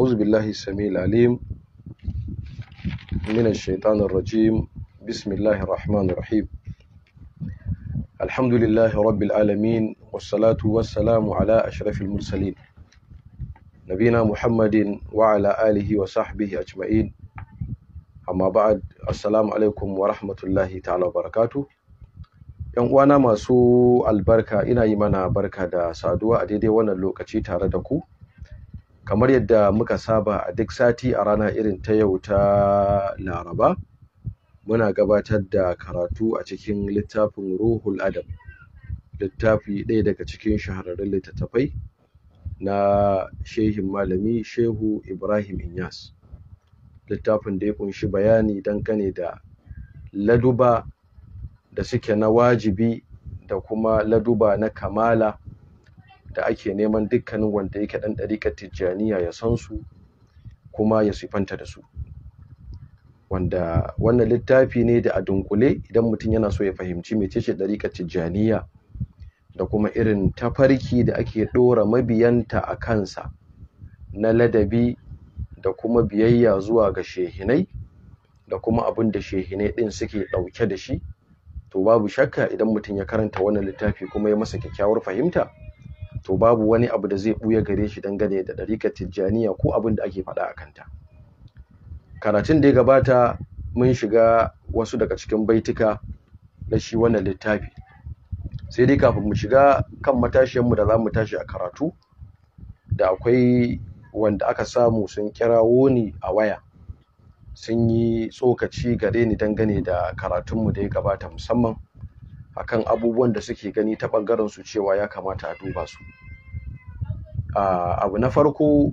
أعوذ بالله السميع العليم من الشيطان الرجيم بسم الله الرحمن الرحيم الحمد لله رب العالمين والصلاة والسلام على أشرف المرسلين نبينا محمد وعلى آله وصحبه أجمعين أما بعد السلام عليكم ورحمة الله تعالى وبركاته yan uwana masu albarka ina yi mana barka da saduwa a daidai wannan lokaci tare da ku kamar yadda muka saba a duk sati a rana irin ta yau ta laraba muna gabatar da karatu a cikin littafin ruhul adab littafi ɗaya daga cikin shahararrun littattafai na shehin malami shehu ibrahim inyas littafin da ya kunshi bayani dangane da laduba da suke na wajibi da kuma laduba na kamala da ake neman dukkanin wanda yake ɗan ɗarikar tijjaniya ya san su kuma ya sifanta da su wanda wannan littafi ne da a dunkule idan mutum yana so ya fahimci mecece ɗarikar tijjaniya da kuma irin tafarki da ake ɗora mabiyanta a kansa na ladabi da kuma biyayya zuwa ga shehinai da kuma abin da shehinai ɗin suke ɗauke da shi to babu shakka idan mutum ya karanta wannan littafi kuma ya masa kyakkyawar fahimta to babu wani abu da zai buya gare shi dangane da ɗarikar tijjaniya ko abin da ake faɗa a kanta karatun da ya gabata mun shiga wasu daga cikin baituka na shi wannan littafi sai dai kafin mu shiga kan matashiyanmu da za mu tashi a karatu da akwai wanda aka samu sun kirawo ni a waya sun yi tsokaci gare ni dangane da karatunmu da ya gabata musamman akan abubuwan da suke gani ta ɓangaren su cewa ya kamata a duba su abu na farko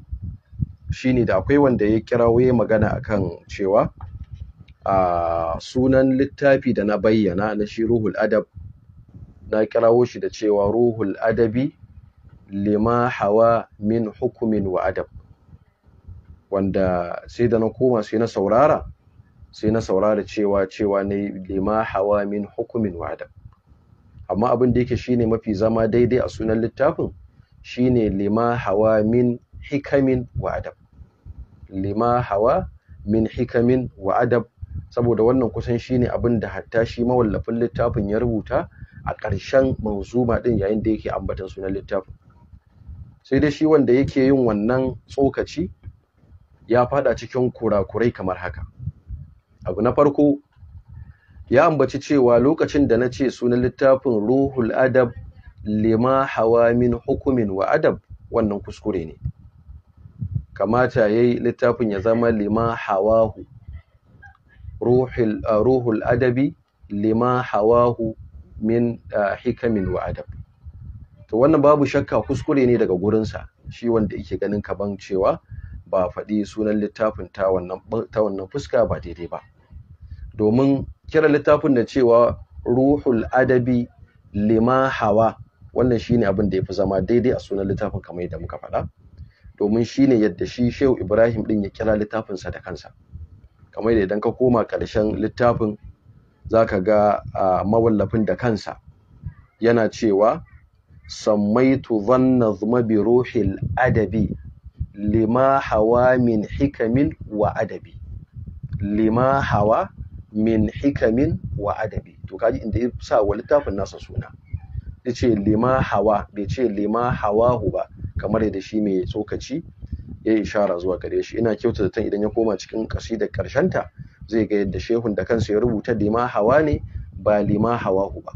shine da akwai wanda ya kirawo ya magana akan cewa a sunan littafi da na bayyana na shi ruhul adab na kirawo shi da cewa ruhul adabi lima hawa min hukumin wa adab wanda sai da na koma sai na saurara sai na saurara cewa cewa ne lima hawa min hukumin wa adab amma abin da yake shine mafi zama daidai a sunan littafin shine lima hawa min hikamin wa adab lima hawa min hikamin wa adab saboda wannan kusan shine abin da hatta shi mawallafin littafin ya rubuta a ƙarshen manzuma din yayin da yake ambatan sunan littafin sai dai shi wanda yake yin wannan tsokaci ya fada cikin kurakurai kamar haka abu na farko ya ambaci cewa lokacin da na ce sunan littafin ruhul adab lima hawa min hukumin wa adab wannan kuskure ne kamata ya yi littafin ya zama lima hawahu ruhul adabi lima hawahu min hikamin wa adab to wannan babu shakka kuskure ne daga gurinsa shi wanda yake ganin kaban cewa ba faɗi sunan littafin ta wannan fuska ba daidai ba domin kira littafin da cewa ruhul adabi lima hawa wannan shine abin da ya fi zama daidai a sunan littafin kamar yadda muka faɗa domin shine yadda shi Shehu Ibrahim ɗin ya kira littafin sa da kansa kamar yadda idan ka koma ƙarshen littafin zaka ga mawallafin da kansa yana cewa sammaitu dhanna zuma bi ruhil adabi lima hawa min hikamin wa adabi lima hawa min hikamin wa adabi to kaji inda ya sa wa littafin nasa suna ya ce lima hawa bai ce lima hawahu ba kamar yadda shi mai tsokaci ya ishara zuwa gare shi ina kyauta zaton idan ya koma cikin ƙasidar ƙarshenta zai ga yadda shehun da kansa ya rubuta lima hawa ne ba lima hawahu ba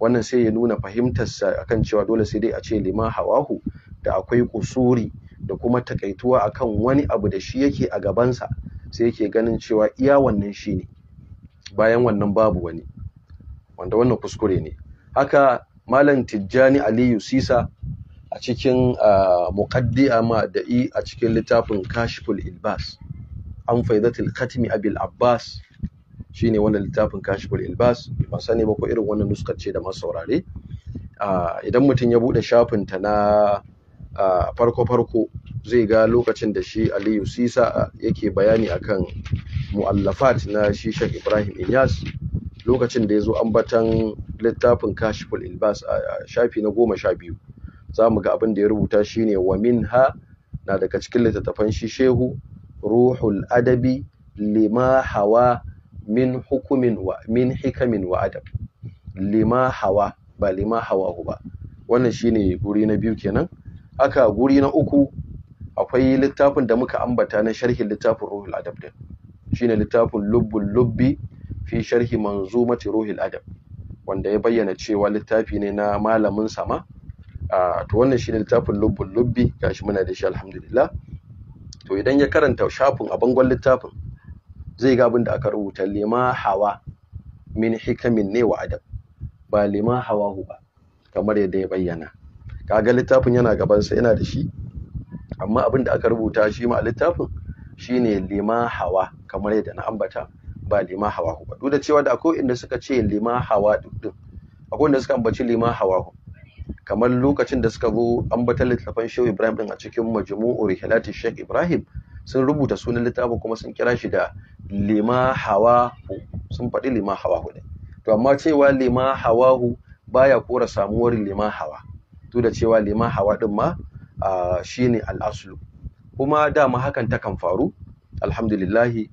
wannan sai ya nuna fahimtar sa akan cewa dole sai dai a ce lima hawahu da akwai kusuri da kuma takaituwa akan wani abu da shi yake a gabansa sai yake ganin cewa iya wannan shi ne bayan wannan babu wani wanda wannan kuskure ne haka malam tijjani aliyu sisa a cikin muqaddima da i a cikin littafin kashiful ilbas an faidatul khatmi abil abbas shine wannan littafin kashiful ilbas ba sani ba ko irin wannan nuskar ce da masu saurare idan mutum ya bude shafinta na a farko-farko zai ga lokacin da shi aliyu sisa yake bayani akan mu'allafat na shi shek ibrahim ilyas lokacin da ya zo ambatan littafin kashiful ilbas a shafi na goma sha biyu za mu ga abin da ya rubuta shine wa Ha na daga cikin littattafan shi shehu ruhul adabi lima hawa min hukumin wa min hikamin wa adab lima hawa ba lima hawa ba wannan shine guri na biyu kenan aka guri na uku akwai littafin da muka ambata na sharhin littafin ruhul adab din shine littafin lubbul lubbi fi sharhi manzumati ruhul adab wanda ya bayyana cewa littafi ne na malamin sama to wannan shine littafin lubbul lubbi shi muna da shi alhamdulillah to idan ya karanta shafin a bangon littafin zai ga abin da aka rubuta lima hawa min hikamin ne wa adab ba lima hawahu ba kamar yadda ya bayyana kaga littafin yana gabansa yana da shi amma abin da aka rubuta shi ma a littafin shine lima hawa kamar yadda na ambata ba lima hawa ba duk da cewa da akwai inda suka ce lima hawa duk din akwai inda suka ambaci lima hawa kamar lokacin da suka zo ambatan littafin Shehu Ibrahim din a cikin majmu'ur hilati Sheikh Ibrahim sun rubuta sunan littafin kuma sun kira shi da lima hawa sun faɗi lima hawa ne to amma cewa lima ku baya kora samuwar lima hawa duk da cewa liman hawa din ma shine al'aslu kuma dama hakan takan faru alhamdulillahi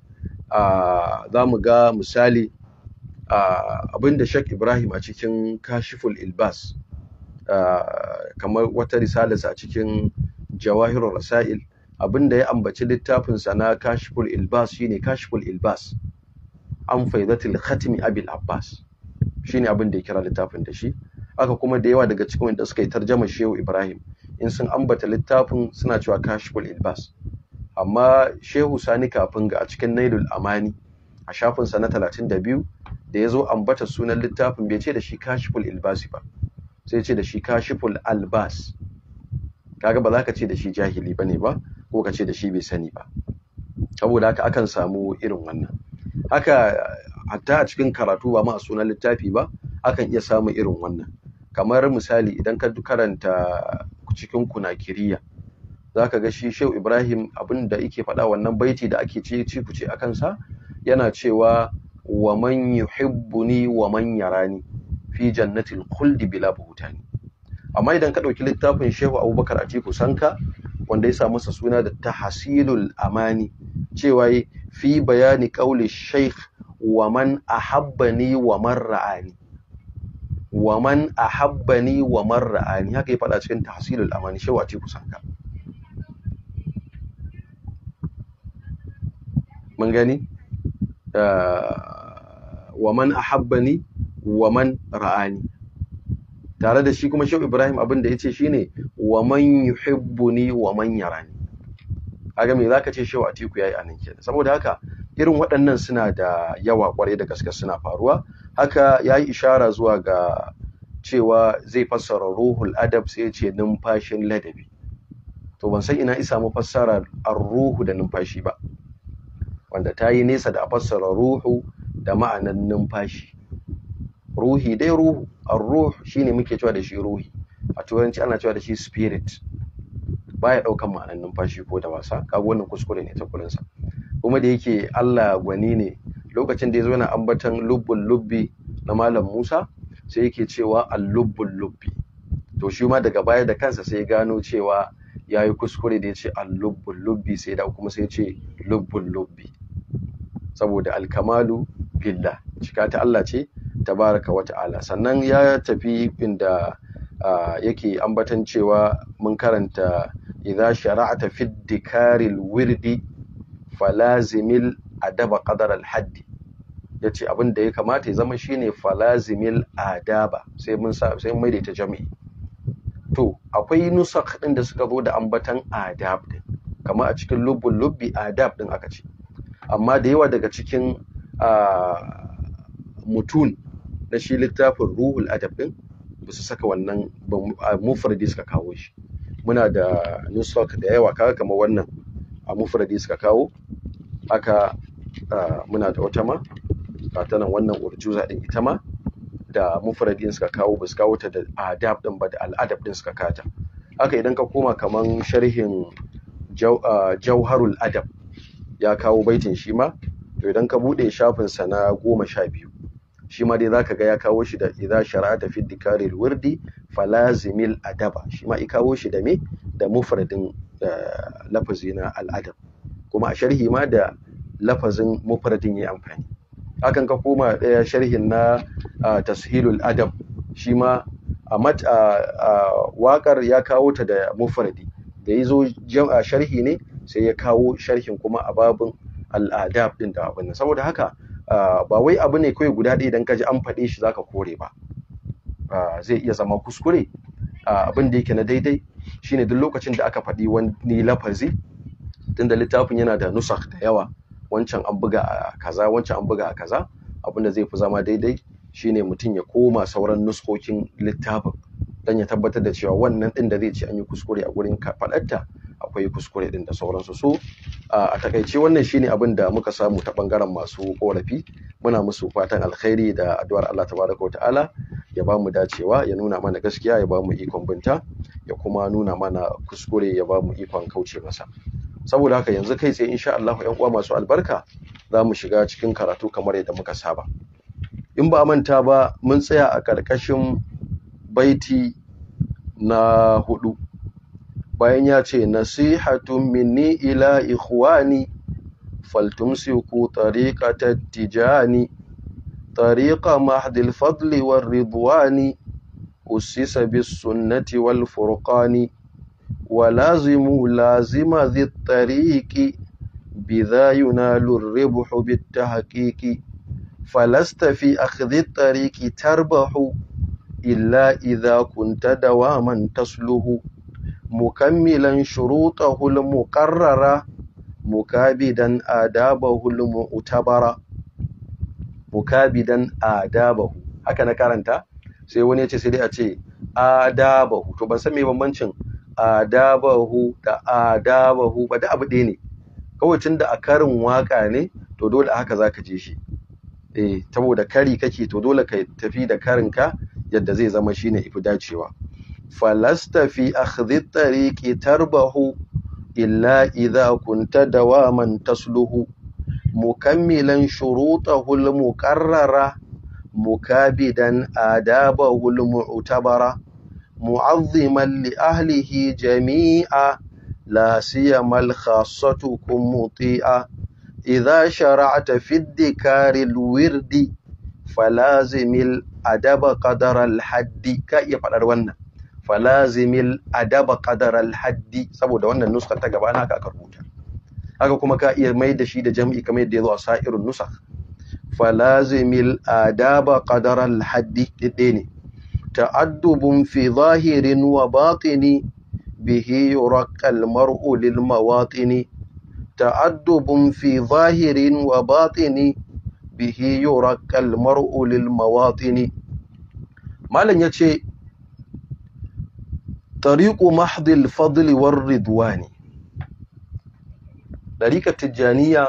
za mu ga misali abinda shek Ibrahim a cikin Kashiful Ilbas kamar wata risalarsa a cikin Jawahirul Rasail abinda ya ambaci littafinsa na Kashiful Ilbas shine Kashiful Ilbas an faidatul khatimi Abil Abbas shine abinda ya kira littafin da shi haka kuma da yawa daga cikin wanda suka yi tarjama shehu ibrahim in sun ambata littafin suna cewa kashful ilbas amma shehu sani kafin ga a cikin nailul amani a shafin sa na 32 da ya zo ambata sunan littafin bai ce da shi kashiful ilbasi ba sai ce da shi kashiful albas kaga ba za ka ce da shi jahili bane ba ko ka ce da shi bai sani ba saboda haka akan samu irin wannan haka hatta a cikin karatu ba ma a sunan littafi ba akan iya samun irin wannan kamar misali idan ka karanta cikin kunakiriya za ka ga shi shehu ibrahim abin da yake faɗa wannan baiti da ake ce a kansa yana cewa wa man yuhibbuni wa man yarani fi jannatil khuldi bila buhutani amma idan ka ɗauki littafin shehu abubakar atiku sanka wanda ya samu masa suna da tahsilul amani cewa fi bayani qauli shaykh wa man ahabbani wa man ra'ani Waman man ahabbani wa man ra'ani haka ya faɗa cikin tahsilul amani shewa ce kusanka mun gani eh, Waman a ahabbani ni waman ra'ani tare da shi kuma shehu ibrahim abin da ya ce shine waman yi yuhibbuni ni waman yarani kaga me zaka ce shehu atiku yayi anan kenan saboda haka irin waɗannan suna da yawa kwarai da gaske suna faruwa haka ya yi ishara zuwa ga cewa zai fassara ruhul adab sai ya ce numfashin ladabi to ban san ina isa mu fassara ruhu da numfashi ba wanda ta yi nesa da fassara ruhu da ma'anan numfashi ruhi dai ruhu ar ruhu shine muke cewa da shi ruhi a turanci ana cewa da shi spirit baya ɗaukan ma'anan numfashi ko da wasa ga wannan kuskure ne ta kullun sa kuma da yake Allah gwani ne lokacin da ya zo yana ambatan lubbul lubbi na malam Musa sai yake cewa al lubbi to shi ma daga baya da kansa sai gano cewa ya yi kuskure da ya ce lubbi sai da kuma sai ya ce lubbul lubbi saboda alkamalu kamalu billah cika ta Allah ce tabaraka wa ta'ala sannan ya tafi inda yake ambatan cewa mun karanta idza shara'ata fid dikaril wirdi falazimil adaba qadar al-haddi ya ce abin da ya kamata ya zama shi ne falazimil adaba sai mun sai mun ita jami'i to akwai nusakh ɗin da suka zo da ambatan adab ɗin, kamar a cikin lubbul lubbi adab ɗin aka ce amma da yawa daga cikin mutun na shi littafin ruhul adab ɗin, ba su saka wannan mufradi suka kawo shi muna da nusakh da yawa kaga kama wannan a mufradi suka kawo aka muna da wata ma ga ta nan wannan urjuza din ita ma da mufradin suka kawo basu kawo ta da adab din ba da al'adab din suka kata haka idan ka koma kaman sharhin jauharul adab ya kawo baitin shi ma to idan ka bude shafin sa na goma sha biyu shi ma dai zaka ga ya kawo shi da idan shara'ata fi dikaril wirdi falazimil adaba shi ma i kawo shi da me da mufradin eh, lafazi na al'adab kuma a sharhi ma da lafazin mufradin yi amfani hakan ka koma ɗaya sharhin na tashilul adab shi ma a mat waƙar ya kawo ta da mufardi da ya zo sharhi ne sai ya kawo sharhin kuma a babin al'adab ɗin da abin saboda haka ba wai abu ne kawai guda ɗaya idan ka ji an faɗe shi zaka kore ba zai iya zama kuskure abin da yake na daidai shine duk lokacin da aka faɗi wani lafazi tunda littafin yana da nusakh da yawa wancan an buga a kaza wancan an buga a kaza da zai fi zama daidai shine mutum ya koma sauran nuskokin littafin dan ya tabbatar da cewa wannan din da zai ce an yi kuskure a gurin faɗarta akwai kuskure din da sauransu so a takaice wannan shine abin da muka samu ta bangaren masu korafi muna musu fatan alkhairi da addu'ar Allah tabaraka wa ta'ala ya ba mu dacewa ya nuna mana gaskiya ya ba mu ikon binta ya kuma nuna mana kuskure ya ba mu ikon kauce masa saboda haka yanzu kai tsaye insha Allahu ƴan uwa masu albarka za mu shiga cikin karatu kamar yadda muka saba in ba a manta ba mun tsaya a ƙarƙashin baiti na hudu bayan ya ce nasihatun minni ila ikhwani faltumsiku tariqata tijani tariqa mahdil fadli war ridwani usisa bis sunnati wal furqani ولازموا لازم ذي الطريق بذا ينال الربح بالتحقيق فلست في أخذ الطريق تربح إلا إذا كنت دواما تسله مكملا شروطه المقررة مكابدا آدابه المؤتبرة mukabidan adabahu haka na karanta sai wani ya ce sai dai a ce adabahu to ban san me bambancin adabahu da adabahu ba da abu ɗaya ne kawai tunda a karin waka ne to dole haka zaka je shi eh saboda kari kake to dole ka tafi da karin ka yadda zai zama shine ifi dacewa falasta fi akhdhi tariqi tarbahu illa idha kunta dawaman tasluhu mukammilan shurutahu al-muqarrara mukabidan adabahu al-mu'tabara معظما لأهله جميعا لا سيما الخاصتكم مطيعا إذا شرعت في الذكار الورد فلازم الأدب قدر الحد كأي فدر wannan فلازم الأدب قدر الحد saboda wannan nuskar ta gaba na ka rubuta haka kuma ka iya mai da shi da jam'i kamar yadda ya zo a sa'irun nusakh فلازم الآداب قدر الحد ɗaya ne تأدب في ظاهر وباطن به يرقى المرء للمواطن تأدب في ظاهر وباطن به يرقى المرء للمواطن مالن يتشي طريق محض الفضل والرضوان طريقة تجانية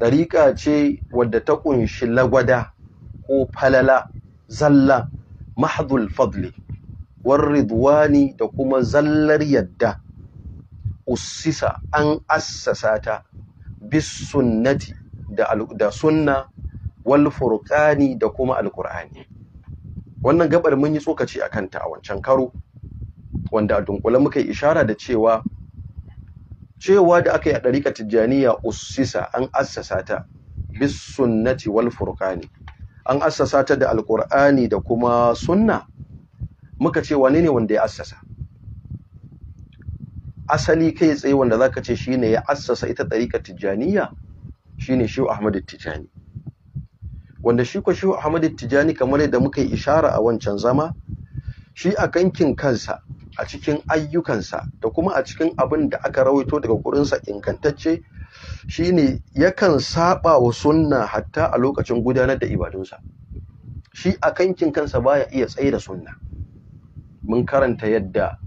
ɗariƙa ce ودتقن ta ƙunshi lagwada ko falala zalla mahdul fadli war ridwani da kuma zallar yadda ussisa an assasa ta bis sunnati da da sunna wal furqani da kuma alqur'ani wannan gabar mun yi tsokaci akan ta a wancan karo wanda a dunkule muka yi ishara da cewa cewa da aka yi a ɗariƙa tijjaniya ussisa an assasa ta bis sunnati wal furqani an assasa ta da alkur'ani da kuma sunna muka ce wane ne wanda ya assasa asali kai tsaye wanda zaka ce shine ya assasa ita tariƙar tijaniya shine shi Ahmad Tijjani? wanda shi ko shi Ahmad Tijani kamar yadda muka yi ishara a wancan zama shi a kankin kansa a cikin ayyukansa da kuma a cikin abin da aka rawaito daga kurinsa ingantacce shine yakan saɓa wa sunna hatta a lokacin gudanar da ibadunsa shi a kankin kansa baya iya tsaye da sunna mun karanta yadda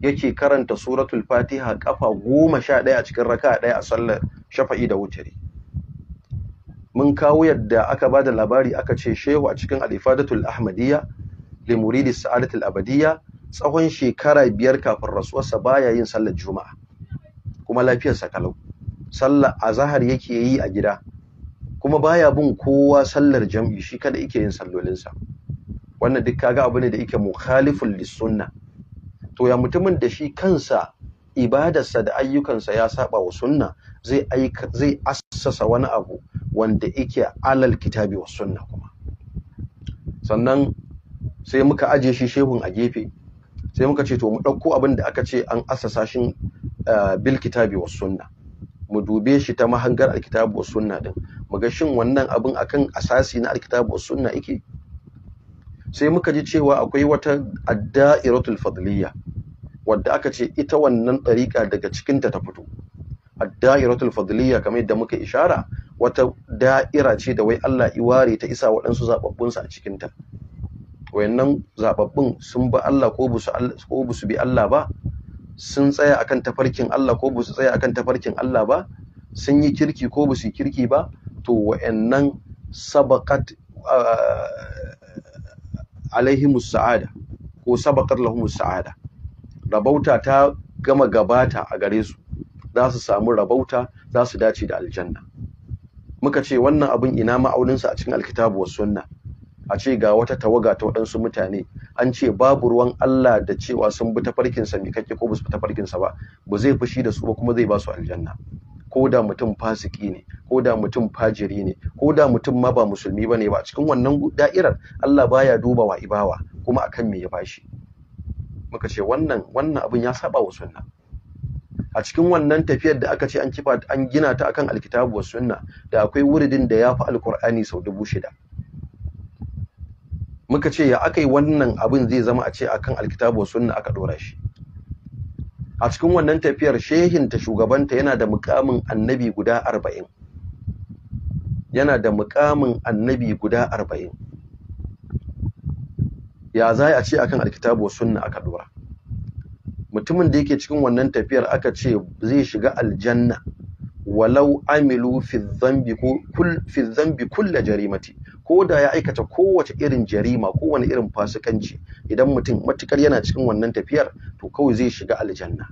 yake karanta suratul fatiha kafa goma sha ɗaya a cikin raka ɗaya a sallar shafa'i da wutari mun kawo yadda aka ba da labari aka ce shehu a cikin alifadatul ahmadiyya li muridis sa'adatul abadiyya tsawon shekara biyar kafin rasuwarsa baya yin sallar juma'a kuma lafiyarsa kalau sallar azahar yake yi a gida kuma baya bin kowa sallar jam'i shi kada yake yin sallolinsa wannan duk kaga abu ne da yake mukhalifun lissunna to ya mutumin da shi kansa ibadarsa da ayyukansa ya saba wa sunna zai aika zai assasa wani abu wanda yake alal kitabi wa sunna kuma sannan sai muka aje shi shehun a gefe sai muka ce to mu ɗauko abin da aka ce an assasa shin eh, bil kitabi wa sunna mu dube shi ta mahangar alkitabu wa sunna din ga shin wannan abin akan asasi na alkitabu wa sunna yake sai muka ji cewa akwai wata adda'iratul fadliya wadda aka ce ita wannan ɗariƙa daga cikinta ta fito adda'iratul fadliya kamar yadda muka ishara wata da'ira ce da wai Allah iware ta isa waɗansu sa a cikinta wayannan zababbun sun ba Allah ko busu ko bi Allah ba sun tsaya akan tafarkin Allah ko ba tsaya akan tafarkin Allah ba sun yi kirki ko busu yi kirki ba to wa'annan sabaqat alaihimus sa'ada ko sabaqat lahumus sa'ada rabauta ta gama gabata a gare su za su samu rabauta za su dace da aljanna muka ce wannan abin ina ma'auninsu a cikin alkitabu was sunna a ce ga wata tawaga ta waɗansu mutane an ce babu ruwan Allah da cewa sun bi tafarkinsa mai kake ko su bi tafarkinsa ba ba zai fushi da su ba kuma zai ba su aljanna ko da mutum fasiki ne ko da mutum fajiri ne ko da mutum ma ba musulmi bane ba a cikin wannan da'irar Allah baya duba wa ibawa kuma akan me ya bashi muka ce wannan wannan abin ya saba wa sunna a cikin wannan tafiyar da aka ce an kifa an gina ta akan alkitabu wa sunna da akwai wuridin da ya fi alqur'ani sau dubu shida muka ce ya aka yi wannan abin zai zama a ce akan alkitabu sunna aka dora shi a cikin wannan tafiyar shehinta shugabanta yana da mukamin annabi guda arba'in yana da mukamin annabi guda arba'in ya za a ce akan alkitabu sunna aka dora mutumin da yake cikin wannan tafiyar aka ce zai shiga aljanna walau amilu fi dhanbi kull fi dhanbi jarimati ko da ya aikata kowace irin jarima kowane irin fasikanci idan mutum matukar yana cikin wannan tafiyar to kawai zai shiga aljanna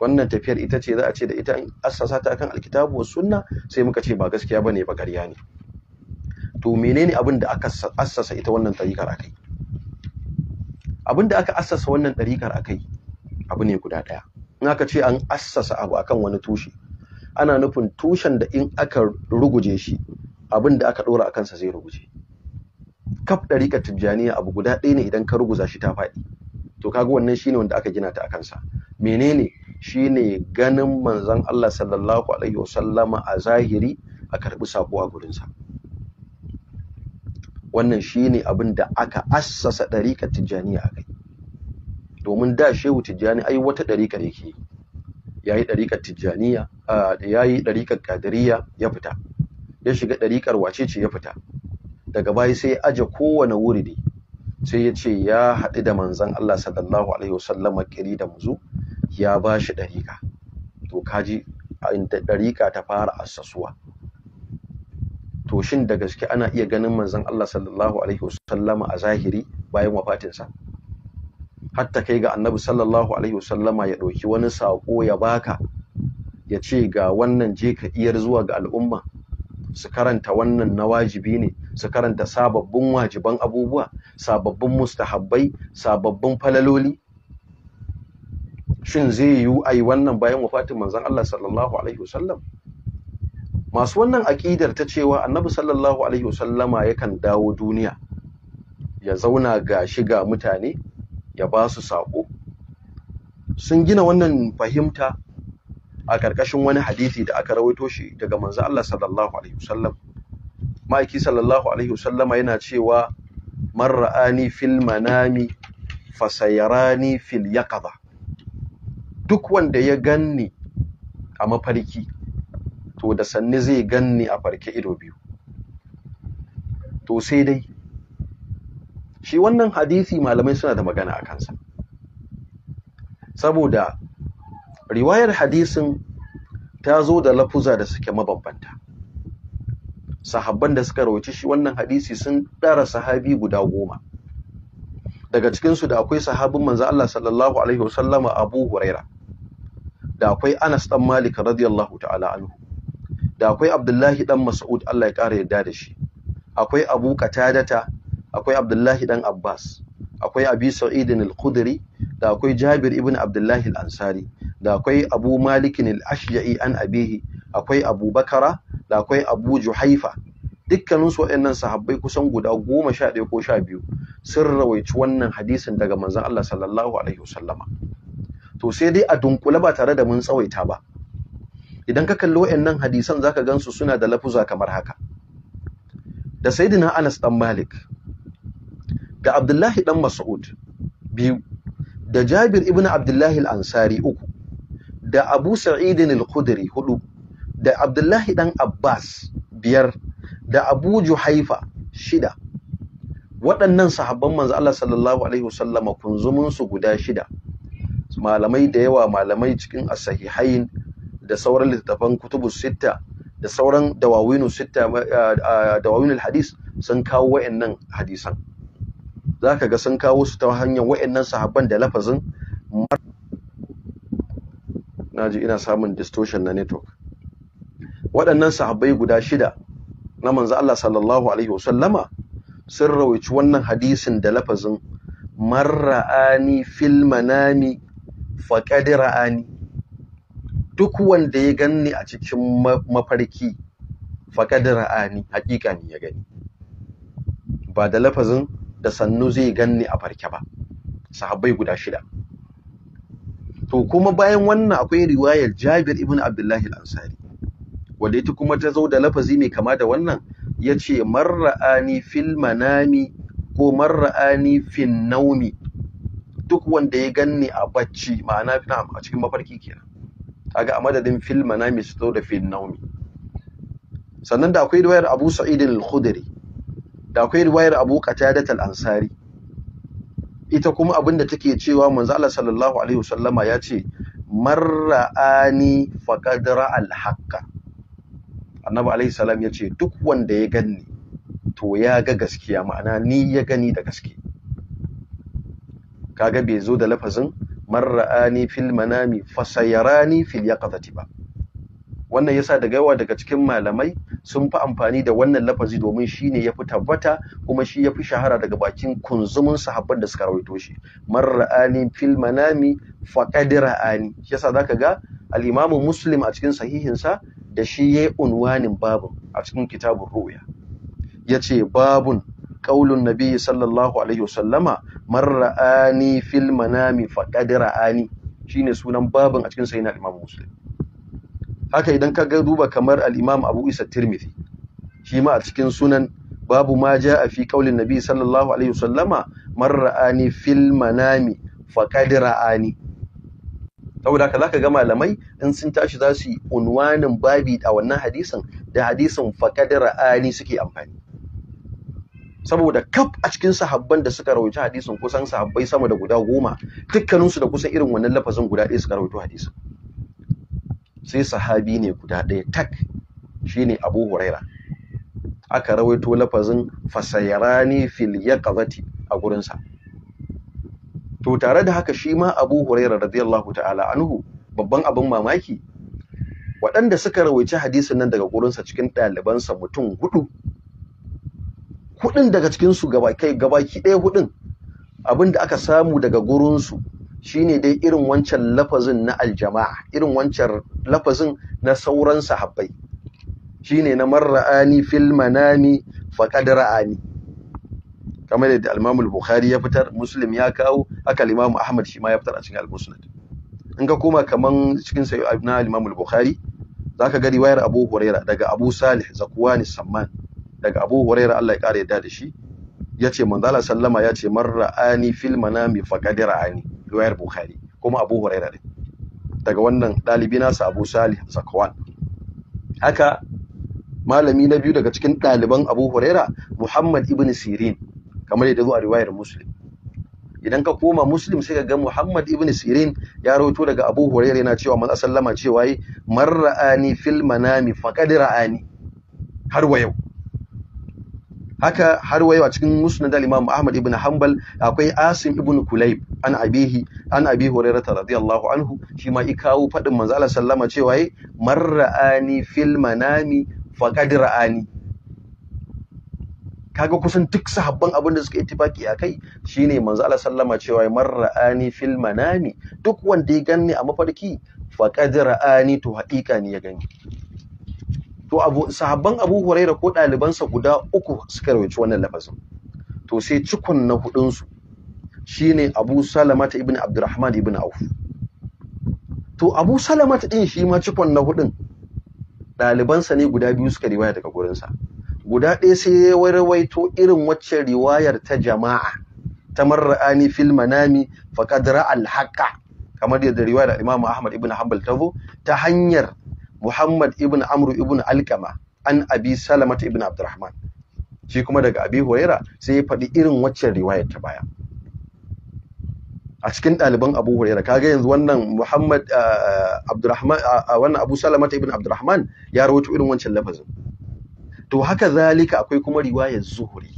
wannan tafiyar ita ce za a ce da ita an assasa ta akan alkitabu wa sunna sai muka ce ba gaskiya bane ba ƙarya ne to menene abin da aka assasa ita wannan tarikar akai abin da aka assasa wannan tarikar akai abu ne guda daya in aka ce an assasa abu akan wani tushe ana nufin tushen da in aka ruguje shi abin da aka ɗora a kansa zai ruguje kaf ɗariƙar tijjaniya abu guda ɗaya ne idan ka ruguza shi ta faɗi to kaga wannan shine wanda aka gina ta a kansa menene shine ganin manzon Allah sallallahu alaihi wasallama a zahiri a karɓi sako a gurinsa wannan shine abin da aka assasa ɗariƙar tijjaniya a kai domin da shehu tijjani ai wata ɗariƙar yake yayi ɗariƙar tijjaniya yayi ɗariƙar kadiriya ya fita ya shiga ɗariƙar ce ya fita daga baya sai ya aje kowane wuri ne, sai ya ce ya haɗu da manzan Allah sallallahu alaihi sallama kiri da muzu ya ba shi ɗariƙa to kaji inda ɗariƙa ta fara assasuwa to shin da gaske ana iya ganin manzan Allah sallallahu alaihi sallama a zahiri bayan wafatinsa hatta kai ga annabi sallallahu alaihi wasallama ya ɗauki wani saƙo ya baka ya ce ga wannan je ka iyar zuwa ga al'umma su karanta wannan na wajibi ne su karanta sababbin wajiban abubuwa sababbin mustahabbai sababbin falaloli shin zai yiwu a yi wannan bayan wafatin manzan Allah sallallahu alaihi wasallam masu wannan aƙidar ta cewa annabi sallallahu alaihi wasallama yakan dawo duniya ya zauna ga shi ga mutane ya ba su saƙo sun gina wannan fahimta a ƙarƙashin wani hadisi da aka rawaito shi daga manzo Allah sallallahu alaihi wasallam ma'aiki sallallahu alaihi wasallama yana cewa man ra'ani fil manami fasayarani fil yaqadha duk wanda ya ganni a mafarki to da sanni zai ganni a farke ido biyu to sai dai shi wannan hadisi malamai suna da magana a kansa saboda riwayar hadisin ta zo da lafuza da suke mabambanta sahabban da suka rawaci shi wannan hadisi sun ɗara sahabi guda goma daga cikinsu da akwai sahabin manzo Allah sallallahu alaihi wasallama Abu Huraira da akwai Anas dan Malik radiyallahu ta'ala anhu da akwai Abdullahi dan Mas'ud Allah ya ƙara yarda da shi akwai Abu Qatadata akwai Abdullahi dan Abbas akwai abi sa'idin al-khudri da akwai jabir ibn abdullahi al-ansari da akwai abu malikin al-ashja'i an abihi akwai abu bakara da akwai abu juhaifa dukkaninsu waɗannan sahabbai kusan guda goma sha ɗaya ko sha biyu sun rawaici wannan hadisin daga manzon Allah sallallahu alaihi wasallama to sai dai a dunkule ba tare da mun tsawaita ba idan ka kalli waɗannan hadisan zaka gansu suna da lafuza kamar haka da sayyidina Anas dan Malik ga Abdullahi dan Mas'ud biyu da Jabir ibn Abdullahi al-Ansari uku da Abu Sa'id al hudu da Abdullahi dan Abbas biyar da Abu Juhaifa shida waɗannan sahabban manzo Allah sallallahu alaihi wasallama kunzumin su guda shida malamai da yawa malamai cikin as-sahihain da sauran littafan kutubus sitta da sauran dawawinu sitta eh, eh, dawawinul hadis sun kawo wayannan hadisan za ka ga sun kawo su ta hanyar wa'annan sahabban da lafazin na ji ina samun distortion na network waɗannan sahabbai guda shida na manzo Allah sallallahu alaihi wasallama sun rawaici wannan hadisin da lafazin marra'ani fil manami faqad ra'ani duk wanda ya ganni a cikin mafarki faqad ra'ani haƙiƙa ne ya gani ba da lafazin da sannu zai ganni a farke ba sahabbai guda shida to kuma bayan wannan akwai riwayar Jabir ibn Abdullah al-Ansari wanda ita kuma ta zo da lafazi mai kama da wannan yace marra'ani fil manami ko marra'ani fin naumi duk wanda ya ganni a bacci ma'ana a cikin mafarki kenan kaga a madadin fil manami su zo da fil naumi sannan da akwai riwayar Abu Sa'id al-Khudri da akwai riwayar Abu Qatadah al-Ansari ita kuma abinda take cewa manzo Allah sallallahu alaihi wasallama ya ce marra'ani faqad al haqqa annabi alaihi salam ya ce duk wanda ya ganni to ya ga gaskiya ma'ana ni ya gani da gaske kaga bai zo da lafazin marra'ani fil manami fasayarani fil yaqadati ba wannan yasa da yawa daga cikin malamai sun fi amfani da wannan lafazi domin shi ne ya fi tabbata kuma shi ya fi shahara daga bakin kunzumin sahabban da suka rawaito shi man ra'ani fil manami faqad ra'ani yasa zaka ga al-imamu muslim a cikin sahihinsa da shi yayi unwanin babun a cikin kitabun ru'ya yace babun qaulun nabi sallallahu alaihi wasallama man ra'ani fil manami faqad ra'ani shine sunan babun a cikin sahihin al muslim haka idan ka ga duba kamar alimam abu isa tirmidhi shi ma a cikin sunan babu ma a fi ƙaunin nabi sallallahu alaihi wasallama man ra'ani fil manami faqad ra'ani saboda haka ka ga malamai in sun tashi za su yi unwanin babi a wannan hadisin da hadisin faqad ra'ani suke amfani saboda kaf a cikin sahabban da suka rawaita hadisin kusan sahabbai sama da guda goma dukkaninsu da kusan irin wannan lafazin guda ɗaya suka rawaito hadisin sai sahabi ne guda ɗaya tak shi ne abu huraira aka rawaito lafazin fasayarani fil ƙazati a gurinsa to tare da haka shi ma abu huraira radiyallahu ta'ala anhu babban abin mamaki waɗanda suka rawaici hadisin nan daga gurinsa cikin ɗalibansa mutum hudu hudun daga cikinsu gabaki ɗaya hudun abin da aka samu daga gurinsu shine dai irin wancan lafazin na aljama'a irin wancan lafazin na sauran sahabbai shine na marra'ani fil manami faqad ra'ani kamar yadda al-Imam al-Bukhari ya fitar Muslim ya kawo aka al-Imam Ahmad shi ma ya fitar a cikin al-Musnad in ka koma kaman cikin sai na al-Imam al-Bukhari zaka ga riwayar Abu Huraira daga Abu Salih Zakwani Samman daga Abu Huraira Allah ya kare yadda da shi ya ce manzala sallama ya ce marra ani fil manami faqad ra'ani riwayar bukhari kuma abu hurairah din daga wannan dalibi nasa abu salih zakwan haka malami na biyu daga cikin daliban abu huraira muhammad ibn sirin kamar yadda zo a riwayar muslim idan ka koma muslim sai ka ga muhammad ibn sirin ya rawaito daga abu huraira yana cewa manzala sallama cewa yi marra ani fil manami faqad ra'ani har wa yau haka har wayo a cikin musnad al-imam ahmad ibn hanbal akwai asim ibn kulayb an abihi an abi hurairah radiyallahu anhu shi ma ikawo fadin manzo Allah sallama cewa yi marra'ani fil manami faqad ra'ani kaga kusan duk sahabban abin da suka tifaki a kai shine manzo Allah sallama cewa marra'ani fil manami duk wanda ya ganni a mafarki faqad ra'ani to haqiqa ne ya gani to abu sahabban Abu Huraira ko ɗalibansa guda uku suka rawaito wannan lafazin to sai cikon na hudun su shine Abu Salamata ibn Abdurrahman ibn Auf to Abu Salamata din shi ma cikon na hudun ɗalibansa ne guda biyu suka riwaya daga gurinsa guda ɗaya sai ya rawaito irin wacce riwayar ta jama'a ta marra'ani fil manami faqad ra'a al kamar yadda riwayar Imam Ahmad ibn Hanbal ta ta hanyar Muhammad ibn Amr ibn Alqama an Abi Salamah ibn Abdurrahman shi kuma daga Abi Huraira sai ya faɗi irin waccan riwayar ta baya a cikin ɗaliban Abu Huraira kaga yanzu wannan Muhammad ah, ah, Abdurrahman ah, wannan Abu Salamah ibn Abdurrahman ya rawaito irin wancan lafazin to haka zalika akwai kuma riwayar Zuhri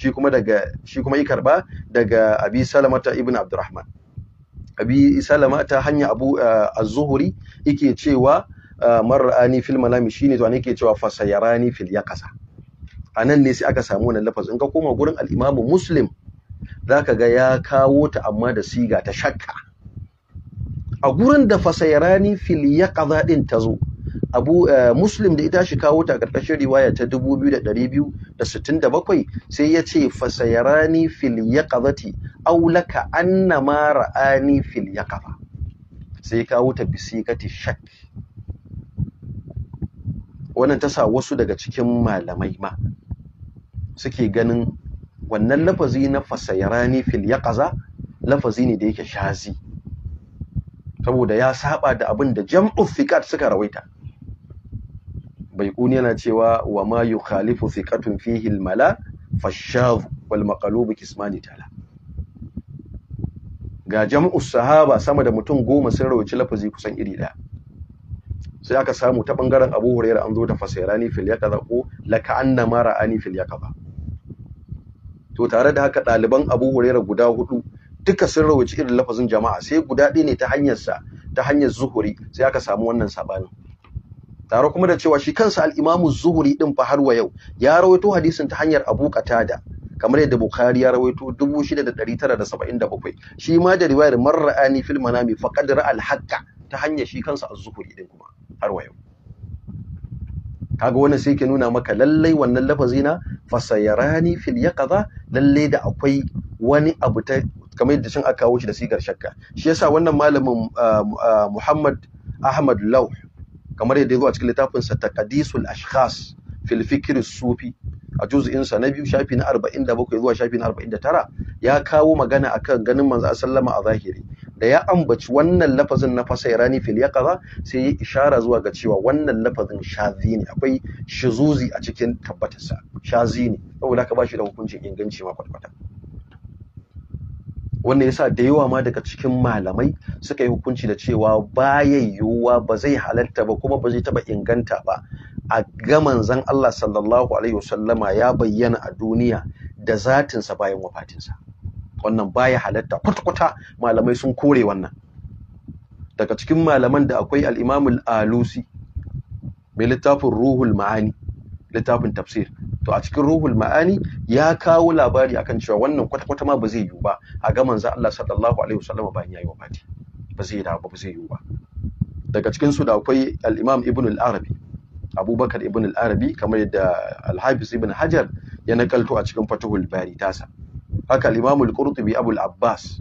shi kuma daga shi kuma yi karba daga Abi Salamah ibn Abdurrahman Abi Salama ta hanya Abu Az-Zuhri yake cewa mar'ani fil malami shine to ne ke cewa fasayarani fil yaqasa anan ne sai aka samu wannan In ka koma gurin al-Imam Muslim zaka ga ya kawo ta amma da siga ta shakka a gurin da fasayarani fil yaqaza din tazo Abu Muslim da ita shi kawo ta karkashin riwaya ta 2267 sai ya ce fasayarani fil yaqazati aw laka annama ra'ani fil yaqafa sai kawo ta bisikati shakki wannan ta sa wasu daga cikin malamai ma suke ganin wannan lafazi na fasayrani fil yaqaza lafazi ne da yake shazi saboda ya saba da abin da jam'u thiqat suka rawaita Bai kuni yana cewa wa ma yukhalifu thiqatun fihi al mala fashadh wal maqlub kismani tala ga jam'u sahaba sama da mutum goma sun rawaci lafazi kusan iri daya sai aka samu ta bangaren Abu huraira an zo da ni fil yaqaza ko laka anna ma ra'ani fil yaqaza to tare da haka ɗaliban Abu huraira guda hudu duka sun rawaci irin lafazin jama'a sai guda ɗaya ne ta hanyar sa ta hanyar zuhuri sai aka samu wannan sabanin tare kuma da cewa shi kansa al zuhuri Zuhri din fa har wa yau ya rawaito hadisin ta hanyar Abu Qatada kamar yadda Bukhari ya rawaito 6977 shi ma da riwayar marra'ani ra'ani fil manami faqad ra'al haqqa ta hanyar shi kansa az-zuhuri din kuma har wa yau kaga wannan sai ke nuna maka lallai wannan lafazi na fasayarani fil yaqaza lallai da akwai wani abu ta kamar yadda shin aka kawo shi da sigar shakka shi yasa wannan malamin ah, ah, Muhammad Ahmad Lauh kamar yadda ya zo a cikin littafin sa Taqdisul Ashkhas filfikir sufi a juz'insa na biyu shafi na 47 zuwa shafi na 49 ya kawo magana akan ganin manzo sallama a zahiri da ya ambaci wannan lafazin na fasairani fil yaqaza sai ya ishara zuwa ga cewa wannan lafazin shazi akwai shizuzi a cikin tabbatarsa shazi ne saboda ka bashi da hukuncin inganci ma kwatkwata wanda yasa da yawa ma daga cikin malamai suka yi hukunci da cewa baya yiwuwa ba zai halatta ba kuma ba zai taba inganta ba a ga manzon Allah sallallahu alaihi wasallama ya bayyana a duniya da zatinsa bayan wafatinsa wannan baya halatta kwata-kwata malamai sun kore wannan daga cikin malaman da akwai al alusi mai littafin Ruhul Ma'ani littafin tafsir to a cikin ruhul ma'ani ya kawo labari akan cewa wannan kwata-kwata ma ba zai yiwu ba a ga manzo Allah sallallahu alaihi wasallam bayan yayi wafati ba zai da ba zai yiwu ba daga cikin su da akwai al-Imam Ibn al-Arabi Abubakar Ibn al-Arabi kamar yadda al-Hafiz Ibn Hajar ya nakalto a cikin Fathul Bari tasa haka al-Imam al-Qurtubi Abu al-Abbas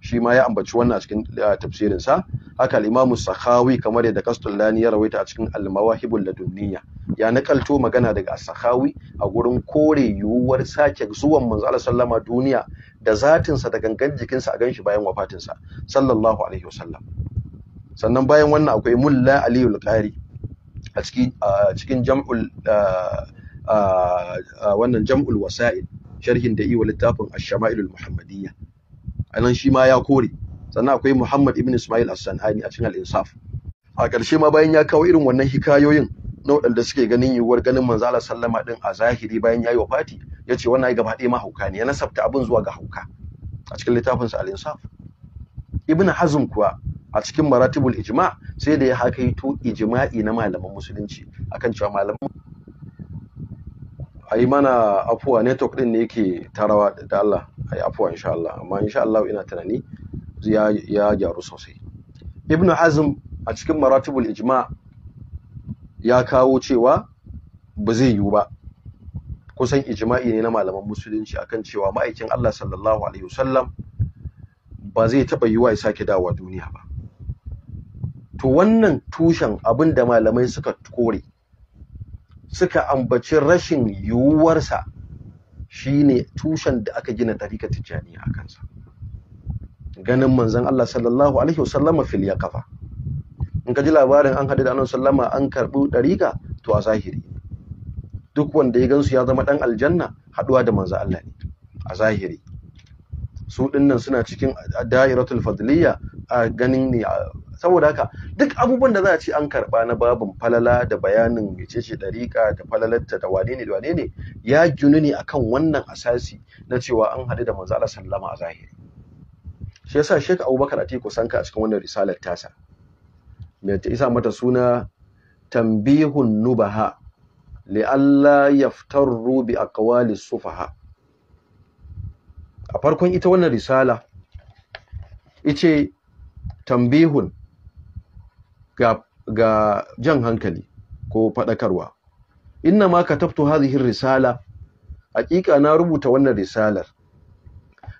shi ma ya ambaci wannan a cikin tafsirin sa haka al-Imam Sakhawi kamar yadda Kastullani ya rawaita a cikin al-Mawahibul Ladunniya ya nakalto magana daga Sakhawi a gurin kore yuwar sake zuwan manzo Allah sallama duniya da zatin sa da gangan jikin sa a ganshi bayan wafatin sa sallallahu alaihi wasallam sannan bayan wannan akwai Mulla Aliul Qari a cikin cikin jam'ul wannan jam'ul wasa'il sharhin da yi littafin ash-shama'ilul muhammadiyya anan shi ma ya kore sannan akwai Muhammad ibn Ismail as-San'ani a cikin al-Insaf a ƙarshe ma bayan ya kawo irin wannan hikayoyin na waɗanda suke ganin yiwuwar ganin manzo Allah sallama din a zahiri bayan yayi wafati yace wannan ai gaba ɗaya ma hauka ne ya nasabta abin zuwa ga hauka a cikin littafin sa al-Insaf Ibn Hazm kuwa a cikin maratibul ijma sai da ya hakaito ijma'i na malaman musulunci akan cewa malaman a yi mana afuwa network din ne yake tarawa da Allah a yi afuwa insha Allah amma insha Allah ina tunani ya ya gyaru sosai Ibn hazm a cikin maratibul ijma ya kawo cewa ba zai yiwu ba kusan ijma'i ne na malaman musulunci akan cewa ma'aikin Allah sallallahu alaihi wasallam ba zai taɓa yiwa ya sake dawowa duniya ba to wannan tushen abin da malamai suka kore suka ambaci rashin yiwuwarsa shine tushen da aka gina tarika tijjaniya a kansa ganin manzon Allah sallallahu alaihi wasallama fil yaqafa in ka ji labarin an haɗu da annabi sallama an karɓi ɗariƙa to a zahiri duk wanda ya gansu ya zama ɗan aljanna haɗuwa da manza Allah ne a zahiri su ɗinnan suna cikin da'iratul fadliya a ganin ne saboda haka duk abubuwan da za a ce an karba na babin falala da bayanin mecece dariƙa da falalarta da wane ne da wane ne ya ginu ne akan wannan asasi na cewa an haɗu da manzo Allah sallama a zahiri shi yasa Sheikh Abubakar Atiku Sanka a cikin wannan risalar tasa me ta isa mata suna tambihun nubaha alla yaftarru bi aqwali sufaha a farkon ita wannan risala ice tambihun ga, ga jan hankali ko faɗakarwa inna ma katabtu hadhihi risala Hakika na rubuta wannan risalar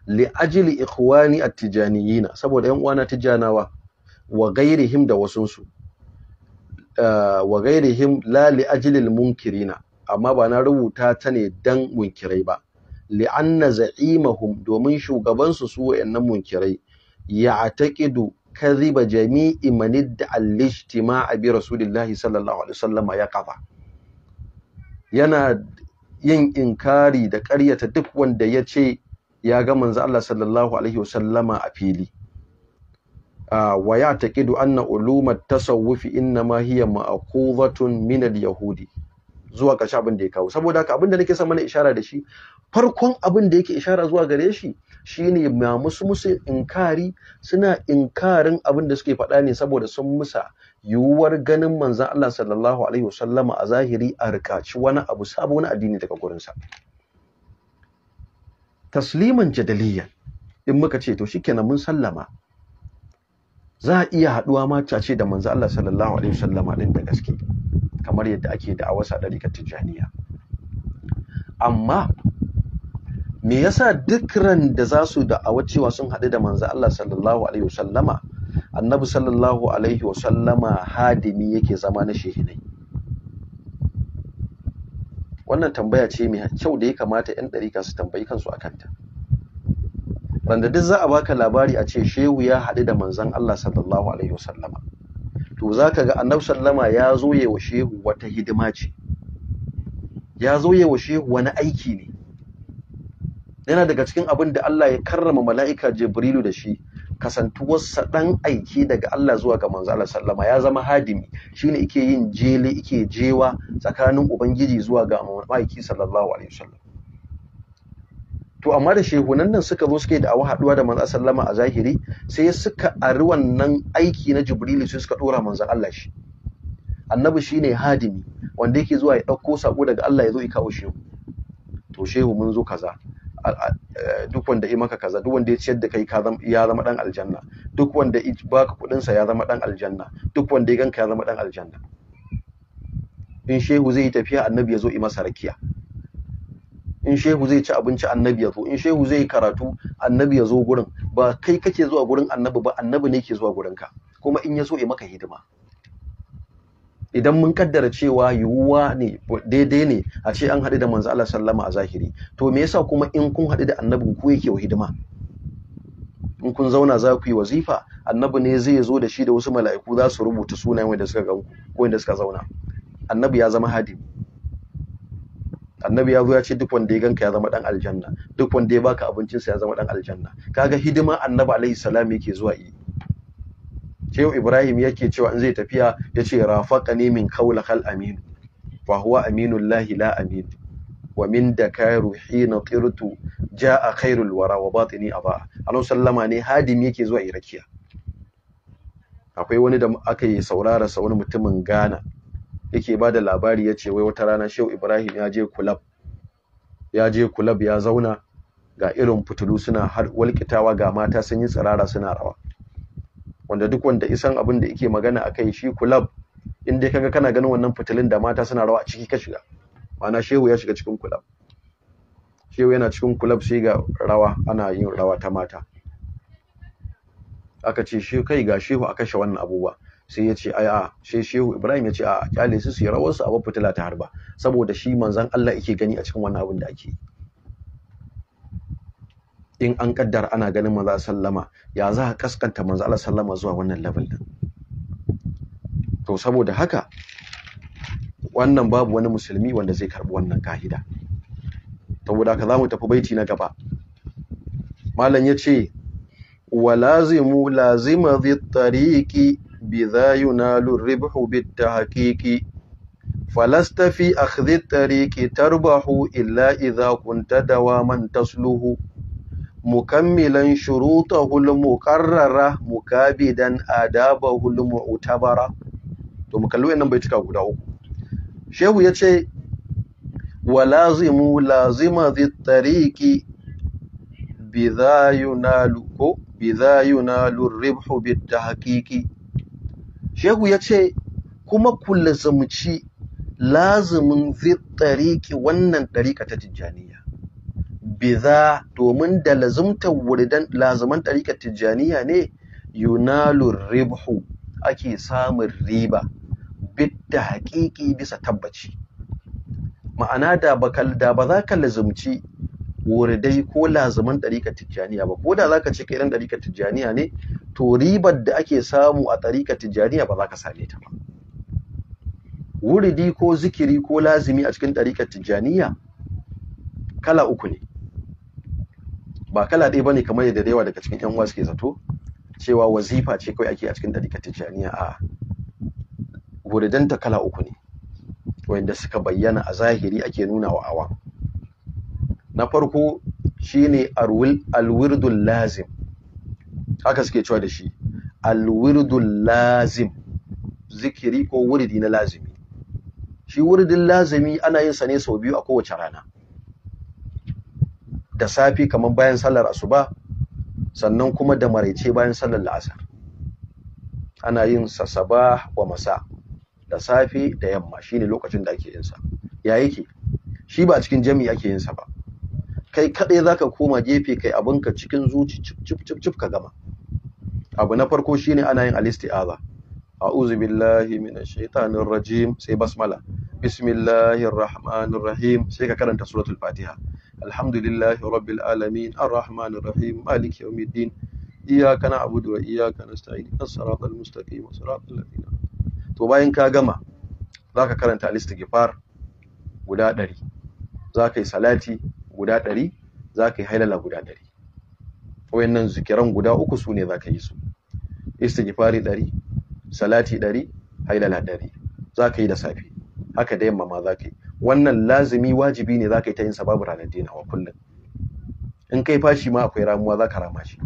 li ajli ikhwani a tijaniyina saboda 'yan uwana tijanawa wa gairihim da wasunsu ah, wa gairihim la li ajli munkirina amma ba na rubuta ta ne dan munkirai ba li'anna za'imahum domin shugabansu su wayannan munkirai ya taƙidu kaziba jami'i man idda al-ijtima'a bi rasulillahi sallallahu alaihi wasallam ya kafa yana yin inkari da ƙaryata duk wanda ya ce ya ga manzo Allah sallallahu alaihi wasallama a fili wa ya taqidu anna ulumat tasawufi inna ma hiya ma'qudatun min al-yahudi zuwa ƙarshe abin da ya kawo saboda haka abin da nake son mana ishara da shi farkon abinda yake ishara zuwa gare shi shine ma musu musu inkari suna inkarin abin da suke faɗa ne saboda sun musa yiwuwar ganin manzon Allah sallallahu alaihi wasallama a zahiri a rikaci wani abu sabo na addini daga gurinsa tasliman jadaliyan in muka ce to shikenan mun sallama za a iya haduwa ma ce da manzo Allah sallallahu alaihi wasallama din da gaske kamar yadda ake da ɗari dariƙar tijjaniya amma me yasa duk ran da za su da'awa cewa sun haɗu da manzo Allah sallallahu alaihi wasallama annabi sallallahu alaihi wasallama hadimi yake zama na shehinai wannan tambaya ce mai kyau da ya kamata 'yan ɗarika su tambayi kansu a kanta randa duk za a baka labari a ce shehu ya haɗu da manzon Allah sallallahu alaihi wasallama to za ka ga annabi sallama ya zo yewa shehu wata hidima ce ya zo yewa shehu wani aiki ne yana daga cikin abin da Allah ya karrama mala'ika Jibrilu da shi kasantuwarsa ɗan aiki daga Allah zuwa ga manzo Allah sallama ya zama hadimi shine yake yin jele yake jewa tsakanin ubangiji zuwa ga ma'aiki sallallahu alaihi wasallam to amma da shehu, nan nan suka zo suke da awa haduwa da manzo sallama a zahiri sai suka ari wannan aiki na Jibrilu sai suka dora manzo Allah shi annabi shine hadimi wanda yake zuwa ya ɗauko sako daga Allah ya zo ya kawo shehu to shehu mun zo kaza Eh, duk wanda ya maka kaza duk wanda ya ciyar da kai ya zama dan aljanna duk wanda ya baka kudin sa ya zama dan aljanna duk wanda ya ganka ya zama dan aljanna in shehu zai yi tafiya annabi ya zo yi masa rakiya in shehu zai ci abinci annabi ya zo in shehu zai karatu annabi ya zo gurin ba kai kake zuwa gurin annabi ba annabi ne ke zuwa gurinka kuma in ya zo yi maka hidima idan mun kaddara cewa yiwuwa ne daidai ne a ce an haɗu da manzo Allah sallama a zahiri to me yasa kuma in kun haɗu da annabin ku yake wa hidima in kun zauna za ku yi wazifa annabi ne zai zo da shi da wasu mala'iku za su rubuta sunayen wanda suka ga ku ko wanda suka zauna annabi ya zama hadi annabi ya zo ya ce duk wanda ya ganka ya zama dan aljanna duk wanda ya baka abincinsa ya zama dan aljanna kaga hidima annabi alaihi salam yake zuwa yi shehu ibrahim yake cewa in zai tafiya yace rafaqani min kal amin wa huwa lahi la amin wa min dakaru hina tirtu jaa khairul wara wa batini aba Allah sallama ne hadim yake zuwa irakiya akwai wani da aka yi saurara sa wani mutumin Ghana yake ba da labari ya ce wai wata rana shehu ibrahim ya je kulab ya je kulab ya zauna ga irin fitulu suna har walƙitawa ga mata sun yi tsirara suna rawa wanda duk wanda isan abin da yake magana a kai shi kulab in dai kaga kana ganin wannan fitilin da mata suna rawa a ciki ka shiga ma'ana shehu ya shiga cikin kulab shehu yana cikin kulab sai ga rawa ana yin rawa ta mata aka ce shi kai ga shehu a kashe wannan abubuwa sai ya ce ai a sai shehu ibrahim ya ce a kyale su su yi rawarsu a fitila ta harba saboda shi manzon Allah yake gani a cikin wannan abin da ake yi in an kaddara ana ganin maza sallama ya za a kaskanta manzo Allah sallama zuwa wannan level din to saboda haka wannan babu wani musulmi wanda zai karbi wannan kahida saboda za mu tafi baiti na gaba malam yace walazimu lazima dhi tariqi bidha yunalu ribhu bitahqiqi فلست في أخذ الطريق تربح إلا إذا كنت دواما تسلوه mukammilan shurutahul المقررة mukabidan adabahul mu'tabara to mu kalli wannan baituka guda uku shehu yace lazimu lazima dhi tariqi bidha ko bidha ribhu bitahqiqi shehu yace kuma kullazumci lazimin dhi tariqi wannan tariqa ta tijjani biza domin da lazumtar wuridan lazuman ɗariƙar tijjaniya ne Yunalu ribhu ake samun riba bidda haƙiƙi bisa tabbaci ma'ana da ba za ka lazumci wuridai ko lazuman ɗariƙar tijjaniya ba ko da za ka ce kai ɗan ɗariƙar tijjaniya ne to ribar da ake samu a ɗariƙar tijjaniya ba za ka same ta ba wuridi ko zikiri ko lazumi a cikin ɗariƙar tijjaniya kala uku ne ba kala ɗaya bane kamar yadda da yawa daga cikin yan uwa suke zato cewa wazifa ce kawai ake a cikin ɗarikar tijjaniya a wuridanta kala uku ne wanda suka bayyana a zahiri ake nuna wa awa na farko shine alwirdul lazim haka suke cewa da shi alwirdul lazim zikiri ko wuridi na lazimi shi wuridin lazimi ana yin sa ne sau biyu a kowace rana da safi kamar bayan sallar asuba sannan kuma da maraice bayan sallar la'asar ana yin sasaba wa masa da safi da yamma Shi ne lokacin da ake yin sa ya yake shi ba cikin jami ake yin sa ba kai za zaka koma gefe kai abinka cikin zuci cip cip cip ka gama abu na farko shi ne ana yin alistiaza أعوذ بالله من الشيطان الرجيم سي بسملة بسم الله الرحمن الرحيم سي كرنت سورة الفاتحة الحمد لله رب العالمين الرحمن الرحيم مالك يوم الدين إياك نعبد وإياك نستعين الصراط المستقيم صراط الذين تو باين كاغما gama za ka غدا al-istighfar صلاتي غدا za ka yi غدا guda ɗari za ka yi hailala guda ɗari wayannan zikiran guda uku su ne za ka yi su istighfari ɗari salati ɗari hailala ɗari za ka yi da safe haka da yamma ma za ka yi wannan lazumi wajibi ne za ka yi ta yin sa babu ranar denawa kullum in kai fashi ma akwai ramuwa za ka rama shi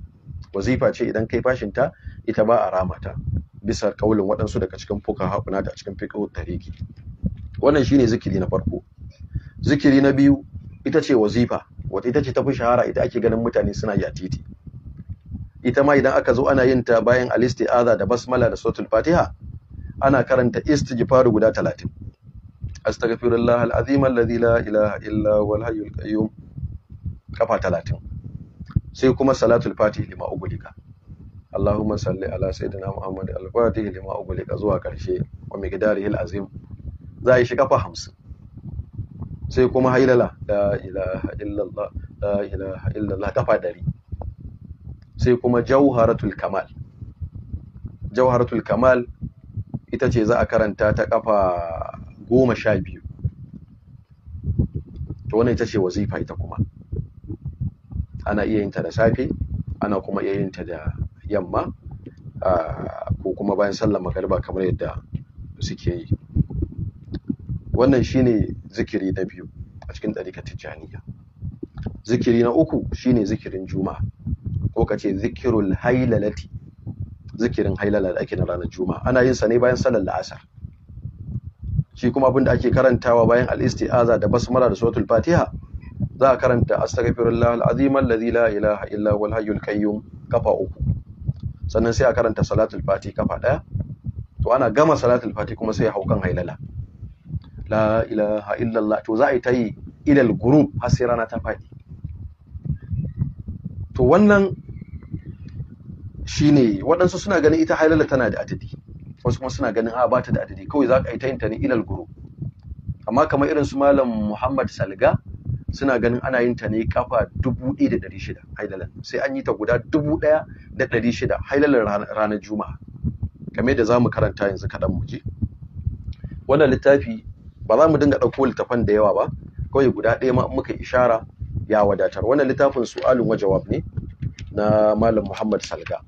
wazifa ce idan kai fashin ta ita ba a rama ta bisa kaulin waɗansu daga cikin fuka haƙuna da cikin fiƙo tariki wannan shine zikiri na farko zikiri na biyu ita ce wazifa wata ita ce ta fi shahara ita ake ganin mutane suna yi a titi ita ma idan aka zo ana yin ta bayan al-isti'aza da basmala da suratul fatiha ana karanta istighfar guda 30 astaghfirullah al-azim alladhi la ilaha illa huwal hayyul qayyum kafa 30 sai kuma salatul fatiha lima ugulika Allahumma salli ala sayyidina Muhammad al-Fatihi lima ugulika zuwa karshe wa miqdarihi al-azim za shi kafa 50 sai kuma hailala la ilaha illallah la ilaha illallah kafa 100 sai kuma jauharatul kamal jauharatul kamal ita ce za a karanta ta kafa goma sha biyu to wannan ita ce wazifa ita kuma ana iya yin ta da safe ana kuma iya yin ta da yamma ko kuma bayan sallar magariba kamar yadda suke yi wannan shine zikiri na biyu a cikin ɗarika tijjaniya zikiri na uku shine zikirin juma'a ko ka ce zikirul hailalati zikirin hailala da ake na ranar juma'a ana yin sa ne bayan salar la'asar shi kuma abin da ake karantawa bayan al-isti'aza da basmala da suratul fatiha za a karanta astaghfirullah al-azim alladhi la ilaha illa huwal hayyul qayyum kafa uku sannan sai a karanta salatul fati kafa daya to ana gama salatul fati kuma sai haukan hailala la ilaha illallah to za a yi ta yi ilal guru har sai rana ta faɗi to wannan shine waɗansu suna ganin ita halala tana da adadi wasu kuma suna ganin a bata da adadi kawai za ka yi ta yin ta ne ilal guru amma kamar irin su malam Muhammad Salga suna ganin ana yin ta ne kafa shida, hailalan sai an yi ta guda ɗaya shida, hailalan ranar juma'a kame da za mu karanta yanzu kaɗan mu je wannan littafi ba za mu dinga ɗauko littafan da yawa ba kawai guda ɗaya ma muka ishara ya wadatar wannan littafin su'alun wa jawab ne na malam Muhammad Salga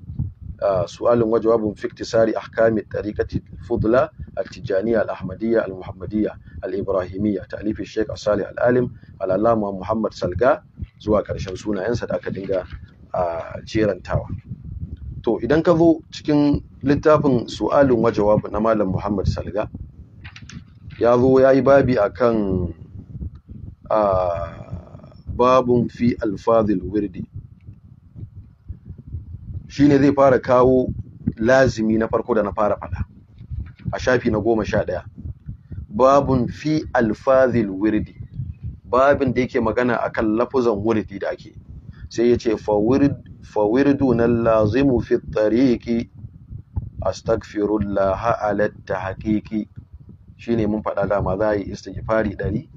su'alun wa jawabun fi iktisari ahkami tariqati fudla al-tijaniyya al-ahmadiyya al-muhammadiyya al-ibrahimiyya ta'lifi Sheikh Salih al-Alim al-Allama Muhammad Salga zuwa karshen sunayensa da aka dinga jerantawa to idan ka zo cikin littafin su'alun wa jawab na malam Muhammad Salga ya zo ya yi babi akan a babun fi alfazil wirdi ne zai fara kawo lazimi na farko da na fara fada a shafi na goma sha ɗaya babun fi alfazil wirdi babin da yake magana a kan lafuzan wirdi da ake sai ya ce fawirdu na lazimu fi tariki astagfirullah ha'alatta haƙiƙi ne mun faɗa dama za a yi istighfari ɗari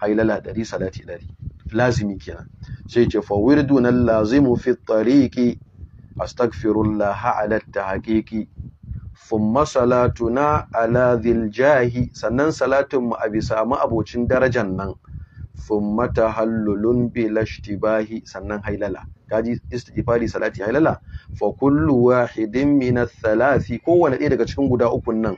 hailala ɗari salati ɗari lazimi kenan sai ce fa wirdun lazimu fi tariqi astaghfirullah ala tahqiqi thumma salatuna ala dhil jahi sannan salatun mu abi samu abocin darajan nan thumma tahallulun bil ishtibahi sannan hailala kaji istighfari salati hailala fa kullu wahidin min ath-thalathi kowanne ɗaya daga cikin guda ukun nan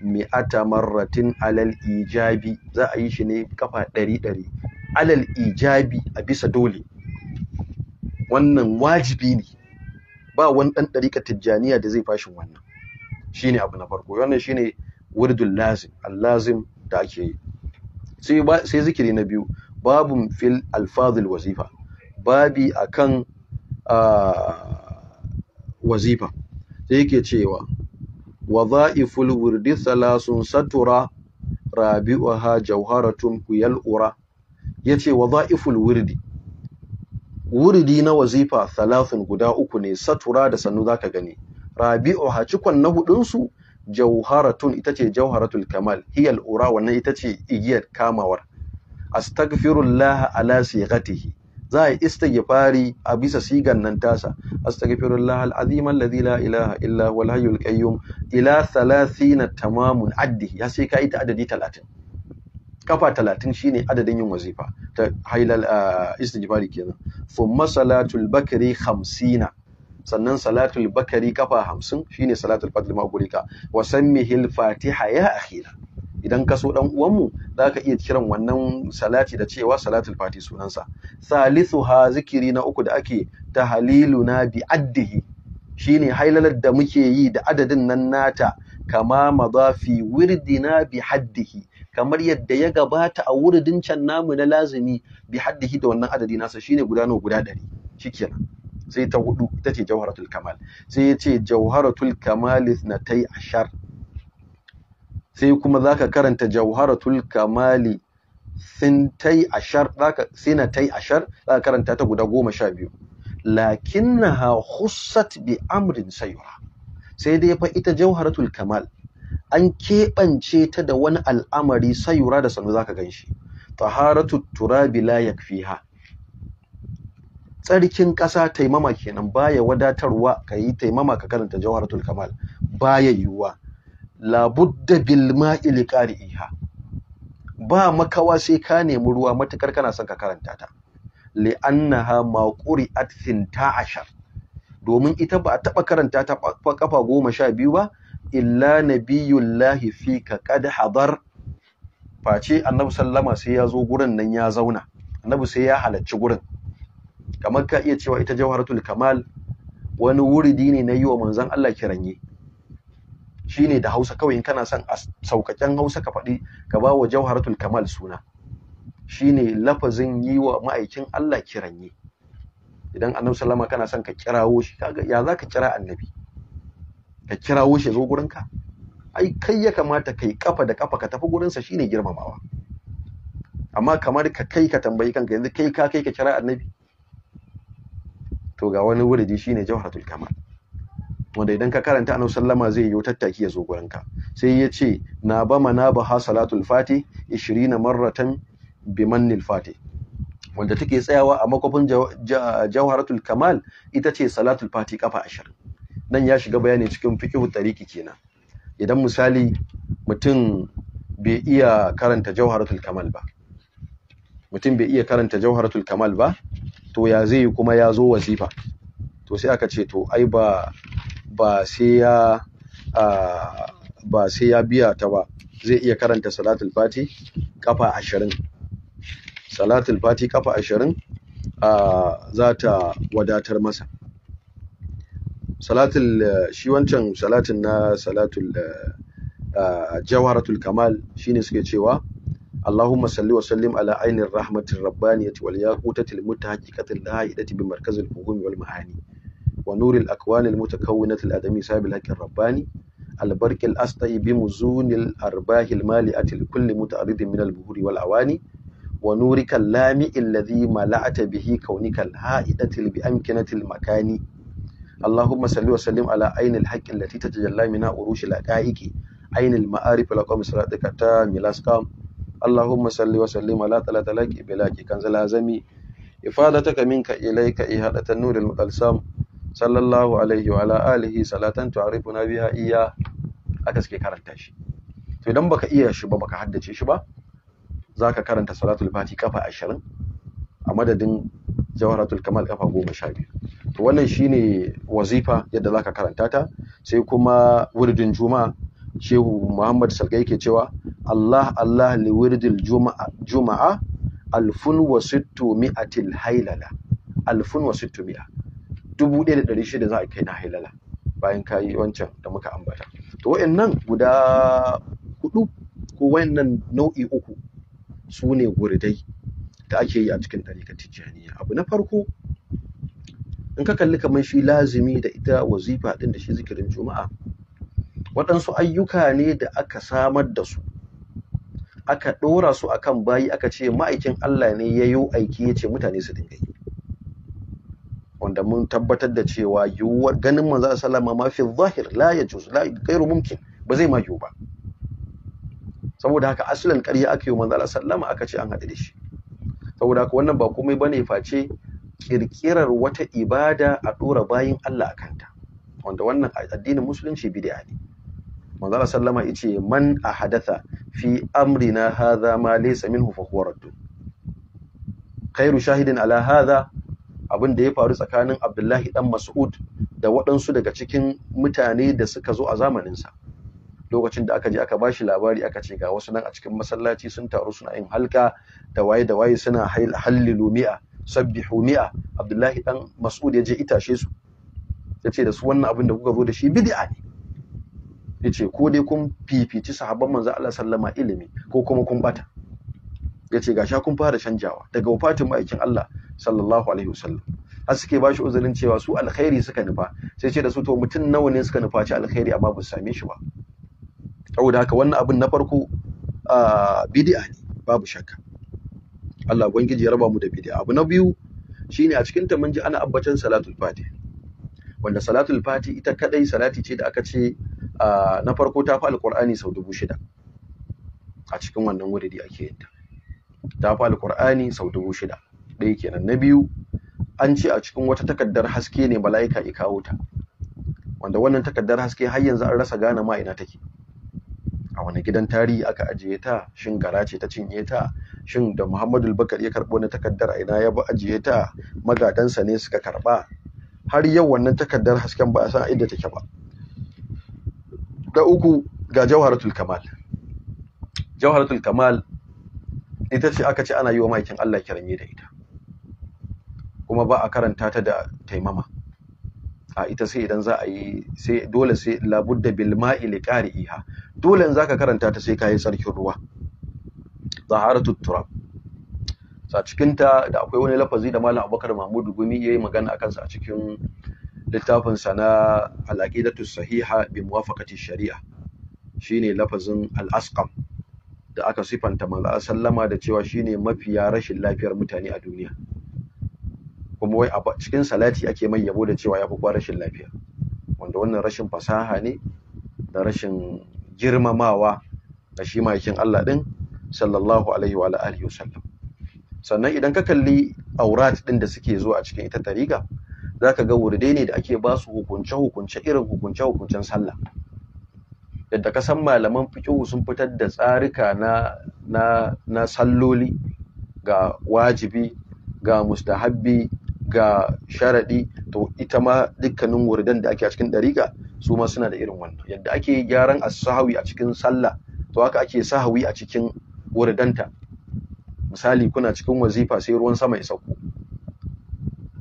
mi'ata marratin alal ijabi za a yi shi ne kafa ɗari ɗari alal ijabi a bisa dole wannan wajibi ne ba wani ɗan ɗarika tijjaniya da zai fashin wannan Shi ne abu na farko wannan ne wurdun lazim allazim da ake yi sai zikiri na biyu babun fil alfazil wazifa babi akan ah, wazifa sai yake cewa وظائف wurdi ثلاث satura rabi'uha جوهرة كيال أرى يتي وظائف الورد wuridi na wazifa salasun guda uku ne satura da sannu zaka gani rabi'uha cikon na hudun su jawharatun ita ce jawharatul kamal hiya ura wannan ita ce igiyar kamawar astaghfirullah ala sighatihi za a yi istighfari a bisa sigan nan tasa astaghfirullah alazim alladhi la ilaha illa huwal hayyul qayyum ila 30 tamamun addi ya sai ka yi ta adadi 30 kafa 30 shine adadin yin wazifa ta hailal ah, istighfari kenan thumma salatul bakri 50 sannan salatul bakari kafa hamsin shine salatul fadl ma gurika wasan Mihil fatiha ya akhira idan ka so dan uwanmu za ka iya kiran wannan salati da cewa salatul fati sunansa ha zikiri na uku da ake tahliluna bi addihi shine hailalar da muke yi da adadin nan nata kama madafi wirdina bi haddihi kamar yadda ya gabata a wurdin can namu na lazimi bi haddihi da wannan adadi nasa shine guda nawa guda ɗari shikenan sai ta hudu ita ce jawharatul kamal sai ya ce jawharatul kamal ashar sai kuma zaka karanta jawharatul kamali sintai ashar zaka sinatai ashar zaka karanta ta guda goma sha biyu lakinnaha hussat bi amrin sayura sai dai fa ita jawharatul kamal an keɓance ta da wani al'amari sayura da sanu zaka ganshi taharatu turabi la yakfiha tsarkin ƙasa taimama kenan baya wadatarwa kayi taimama ka karanta jawharatul kamal baya yiwuwa labudda bil ma'i iha. ba makawa sai ka nemi ruwa matakar kana son ka karanta ta li'annaha ta ashar domin ita ba a taba karanta ta kafa biyu ba illa nabiyullahi fika kad hadar face annabi sallama sai ya zo gurin nan ya zauna annabi sai ya halarci gurin kamar ka iya cewa ita jawharatul kamal wani wuridi ne na yi wa manzon Allah kiranye shine da Hausa kawai in kana son a saukaken Hausa ka faɗi ka ba wa Jawharatul Kamal suna shine lafazin yi wa ma'aikin Allah kiranye idan Annabi sallama kana son ka kirawo shi kaga ya zaka kira Annabi ka kirawo shi zo gurin ka ai kai ya kamata kai kafa da kafa ka tafi gurin sa shine girmamawa amma kamar ka kai ka tambayi kanka yanzu kai ka kai ka kira Annabi to ga wani wuridi shine Jawharatul Kamal wanda idan ka karanta annabi sallama zai yi tattaki ya zo gurin ka sai ya ce na ba mana ba ha salatul fati 20 marratan bi manil fati wanda take tsayawa a makofin jawharatul kamal ita ce salatul fati kafa 20 nan ya shiga bayani cikin fiqhu tariki kenan idan misali mutum bai iya karanta jawharatul kamal ba mutum bai iya karanta jawharatul kamal ba to ya zai kuma ya zo wazifa to sai aka ce to ai ba ba sai ya biya ta ba zai iya karanta salatul fati kafa ashirin salatul fati kafa ashirin za ta wadatar masa salatul shi wancan salatin na salatul jawharatul kamal shine suke cewa salli اللهم صل وسلم على عين الرحمة الربانية والياقوتة المتحققة الهائلة بمركز wal والمعاني ونور الأكوان المتكونة الآدمي ساب الحق الرباني البرك الأسطي بمزون الأرباح المالئة لكل متعرض من البهور والأواني ونورك اللامع الذي ملأت به كونك الهائدة بأمكنة المكان اللهم صل وسلم على عين الحق التي تتجلى منها أروش الأكائك عين المعارف لقوم صلاتك التام الأسقام اللهم صل وسلم على ثلاثة لك بلاك كنز العزمي إفادتك منك إليك إهالة النور المتلسام sallallahu alaihi wa ala alihi salatan tu'arifuna biha iya aka suke karanta shi to idan baka iya shi ba baka haddace shi ba zaka karanta salatul fati kafa 20 a madadin jawharatul kamal kafa 12 to wannan shine wazifa yadda zaka karanta ta sai kuma wurdin juma'a shehu muhammad salgai ke cewa allah allah li wurdil juma'a juma'a alfun wa sittu mi'atil hailala alfun wa sittu mi'a dubu ɗaya da ɗari shida za a kai na hailala bayan ka yi wancan da muka ambata to wa'annan guda huɗu ko wa'annan nau'i uku su ne guridai da ake yi a cikin ɗarika tijjaniya abu na farko in ka kalli kamar shi lazimi da ita wazifa ɗin da shi zikirin juma'a waɗansu ayyuka ne da aka samar da su aka ɗora su akan bayi aka ce ma'aikin Allah ne ya yi aiki ya ce mutane su dinga yi wanda mun tabbatar da cewa yiwuwar ganin manzo sallama ma fi zahir la yajuz la ghairu mumkin ba zai ma ba saboda haka aslan ƙarya aka yi manzo sallama aka ce an haɗu da shi saboda haka wannan ba komai bane face kirkirar wata ibada a dora bayin Allah akanta wanda wannan addinin musulunci bid'a ne manzo sallama yace man ahadatha fi amrina hadha ma laysa minhu fa huwa radd khairu shahidin ala hadha abin da ya faru tsakanin Abdullahi dan Mas'ud da waɗansu daga cikin mutane da suka zo a zamaninsa lokacin da aka je aka bashi labari aka ce ga wasu nan a cikin masallaci sun taru suna yin halka da waye da waye suna hallilu mi'a sabbihu mi'a Abdullahi dan Mas'ud ya je itashe su ce da su wannan abin da kuka zo da shi bid'a ne Ya ce ko dai kun fifici sahabban manzo Allah sallama ilimi ko kuma kun bata ya ce gasha kun fara canjawa daga wafatin ma'aikin Allah sallallahu alaihi wasallam har suke ba shi uzurin cewa su alkhairi suka nufa sai ce da su to mutum nawa ne suka nufa ci alkhairi amma ba su same shi ba saboda haka wannan abin na farko bid'a ne babu shakka Allah ubangiji ya raba mu da bid'a abu na biyu shine a cikin ta mun ji ana abbacin salatul fati wanda salatul fati ita kadai salati ce da aka ce na farko ta fi alqur'ani sau dubu shida a cikin wannan wuridi ake yin ta ta fi alkur'ani sau dubu shida ɗaya kenan na biyu an ce a cikin wata takardar haske ne mala'ika ya kawo ta wanda wannan takardar haske har yanzu an rasa gane ma ina take a wani gidan tarihi aka ajiye ta shin gara ce ta cinye ta shin da muhammadu bakar ya karɓo na takardar a ina ya ba ajiye ta magadansa ne suka karɓa har yau wannan takardar hasken ba a san inda take ba da uku ga jawharatul kamal jawharatul kamal ita ce aka ce ana yi wa maikin Allah kiranye da ita kuma ba a karanta ta da taimama a ita sai idan za a yi sai dole sai labudda bil ma'i li qari'iha dole in zaka karanta ta sai ka yi sarkin ruwa zaharatu turab sa cikin ta da akwai wani lafazi da malam Abubakar Mahmud Gumi yayi magana akan sa a cikin littafin sa na al-aqidatu sahiha bi muwafaqati shari'a shine lafazin al-asqam da aka sifanta manzo sallama da cewa shine mafiya rashin lafiyar mutane a duniya kuma wai a cikin salati ake mai yabo da cewa yafi kwa rashin lafiya wanda wannan rashin fasaha ne da rashin girmamawa da shi makin Allah din sallallahu alaihi wa alihi wasallam sannan idan ka kalli aurat din da suke zuwa a cikin ita tariqa zaka ga wurdai ne da ake ba su hukunce hukunce irin hukunce hukuncen sallah yadda ka san malaman fiƙihu sun fitar da tsarika na na na salloli ga wajibi ga mustahabbi ga sharaɗi to ita ma dukkanin wurdan da ake a cikin ɗariƙa su ma suna da irin wannan yadda ake gyaran as-sahawi a cikin sallah to haka ake sahawi a cikin wurdanta misali kuna cikin wazifa sai ruwan sama ya sauko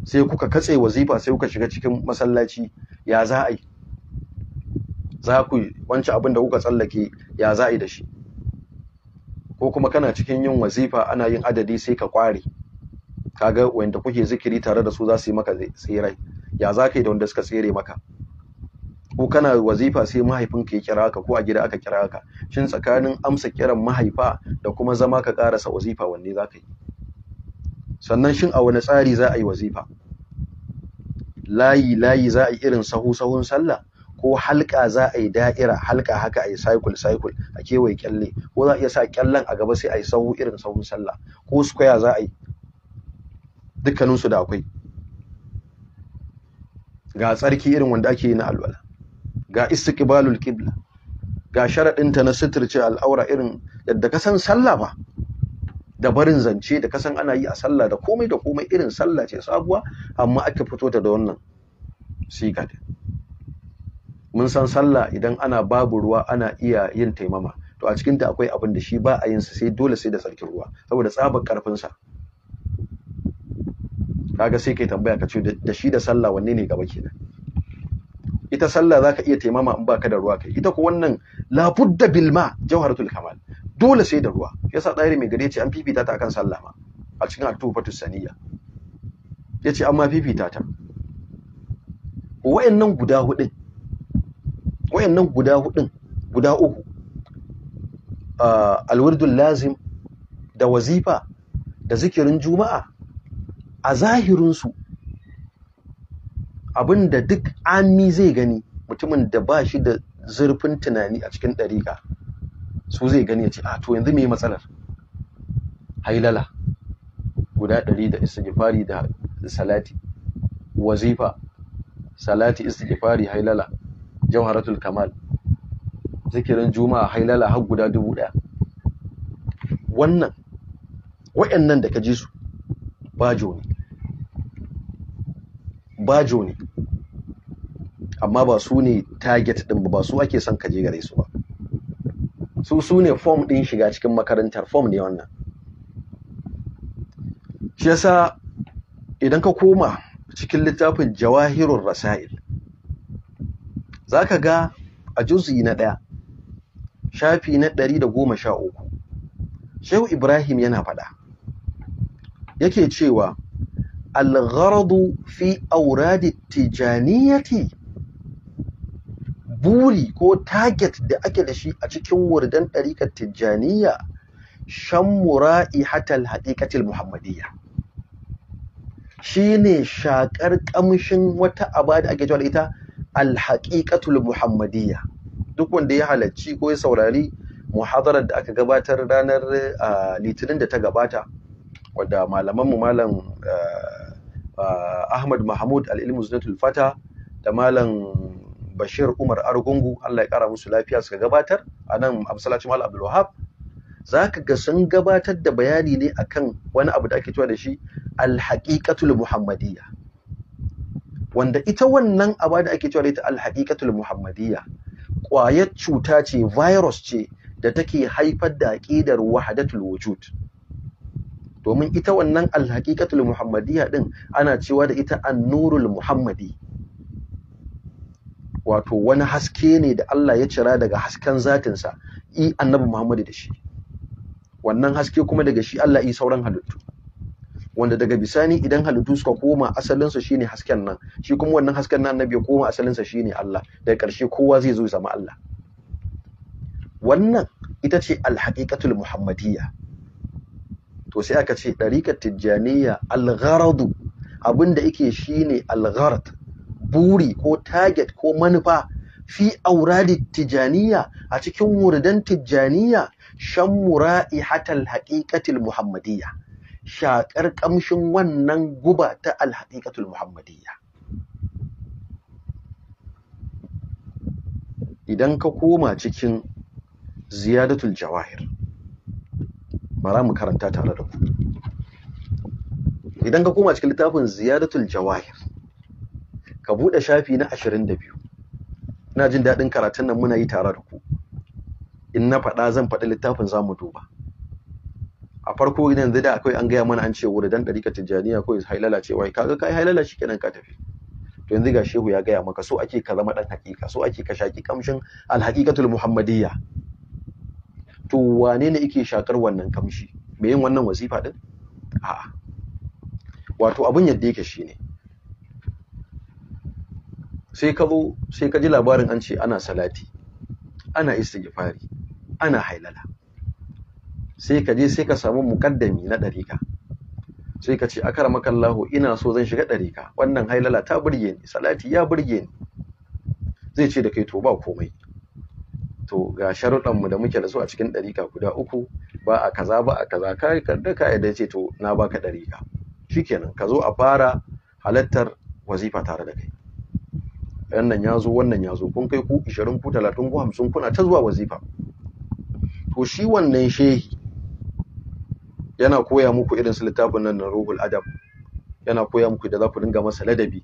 sai kuka katse wazifa sai kuka shiga cikin masallaci ya za a yi za ku wancan abin da kuka tsallake ya za da shi ko kuma kana cikin yin wazifa ana yin adadi sai ka kware kaga wanda kuke zikiri tare da su za su yi maka tsirai ya za ka yi da wanda suka tsere maka ko kana wazifa sai mahaifinka ya kira ka ko a gida aka kira ka shin tsakanin amsa kiran mahaifa da kuma zama ka karasa wazifa wanne za ka yi sannan shin a wani tsari za a yi wazifa layi layi za a yi irin sahu sahun sallah ko halka za a yi da'ira halka haka a yi cycle cycle a kewaye kyalle ko za a iya sa kyallen a gaba sai a yi sahu irin sahun sallah ko square za a yi dukkaninsu da akwai ga tsarki irin wanda ake yi na alwala ga istiqbalul qibla ga ta na suturce al'aura irin yadda ka san sallah ba da barin zance da kasan ana yi a sallah da komai da komai irin sallah ce sabuwa amma aka fito ta da wannan sigar mun san sallah idan ana babu ruwa ana iya yin taimama to a cikin cikinta akwai abin da shi ba a yin sa sai dole sai da sarkin ruwa saboda tsabar karfin sa kaga sai kai tambaya ka ce da shi da sallah wanne ne gaba kenan ita sallah zaka iya taimama in baka da ruwa kai ita ko wannan la budda bil ma jawharatul kamal dole sai da ruwa yasa dairi mai gare ce an fifita ta akan sallah ma a cikin atufatus saniya yace amma fifita ta wayannan guda hudu wayannan guda hudun guda uku alwirdul lazim da wazifa da zikirin juma'a a zahirinsu abinda duk ami zai gani mutumin da ba shi da zurfin tunani a cikin ɗariƙa su zai gani ya ce a ah, to yanzu mai matsalar hailala guda ɗari da istighfari da salati wazifa salati istighfari hailala Jauharatul kamal zikirin juma'a hailala har guda dubu ɗaya wannan wayannan da ka ji su bajo ne bajo ne amma ba su ne target ɗin ba su ake son kaje gare su ba su su ne form ɗin shiga cikin makarantar form ne wannan shi yasa idan ka koma cikin littafin jawahirun rasail za ka ga a juzi na ɗaya shafi na ɗari da goma sha uku shehu ibrahim yana faɗa yake cewa algharadu fi auradi tijaniyati buri ko target da ake da shi a cikin wurdan ɗarikar Tijaniya shan mura'i hatal haƙiƙatil muhammadiyya shi ne shaƙar ƙamshin wata aba da ake jawar da ita alhaƙiƙatul muhammadiyya duk wanda ya halarci ko ya saurari muhadarar da aka gabatar ranar litinin da ta gabata wadda malamanmu malam ahmad mahmud al'ilmu zinatul fata da malam bashir umar argungu allah ya ƙara musu lafiya suka gabatar a nan absalacin malam abdulwahab za ka ga sun gabatar da bayani ne akan wani abu da ake cewa da shi alhaƙiƙatul muhammadiyya wanda ita wannan aba da ake cewa da ita alhaqiqatul muhammadiyya ƙwayar cuta ce virus ce da take haifar da aqidar wahdatul wujud domin ita wannan alhaqiqatul muhammadiyya ɗin ana cewa da ita annurul muhammadi wato wani haske ne da Allah ya cira daga hasken zatinsa i annabi Muhammadu da shi wannan haske kuma daga shi Allah yi sauran halittu wanda daga bisani idan halittu suka koma asalinsa shine hasken nan shi kuma wannan hasken nan annabi ya koma asalinsa shine Allah daga ƙarshe kowa zai zo zama Allah wannan ita ce alhaqiqatul muhammadiyya to sai aka ce ɗariƙar tijjaniya algharadu abinda yake shine algharad buri ko target ko manufa fi auradi tijjaniya a cikin wurdan tijjaniya shan mura'ihatal haqiqatil muhammadiyya shaƙar ƙamshin wannan guba ta alhaƙiƙatul muhammadiyya idan ka koma cikin ziyadatul jawahir bara mu karanta tare da ku idan ka koma cikin littafin ziyadatul jawahir ka buɗe shafi na 22 ina jin daɗin karatun nan muna yi tare da ku in na faɗa zan faɗi littafin za mu duba a farko yanzu da akwai an gaya mana an ce wuri dan ɗarika tijjaniya ko hailala ce wai kaga kai hailala shikenan ka tafi to yanzu ga shehu ya gaya maka so ake ka zama ɗan hakika so ake ka shaƙi kamshin alhaƙiƙatul muhammadiyya to wane ne yake shakar wannan kamshi me yin wannan wasifa din a'a wato abin yadda yake shine sai ka zo sai ka ji labarin an ce ana salati ana istighfari ana hailala sai ka je sai ka samu mukaddami na ɗarika sai ka ce akaramaka Allahu ina so zan shiga ɗarika wannan hailala ta burge ni salati ya burge ni zai ce da kai to ba komai to ga mu da muke da su a cikin ɗarika guda uku ba a kaza ba a kaza ka da ka yadda ce to na baka ɗarika shikenan ka zo a fara halattar wazifa tare da kai wannan ya zo wannan ya zo kun kai ku 20 ku 30 ku 50 kuna ta zuwa wazifa to shi wannan shehi yana koya muku irin su littafin nan na ruhul adab yana koya muku da za ku dinga masa ladabi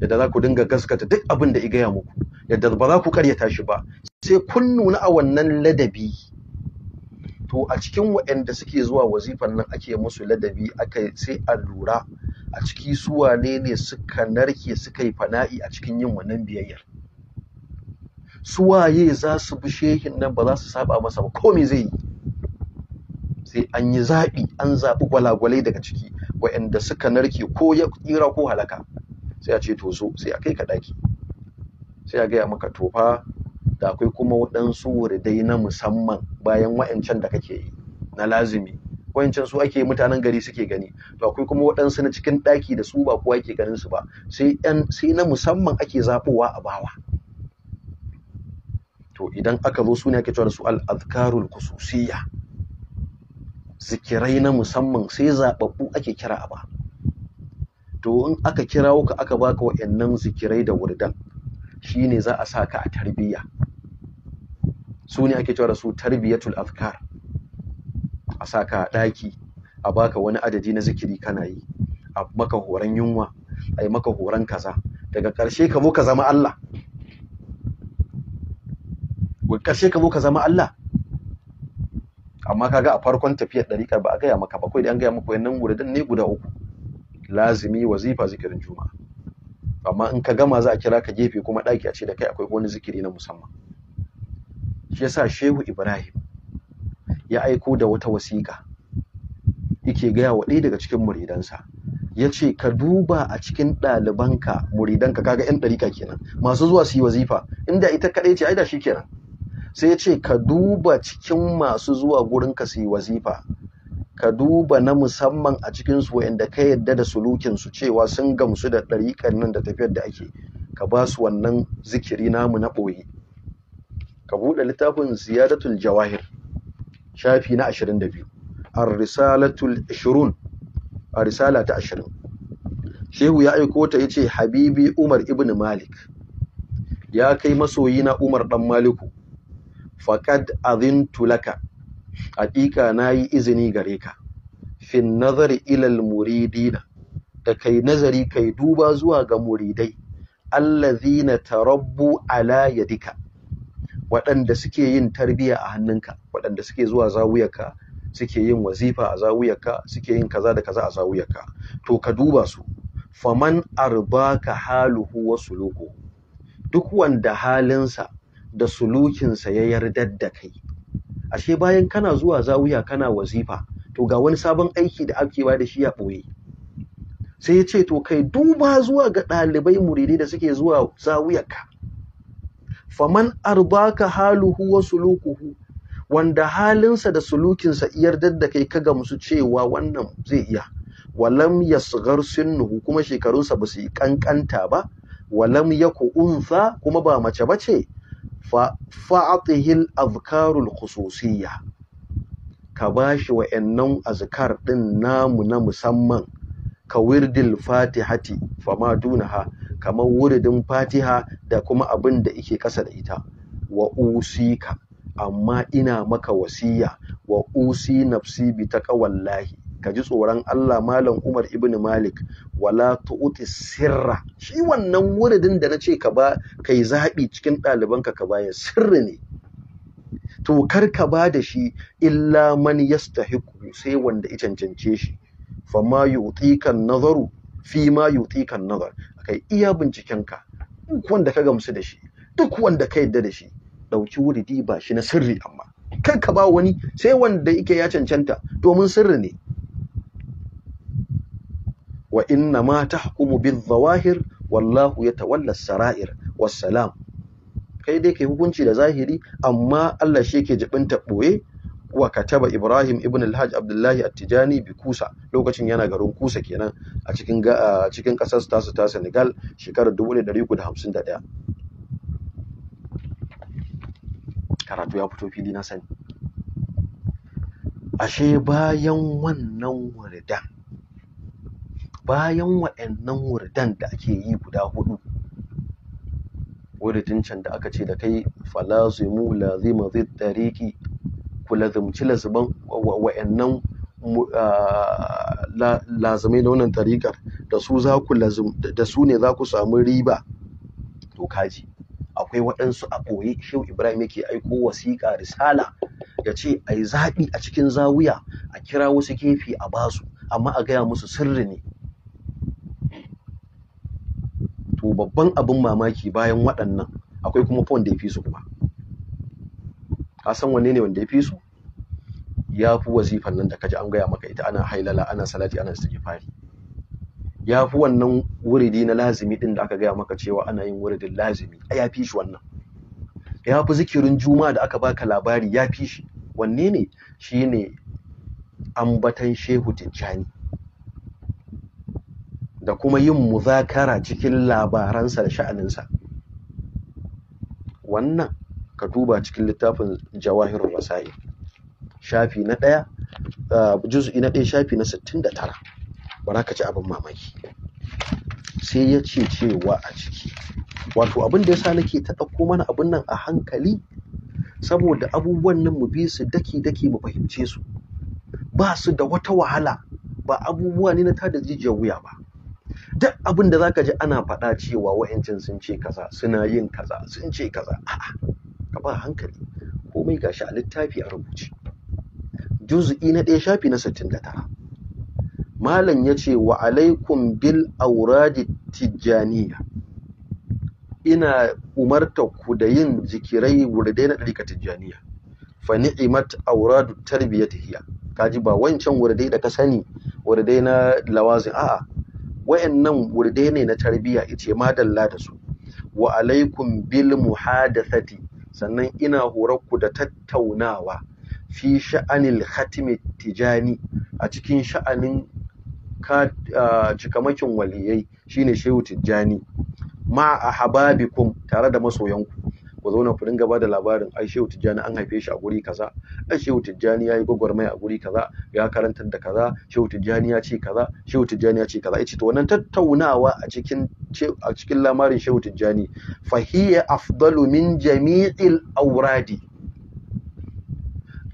yadda za ku dinga gaskata duk abin da gaya muku yadda ba za ku karyata shi ba sai kun nuna a wannan ladabi to a cikin waɗanda suke zuwa wazifan nan ake musu ladabi aka sai a lura a ciki su wane ne suka narke suka yi fana'i a cikin yin wannan biyayyar su waye za su bi shehin nan ba za su saba masa ba komai zai yi sai an yi zaɓi an zaɓi gwalagwalai daga ciki waɗanda suka narke ko ya tsira ko halaka sai a ce to zo sai a kai ka ɗaki sai a gaya maka tofa da akwai kuma waɗansu wuridai na musamman bayan wa'ancan da kake yi na lazimi wa'ancan su ake mutanen gari suke gani to akwai kuma waɗansu na cikin ɗaki da su ba kowa ke ganin su ba sai sai na musamman ake zaɓowa a bawa to idan aka zo su ne ake cewa da su al-azkarul khususiyya zikirai na musamman sai zaɓaɓɓu ake kira a ba to in aka kirawo ka aka baka wa'annan zikirai da wurdan shine za a sa ka a tarbiyya su ne ake cewa da su tarbiyyatul afkar a sa a ɗaki a baka wani adadi na zikiri kana yi a maka horon yunwa a yi maka horon kaza daga ƙarshe ka zo ƙarshe ka zo ka zama Allah amma kaga a farkon tafiyar ɗariƙar ba a gaya maka ba kawai da an gaya maka wuri muridan ne guda uku lazimi wazifa zikirin juma'a amma in ka gama za a kira ka gefe kuma ɗaki a ce da kai akwai wani zikiri na musamman shi yasa shehu ibrahim ya aiko da wata wasiƙa yake gaya wa ɗaya daga cikin muridansa ya ce ka duba a cikin ɗalibanka muridanka kaga 'yan ɗarika kenan masu zuwa su yi wazifa inda ita kaɗai ce ai da shi kenan sai ce ka duba cikin masu zuwa gurinka su yi wazifa ka duba na musamman a cikinsu wa'inda ka yadda da sulukinsu cewa sun gamsu da ɗariƙar nan da tafiyar da ake ka ba su wannan zikiri namu na ɓoye ka buɗe littafin ziyadatul jawahir shafi na 22 ar-risalatul 20 a risala ta 20 shehu ya aiko ta yace habibi umar ibn malik ya kai masoyi na umar dan maliku Faƙad abin laka haƙiƙa nayi izini gare ka fin nazari ilal muridina da kai nazari kai duba zuwa ga muridai allazina tarabbu ala yadika waɗanda suke yin tarbiyya a hannunka waɗanda suke zuwa zawuyarka suke yin wazifa a zawuyarka suke yin kaza da kaza a zawuyarka to ka duba su faman arbaka haluhu wa logo duk wanda halinsa da sulukinsa ya yardar da kai ashe bayan kana zuwa zawiya kana wazifa to ga wani sabon aiki da ake ba da shi ya ɓoye sai ya ce to kai duba zuwa ga ɗalibai muridai da suke zuwa zawiyarka faman arbaka haluhu wa sulukuhu wanda halinsa da sulukinsa yardar da kai ka gamsu cewa wannan zai iya walam yasghar sinnuhu kuma shekarunsa ba su yi ƙanƙanta ba walam ku unsa kuma ba mace bace fa'atihil azkarul khususiyya ka bashi wa'annan azkar din namu na musamman ka wirdil fatihati fama dunaha kamar wuridin fatiha da kuma abin da ike kasa da ita wa usika amma ina maka wasiya wa usi nafsi bi taqwallahi ka ji tsoron Allah malam Umar ibn Malik wala tu'ti sirra shi wannan wuridin da nace ka ba kai zabi cikin ɗalibanka ka baya sirri ne to kar ka ba da shi illa man yastahiqu sai wanda ya cancance shi Fa ma yutika nazaru fi ma yutika nazar kai iya binciken ka, duk wanda ka gamsu da shi duk wanda ka yadda da shi dauki wuridi ba shi na sirri amma kar ka ba wani sai wanda yake ya cancanta domin sirri ne wa inna ma hukumu bin zawahir wallahu ya tawallar sarair wassalam kai dai kai hukunci da zahiri amma Allah shi yake jibinta ɓoye wa kataba Ibrahim ibn al Abdullahi at-Tijani bi Kusa lokacin yana garin Kusa kenan a cikin cikin kasar tasu ta Senegal shekarar 1951 karatu ya fito fili na sani ashe bayan wannan wuridan bayan wa'annan wurdan da ake yi guda hudu wuridin can da aka ce da kai falazimu lazima zai tariki ku lazimci laziman wa'annan lazimai na wannan tarikar da su da su ne za ku samu riba to kaji akwai waɗansu a ɓoye shehu ibrahim yake aiko wasiƙa risala ya ce a yi zaɓi a cikin zawiya a kira wasu gefe a basu amma a gaya musu sirri ne ko babban abin mamaki bayan waɗannan akwai kuma fa wanda ya fi su kuma ka san wanne ne wanda ya fi su ya fi wazifan nan da kaji an gaya maka ita ana hailala ana salati ana istighfari ya fi wannan wuridi na lazimi din da aka gaya maka cewa ana yin wuridin lazimi a ya fi shi wannan ya fi zikirin juma da aka baka labari ya fi shi wanne ne shi ne ambatan shehu tijjani da kuma yin muzakara cikin labaransa da sha'aninsa wannan ka duba cikin littafin jawahirul wasa'i, shafi na ɗaya uh, juz'i na ɗaya shafi na 69 ba za ka ci abin mamaki sai ya ce cewa a ciki wato abin da ya sa nake ta ɗauko mana abin nan a hankali saboda abubuwan nan mu bi su daki-daki mu fahimce su ba su da wata wahala ba abubuwa ne na tada jijiyar wuya ba duk abin da zaka ji ana faɗa cewa wa'ancin sun ce kaza suna yin kaza sun ce kaza a'a ka ba hankali komai gashi a littafi a rubuce juz'i na ɗaya shafi na 69 malam ya ce wa alaikum bil auradi tijjaniya ina umarta ku da yin zikirai wurdai na ɗarika tijjaniya fa ni'imat auradu tarbiyatihiya kaji ba wancan wurdai da ka sani wurdai na lawazin a'a wayannan wurde ne na tarbiyya ice madalla da su wa alaikum bil muhadathati sannan ina horar ku da tattaunawa fi sha'anil khatimi tijani a cikin sha'anin cikamakin waliyai shine shehu tijjani ma ahababikum tare da masoyanku ku zauna ku dinga bada labarin ai shehu tijjani an haife shi a guri kaza ai shehu tijjani ya yi gwagwarmaya a guri kaza ya karantar da kaza shehu tijjani ya ce kaza shehu tijjani ya ce kaza yace to wannan tattaunawa a cikin a cikin lamarin shehu tijjani hiya afdalu min jami'il awradi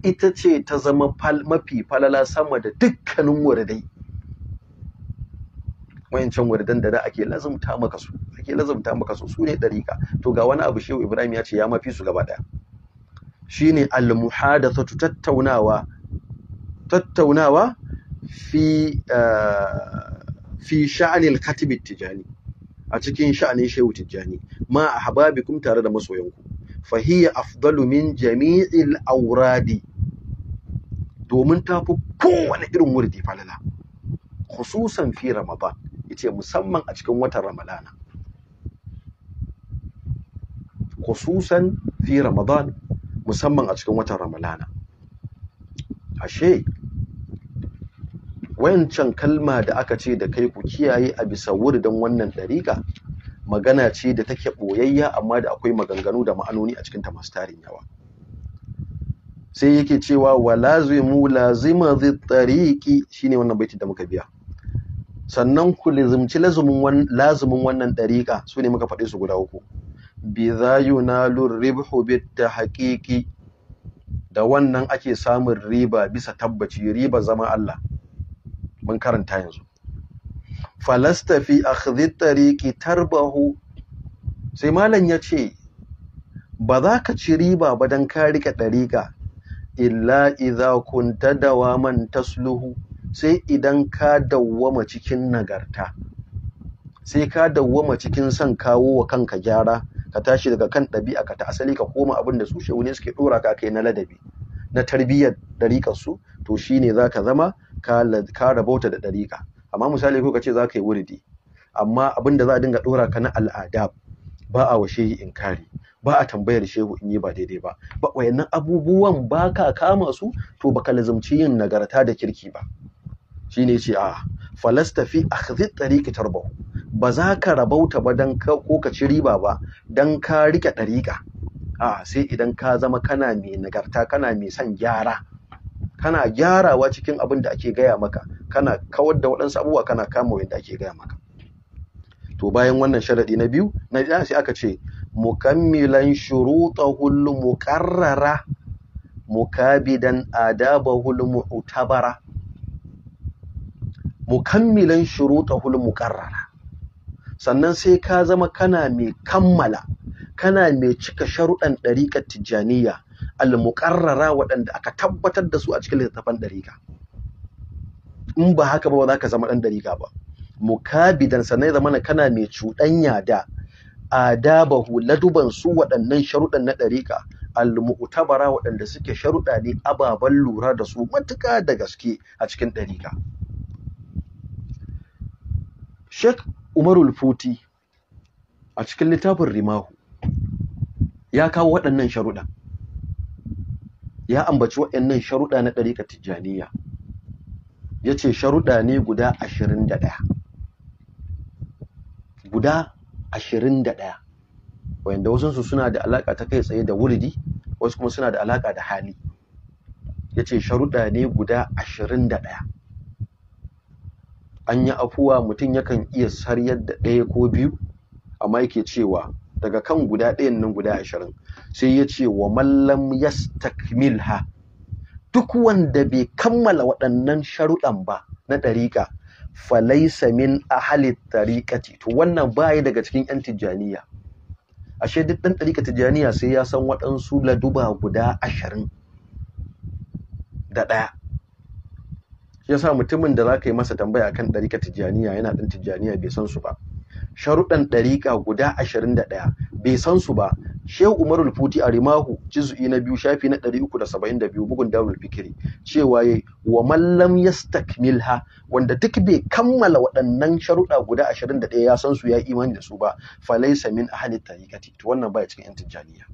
ita ce ta zama mafi falala sama da dukkanin wuridai wayancan wurdan da da ake lazumta maka su ake lazumta maka su su ne dariƙa. to ga wani abu shehu ibrahim ya ce ya mafi su gaba ɗaya shine al muhadathatu tattaunawa tattaunawa fi eh, fi sha'anil katib tijani a cikin sha'anin shehu tijani ma ahbabikum tare da masoyanku fahiya afdalu min jami'il auradi domin tafi kowane irin wurdi falala khususan fi ramadan ce musamman a cikin watan ramadana khususan fi ramadan musamman a cikin watan Ramadana. ashe Wancan kalma da aka ce da kai ku kiyaye a bisa wurdan wannan ɗariƙa magana ce da take ɓoyayya amma da akwai maganganu da ma'anoni a cikinta masu tarin yawa sai yake cewa wa lazimu lazima zai shine wannan baiti da muka biya sannan ku lizimci lazumin wannan ɗariƙa su ne muka faɗi su guda uku bi za yunalu ribhu ta haƙiƙi, da wannan ake samun riba bisa tabbaci riba zama Allah mun karanta yanzu falasta fi ɗariƙi tarbahu sai malam ya ce ba za ka ci riba ba dan ka riƙe ɗariƙa illa iza kunta dawaman tasluhu sai idan ka dawwama cikin nagarta sai ka dawwama cikin son kawo wa kanka gyara ka tashi daga kan ɗabi'a ka ta asali ka koma abin da su shehu ne suke ɗora ka kai na ladabi na tarbiyyar ɗariƙar su to shine za ka zama ka rabauta da ɗariƙa amma misali ko ka ce za ka yi wuridi amma abin da za a dinga ɗora ka na al'ada ba a wa shehi inkari ba a tambayar shehu in yi ba daidai ba ba wayannan abubuwan ba ka kama su to baka lazumci yin nagarta da kirki ba Shi ne yace a falasta fi akhdhi tariqi tarba. ba za ka rabauta ba don ka ci riba ba don ka rike ɗariƙa. a sai idan ka zama kana mai nagarta kana mai son gyara kana gyarawa cikin abin da ake gaya maka kana kawar da waɗansu abubuwa kana kama wanda ake gaya maka to bayan wannan sharaɗi na biyu na biyu sai aka ce mukammilan shurutahu muqarrara mukabidan adabahul mu'tabara mukammilan hul muqarrara sannan sai ka zama kana mai kammala kana mai cika sharuɗan ɗariƙar tijjaniya al-muqarrara waɗanda aka tabbatar da su a cikin littattafan ɗariƙa in ba haka ba za ka zama ɗan ɗariƙa ba mukabidan sannan zama kana mai cuɗanya da adabahu laduban su waɗannan sharuɗan na ɗariƙa al-mu'tabara waɗanda suke sharuɗa ne ababen lura da su matuƙa da gaske a cikin ɗariƙa Sheikh Umarul Futi a cikin littafin Rimahu ya kawo waɗannan sharuɗa ya ambaci waɗannan sharuɗa na ɗariƙa tijjaniya ya ce sharuɗa ne guda ashirin da ɗaya guda ashirin da ɗaya wanda wasansu suna da alaƙa ta kai tsaye da wuridi wasu kuma suna da alaƙa da hali ya ce sharuɗa ne guda ashirin da ɗaya an yi afuwa mutum yakan iya saryar da ɗaya ko biyu amma yake cewa daga kan guda ɗayan nan guda ashirin sai ya ce wa mallam ha. duk wanda bai kammala waɗannan sharuɗan ba na ɗariƙa falaisa min ahali ɗariƙati to wannan baya daga cikin 'yan tijjaniya ashe duk ɗan ɗariƙa tijjaniya sai ya san waɗansu laduba guda ashirin da ɗaya shi yasa mutumin da za ka yi masa tambaya kan ɗarika tijjaniya yana ɗan tijjaniya bai san su ba sharuɗan ɗariƙa guda ashirin da ɗaya bai san su ba shehu umarul futi a rimahu juz'i na biyu shafi na ɗari uku da saba'in da biyu bugun darul fikiri cewa ya wa mallam yastakmilha wanda duk bai kammala waɗannan sharuɗa guda ashirin da ɗaya ya san su ya imani da su ba falaisa min ahalin tariqati to wannan baya cikin yan tijjaniya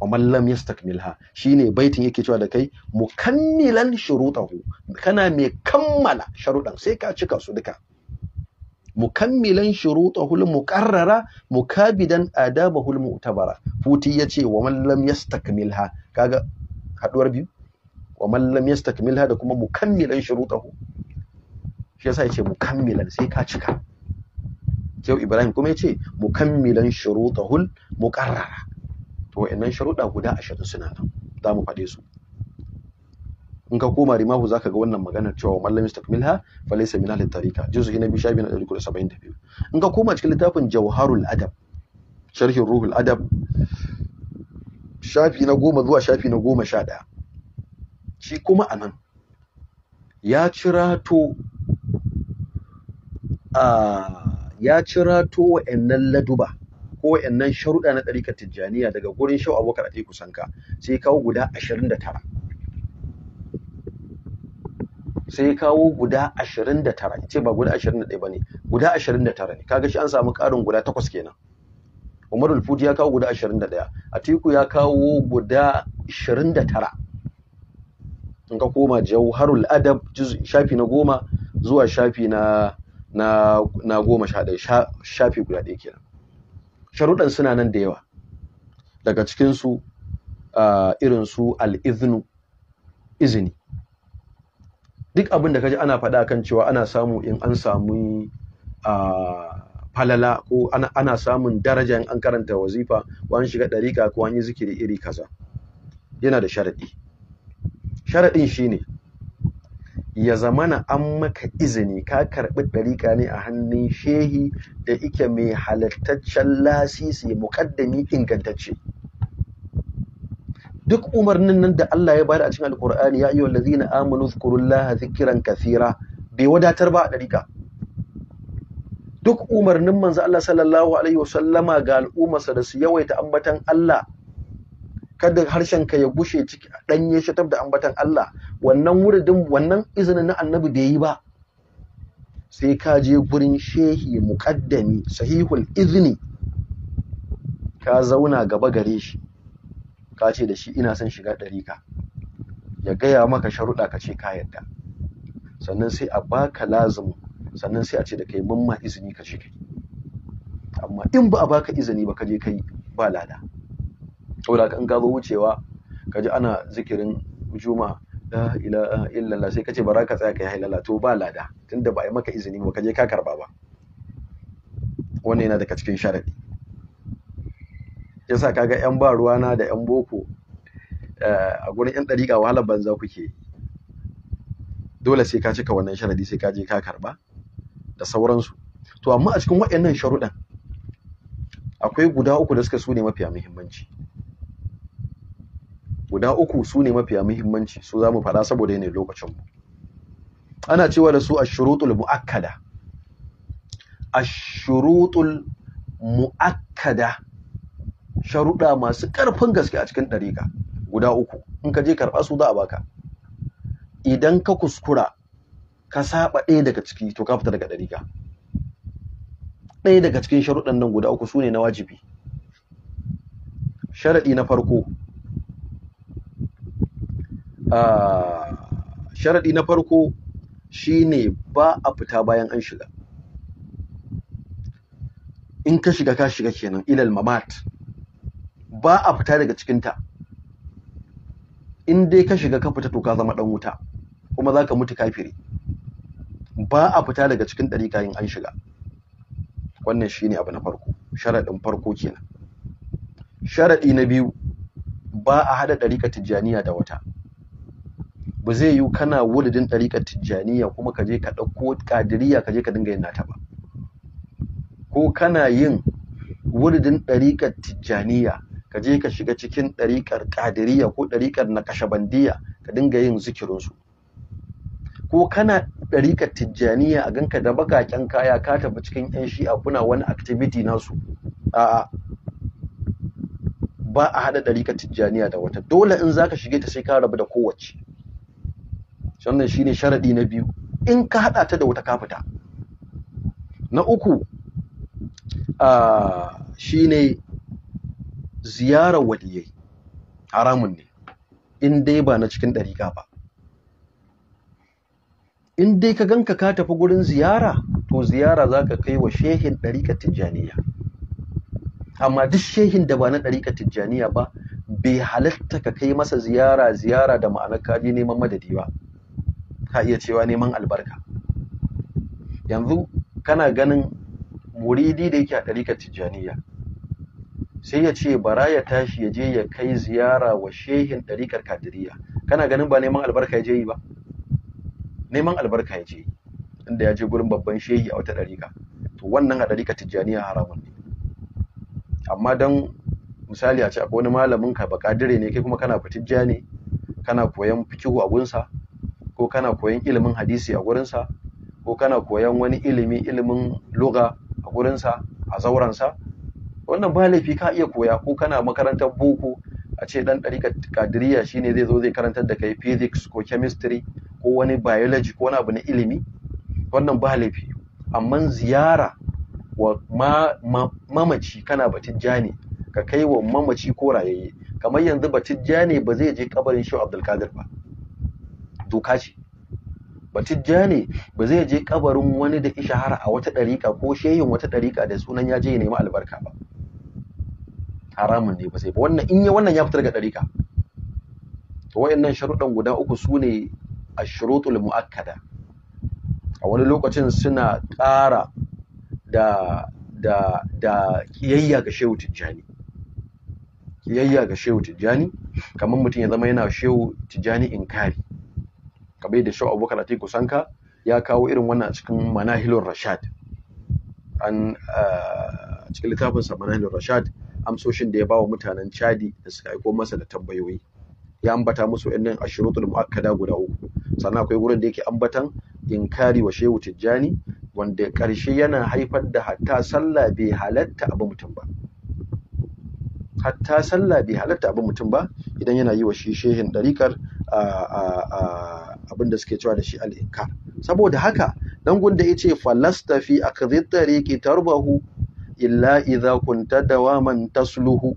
wa lam yastakmilha shine baitin yake cewa da kai mukammilan shurutahu kana mai kammala sharuɗan sai ka cika su duka mukammilan shurutahu muqarrara mukabidan adabahul mu'tabara futi yace wa man lam yastakmilha kaga haduwar biyu wa man lam yastakmilha da kuma mukammilan shurutahu shi yasa yace mukammilan sai ka cika Shehu Ibrahim kuma yace mukammilan shurutahul muqarrara wa'annan sharuɗa guda ashirin suna nan za mu faɗe su in ka koma rimahu zaka ga wannan maganar cewa mallam istakmilha fa laysa min ahli tarika juz'i na biyu shafi na 372 in ka koma cikin littafin jawharul adab sharhin ruhul adab shafi na goma zuwa shafi na goma sha ɗaya shi kuma a nan ya cirato a ya cirato wa'annan laduba ko wa'annan sharuɗa na ɗarikar tijjaniya daga gurin shau Abubakar a Sanka, sai kawo guda ashirin da tara sai kawo guda ashirin da tara ce ba guda ashirin da ɗaya ba ne guda ashirin da tara ne kaga shi an samu ƙarin guda takwas kenan Umar Alfudi ya kawo guda 21, Atiku ya kawo guda 29. In ka koma Jauharul Adab shafi na goma zuwa shafi na na goma sha ɗaya shafi guda ɗaya kenan. sharuɗan suna nan da yawa daga cikinsu irin su al'iznu izini duk abin da kaji ana faɗa kan cewa ana samu in an samu falala ko ana samun daraja in an karanta wazifa ko an shiga ɗariƙa ko an yi zikiri iri kaza yana da sharaɗi sharaɗin shine ya zamana an maka izini ka karɓi ɗariƙa ne a hannun shehi da ike mai halittaccen lasisi muƙaddami ingantacce duk umarnin nan da Allah ya bayar a cikin alkur'ani ya yi wallazi na amonu zukurullaha zikiran kasira bai wadatar ba a ɗariƙa duk umarnin manzo Allah sallallahu alaihi wasallama ga al'ummarsa da su yawaita ambatan Allah kada harshen ka ya bushe ciki a danye shi da ambatan Allah wannan wuridin wannan izinin na annabi bai yi ba sai ka je gurin shehi muqaddami sahihul izni ka zauna gaba gare shi ka ce da shi ina son shiga ɗarika ya gaya maka sharuɗa ka ce ka yadda sannan sai a baka lazim sannan sai a ce da kai mun ma izini ka ce amma in ba a baka izini ba ka je kai ba lada saboda in ka zo wucewa ka ji ana zikirin juma'a la ilaha illallah sai kace bara ka tsaya kai halala to ba lada tunda ba ai maka izini ba ka ka karba ba wannan yana daga cikin sharadi yasa kaga yan ba ruwana da yan boko eh, a gurin yan dariƙa wahalar banza kuke dole sai ka cika wannan sharadi sai ka je ka karba da sauransu to amma a cikin waɗannan sharuɗan akwai guda uku da suka sune ne mafiya muhimmanci guda uku su ne mafiya muhimmanci su za mu faɗa saboda yanayin lokacin mu ana cewa da su ashurutul mu'akkada ashurutul mu'akkada sharuɗa masu ƙarfin gaske a cikin ɗariƙa guda uku in ka je karɓa su za a baka idan ka kuskura ka saba ɗaya daga ciki to ka fita daga ɗariƙa ɗaya daga cikin sharuɗan nan guda uku su ne na wajibi sharaɗi na farko Ah, sharaɗi na farko shi ne ba a fita bayan an shiga in ka shiga ka shiga kenan ilal mamat ba a fita daga cikinta in dai ka shiga ka fita to ka zama ɗan wuta kuma za ka mutu kafiri ba a fita daga cikin ɗarika yin an shiga wannan shi ne abu na farko sharaɗin farko kenan sharaɗi na biyu ba a haɗa ɗarika tijjaniya da wata ba zai yiwu kana wuridin ɗariƙar tijjaniya kuma ka je ka ɗauko ƙadiriya ka je ka dinga yin nata ba ko kana yin wuridin ɗariƙar tijjaniya ka je ka shiga cikin ɗarikar ƙadiriya ko ɗarikar ɗariƙar kashabandiya ka dinga yin zikirinsu ko kana ɗariƙar tijjaniya a ganka da baƙaƙen kaya ka tafi cikin 'yan shi'a kuna wani activity nasu a'a ba a haɗa ɗarikar tijjaniya da wata dole in zaka shige ta sai ka rabu da kowace wannan ne sharaɗi na biyu in ka haɗa ta da wata kafita na uku shi ne ziyarar waliyai haramun ne in dai ba na cikin ɗariƙa ba in dai ka ganka ka tafi gurin ziyara to ziyara zaka kai wa shehin dariƙar tijjaniya amma duk shehin da ba na ɗariƙar tijjaniya ba bai halatta ka kai masa ziyara ziyara da ma'anar kaji neman madadi ba ka iya cewa neman albarka yanzu kana ganin muridi da yake a ɗarikar tijjaniya sai ya ce bara ya tashi ya je ya kai ziyara wa shehin ɗarikar kadiriya kana ganin ba neman albarka ya je yi ba neman albarka ya je yi inda ya je gurin babban shehi a wata ɗarika to wannan a ɗarikar tijjaniya haramun ne amma don misali a ce akwai wani malamin ka ba kadire ne kai kuma kana fitijja ne kana koyan fikihu a gunsa ko kana koyan ilimin hadisi a gurinsa ko kana koyan wani ilimi ilimin luga a gurinsa a zauransa wannan ba laifi ka iya koya ko kana makarantar boko a ce dan ɗarika kadiriya shine zai zo zai karantar da kai physics ko chemistry ko wani biology ko wani abu na ilimi wannan ba laifi amma ziyara wa mamaci kana jani ka kai wa mamaci ko rayayye kamar yanzu jani ba zai je kabarin shi Abdulkadir ba doka ce Ba Tijjani ba zai je kabarin wani da ishahara a wata ɗarika ko shehin wata ɗarika da sunan ya je ya nemi albarka ba haramun ne ba sai ba wannan in ya wannan ya fitar ga ɗarika to wayannan sharuɗan guda uku su ne ashurutul mu'akkada a wani lokacin suna ƙara da da da kiyayya ga shehu tijjani kiyayya ga shehu tijjani kamar mutum ya zama yana shehu tijjani inkari kamar da shaw abubakar atiku sanka ya kawo irin wannan a cikin manahilun rashad an ah, a cikin littafin sa manahilun rashad amsoshin da ya bawa mutanen chadi da suka aiko masa da tambayoyi ya ambata musu ɗin ashrutul mu'akkada guda uku sannan akwai gurin da yake ambatan inkari wa shehu tijjani wanda karshe yana haifar da hatta sallah bai halatta abu mutum ba hatta sallah bai halatta abu mutum ba idan yana yi wa shi shehin ɗariƙar abin da suke cewa da shi al'inkar saboda haka dan gunda ya ce Falastafi a kazittare ki tarbahu illa iza kunta dawaman tasluhu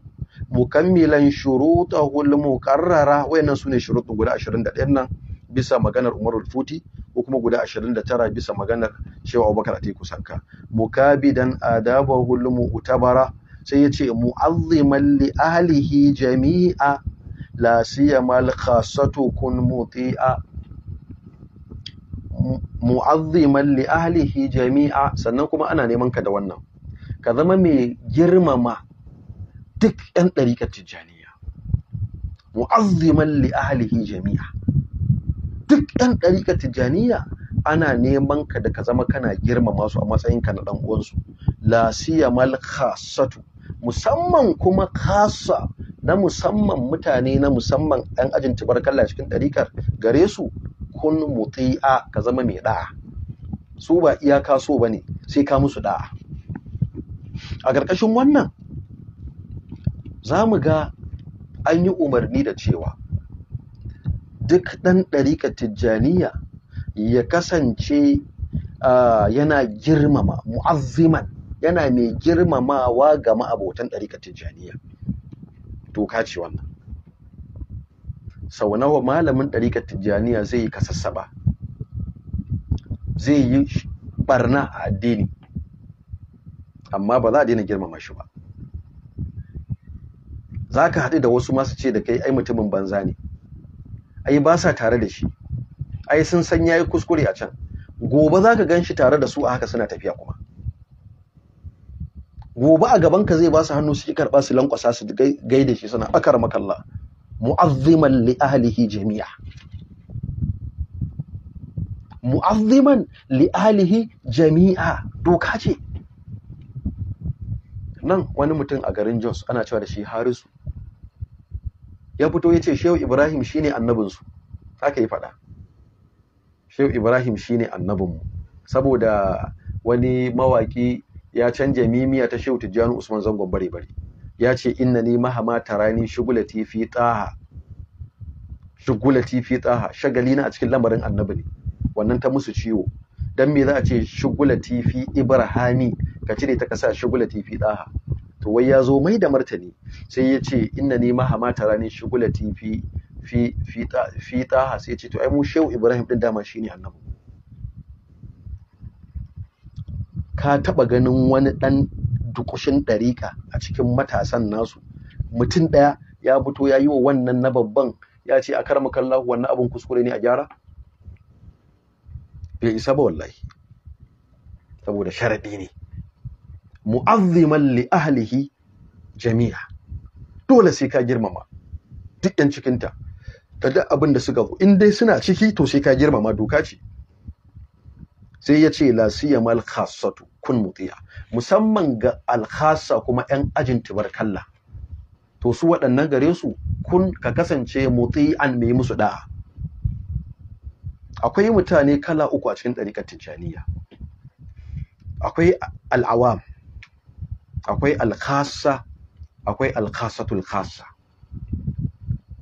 mukammilan hulmu karrara wayannan sune shurutun guda 21 nan bisa maganar Umarul Futi ko kuma guda 29 bisa maganar Shehu Abubakar Atiku Sanka mukabidan hulmu utabara sai yace mu'azziman li ahlihi jami'a لا سيما الخاصة kun muti'a mu'azziman li ahlihi jami'a sannan kuma ana neman ka da wannan ka zama mai girmama duk ɗan ɗariƙar tijjaniya mu'azziman li ahlihi jami'a duk ɗan ɗariƙar tijjaniya ana neman ka da ka zama kana girmama su a matsayin ka na ɗan uwansu la siyamal khassatu musamman kuma khasa na musamman mutane na musamman ɗan ajin tabarkalla cikin ɗarikar gare su kun muti'a ka zama mai ɗa'a su ba iyaka so ba ne sai ka musu ɗa'a a ƙarƙashin wannan za mu ga an yi umarni da cewa duk ɗan ɗarikar tijjaniya ya kasance yana girmama mu'azziman yana mai girmamawa ga ma'abotan ɗarikar tijjaniya doka ce wannan sau nawa malamin ɗariƙar tijjaniya zai yi kasassaba zai yi barna a addini amma ba za a daina girmama shi ba za ka haɗu da wasu masu ce da kai ai mutumin banza ne ai ba sa tare da shi ai sun san ya yi kuskure a can gobe za ka gan shi tare da su a haka suna tafiya kuma gobe a gaban ka zai ba su hannu su karɓa su lankwasa su gaida shi suna akar makalla mu'azziman li ahlihi jami'a mu'azziman li ahlihi jami'a doka ce nan wani mutum a garin Jos ana cewa da shi Harisu ya fito ya ce Shehu Ibrahim shine annabinsu haka yi faɗa Shehu Ibrahim shine annabin mu saboda wani mawaki ya canza mimiya ta shehu tijjani usman zangon bare bare ya ce inna ni mahama tarani shugulati fi taha shugulati fi taha shagali na a cikin lamarin annabi ne wannan ta musu ciwo dan me za a ce shugulati fi ibrahimi ka cire ta kasa shugulati fi taha to wai ya zo mai da martani sai ya ce inna ni mahama tarani shugulati fi fi fi taha sai ya ce to ai mu shehu ibrahim din dama shine annabi ka taɓa ganin wani ɗan dukushin ɗariƙa a cikin matasan nasu mutum ɗaya ya fito ya yi wa wannan na babban ya ce a karma kallahu wannan abin kuskure ne a gyara bai isa ba wallahi saboda sharaɗi ne mu'azziman li ahlihi jami'a dole sai ka girmama duk yan cikinta da duk abin da suka zo in dai suna ciki to sai ka girmama doka ce sai ya ce la siyamal khassatu kun mutiya musamman ga alkhasa kuma yan ajin tibarkalla to su waɗannan gare su kun ka kasance muti'an mai musu ɗa'a? akwai mutane kala uku a cikin ɗariƙar tijjaniya akwai al'awam akwai alkhasa akwai alkhasatul khasa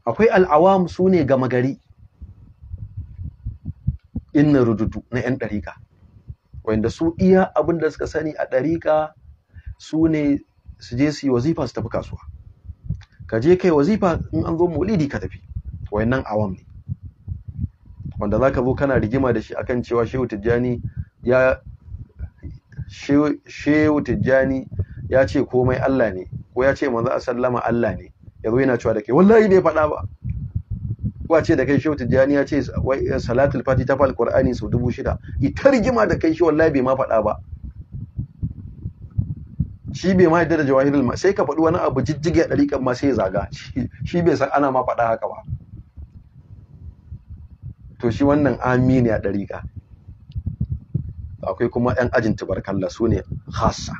akwai al'awam su ne gama gari inna rududu na ‘yan ɗariƙa wanda su iya abin da suka sani a ɗariƙa su ne su je su yi wazifa su tafi kasuwa ka je kai wazifa in an zo maulidi ka tafi nan awam ne wanda za ka zo kana rigima da shi akan cewa shehu tijjani ya shehu tijjani ya ce komai Allah ne ko ya ce manzo sallama Allah ne yazo yana cewa da ke, wallahi bai faɗa ba wa ce da kai wata jani ya ce eh, salatul fati ta fal qur'ani sau dubu shida ita rigima da kai shi wallahi bai ma faɗa ba shi bai ma yadda da jawahirul ma sai ka faɗi wani abu jijjige ɗariƙan ma sai ya zaga shi bai san ana ma faɗa haka ba to shi wannan amini a ɗariƙa akwai kuma ƴan ajin tabarkalla su ne khasa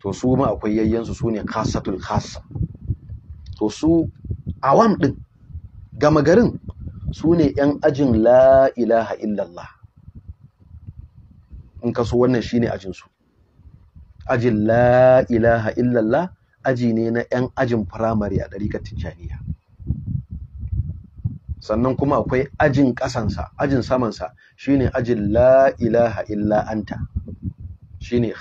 to su ma akwai yayyansu su ne khasatul khasa to su awam ɗin gama garin su ne 'yan ajin la ilaha illallah in so wannan shine ajinsu ajin la ilaha illallah aji ne na 'yan ajin firamare a ɗarikar tijjaniya sannan kuma akwai ajin ƙasansa ajin samansa shine ajin la ilaha illa ne shine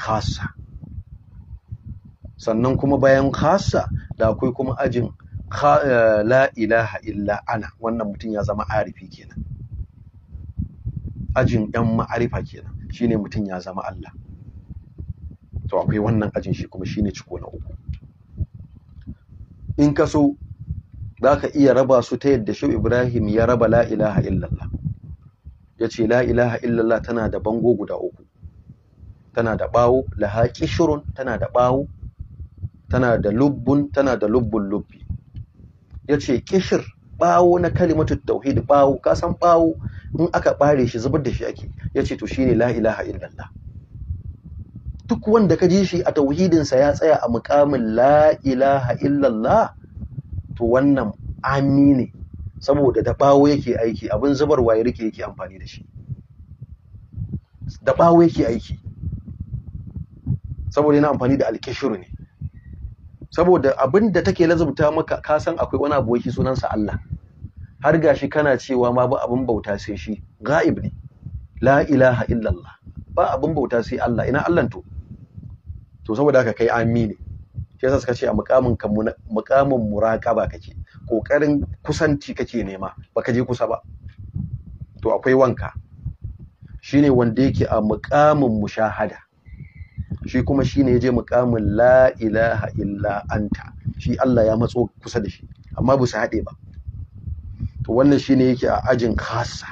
sannan kuma bayan khasa da akwai kuma ajin Eh, la ilaha illa ana wannan mutum ya zama arifi kenan ajin yan ma'arifa kenan shine mutum ya zama Allah to akwai wannan ajin shi kuma shine ciko na uku in ka so za ka iya raba su ta yadda shi Ibrahim ya raba la ilaha illallah ya ce la ilaha illallah tana da bango guda uku tana da ɓawo laha ƙishirun tana da ɓawo tana da lubbun tana da lubbun lubbi ya ce kishir bawo na kalimatu tauhid bawo ka san bawo in aka bare shi zubar da shi ake ya ce to shine la ilaha illallah duk wanda ka ji shi a tauhidinsa ya tsaya a mukamin la ilaha illallah to wannan ami ne saboda da bawo yake aiki abin zubarwa ya rike yake amfani da shi da bawo yake aiki saboda yana amfani da alkishiru ne saboda abin da take lazumta maka ka san akwai wani aboki sunansa Allah har gashi kana cewa ma ba abin bauta sai shi ghaib ne la ilaha illallah ba abin bauta sai Allah ina Allah to to saboda haka kai amini shi yasa suka ce a mukamin ka muqamin muraqaba kake kokarin kusanci kake nema baka je kusa ba to akwai wanka shine wanda yake a mukamin mushahada shi kuma shi ne ya je mukamin la ilaha illa anta shi Allah ya matso kusa da shi amma ba su haɗe ba to wannan shi ne yake a ajin kasa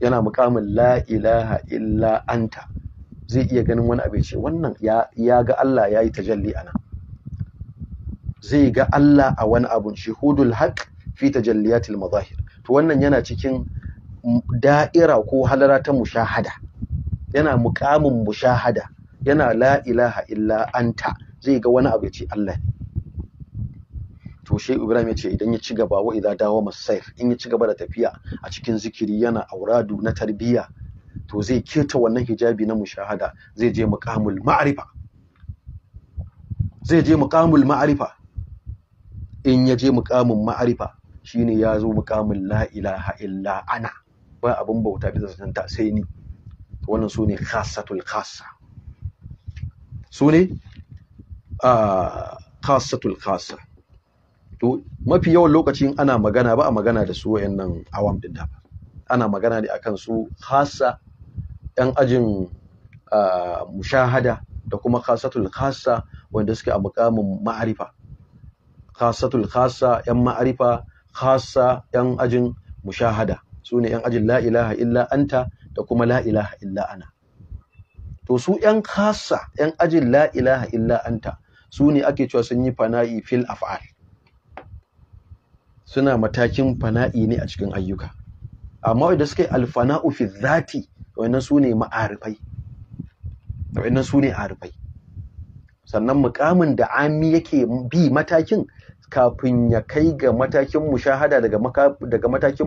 yana muƙamin la ilaha illa anta zai iya ganin wani abu ce wannan ya ga Allah ya yi tajalli ana zai ga Allah a wani abun shuhudul haq fi tajalliyatil mazahir to wannan yana cikin da'ira ko halara ta mushahada yana mukamin mushahada yana la ilaha illa anta zai ga wani abu ya ce Allah to shi Ibrahim ya ce idan ya ci gaba wa idan dawo masair in ya ci gaba da tafiya a cikin zikiri yana auradu na tarbiyya to zai keta wannan hijabi na mushahada zai je muqamul ma'rifa zai je muqamul ma'rifa in ya je muqamul ma'rifa shine ya zo muqamul la ilaha illa ana ba abin bauta bisa santa sai ni wannan sune khassatul khassa su ne a kasatul kasa to mafi yawan lokacin ana magana ba a magana da su wayannan awam din da ana magana ne akan su kasa yan ajin mushahada da kuma kasatul kasa wanda suke a mukamin ma'arifa kasatul kasa yan ma'arifa khasa yan ajin mushahada su ne yan ajin la ilaha illa anta da kuma la ilaha illa ana to su yan kasa yan ajin la ilaha illa anta su ne ake cewa sun yi fana'i fil af'al suna matakin fana'i ne a cikin ayyuka amma wanda suka yi alfana'u fi zati wannan su ne ma'arifai wannan su ne arifai sannan mukamin da ami yake bi matakin kafin ya kai ga matakin mushahada daga daga matakin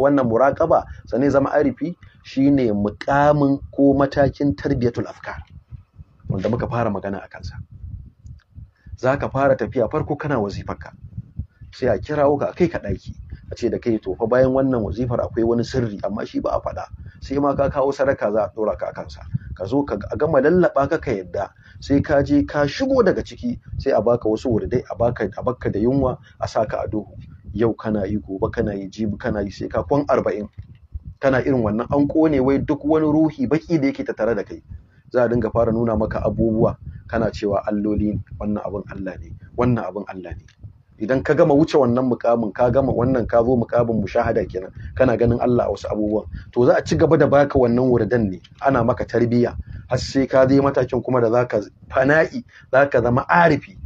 wannan muraqaba sannan zama arifi shine mukamin ko matakin tarbiyatul afkar wanda muka fara magana a kansa zaka fara tafiya farko kana wazifarka sai a kirawo ka kai ka daki a ce da kai to fa bayan wannan wazifar akwai wani sirri amma shi ba a faɗa sai ma ka kawo sadaka za a ɗora ka kansa ka zo ka gama lallaɓa ka ka yadda sai ka je ka shigo daga ciki sai a baka wasu wurdai a baka a baka da yunwa a saka a duhu yau kana yi gobe kana yi jibi kana yi sai ka kwan arba'in kana irin wannan an kone wai duk wani ruhi baƙi da yake tattare da kai za a dinga fara nuna maka abubuwa kana cewa alloli ne wannan abin Allah ne wannan abin Allah ne idan ka gama wuce wannan mukamin ka gama wannan ka zo mukamin mushahada kenan kana ganin Allah a wasu abubuwan to za a ci gaba da baka wannan wurdan ne ana maka tarbiyya har sai ka je matakin kuma da zaka fana'i zaka zama arifi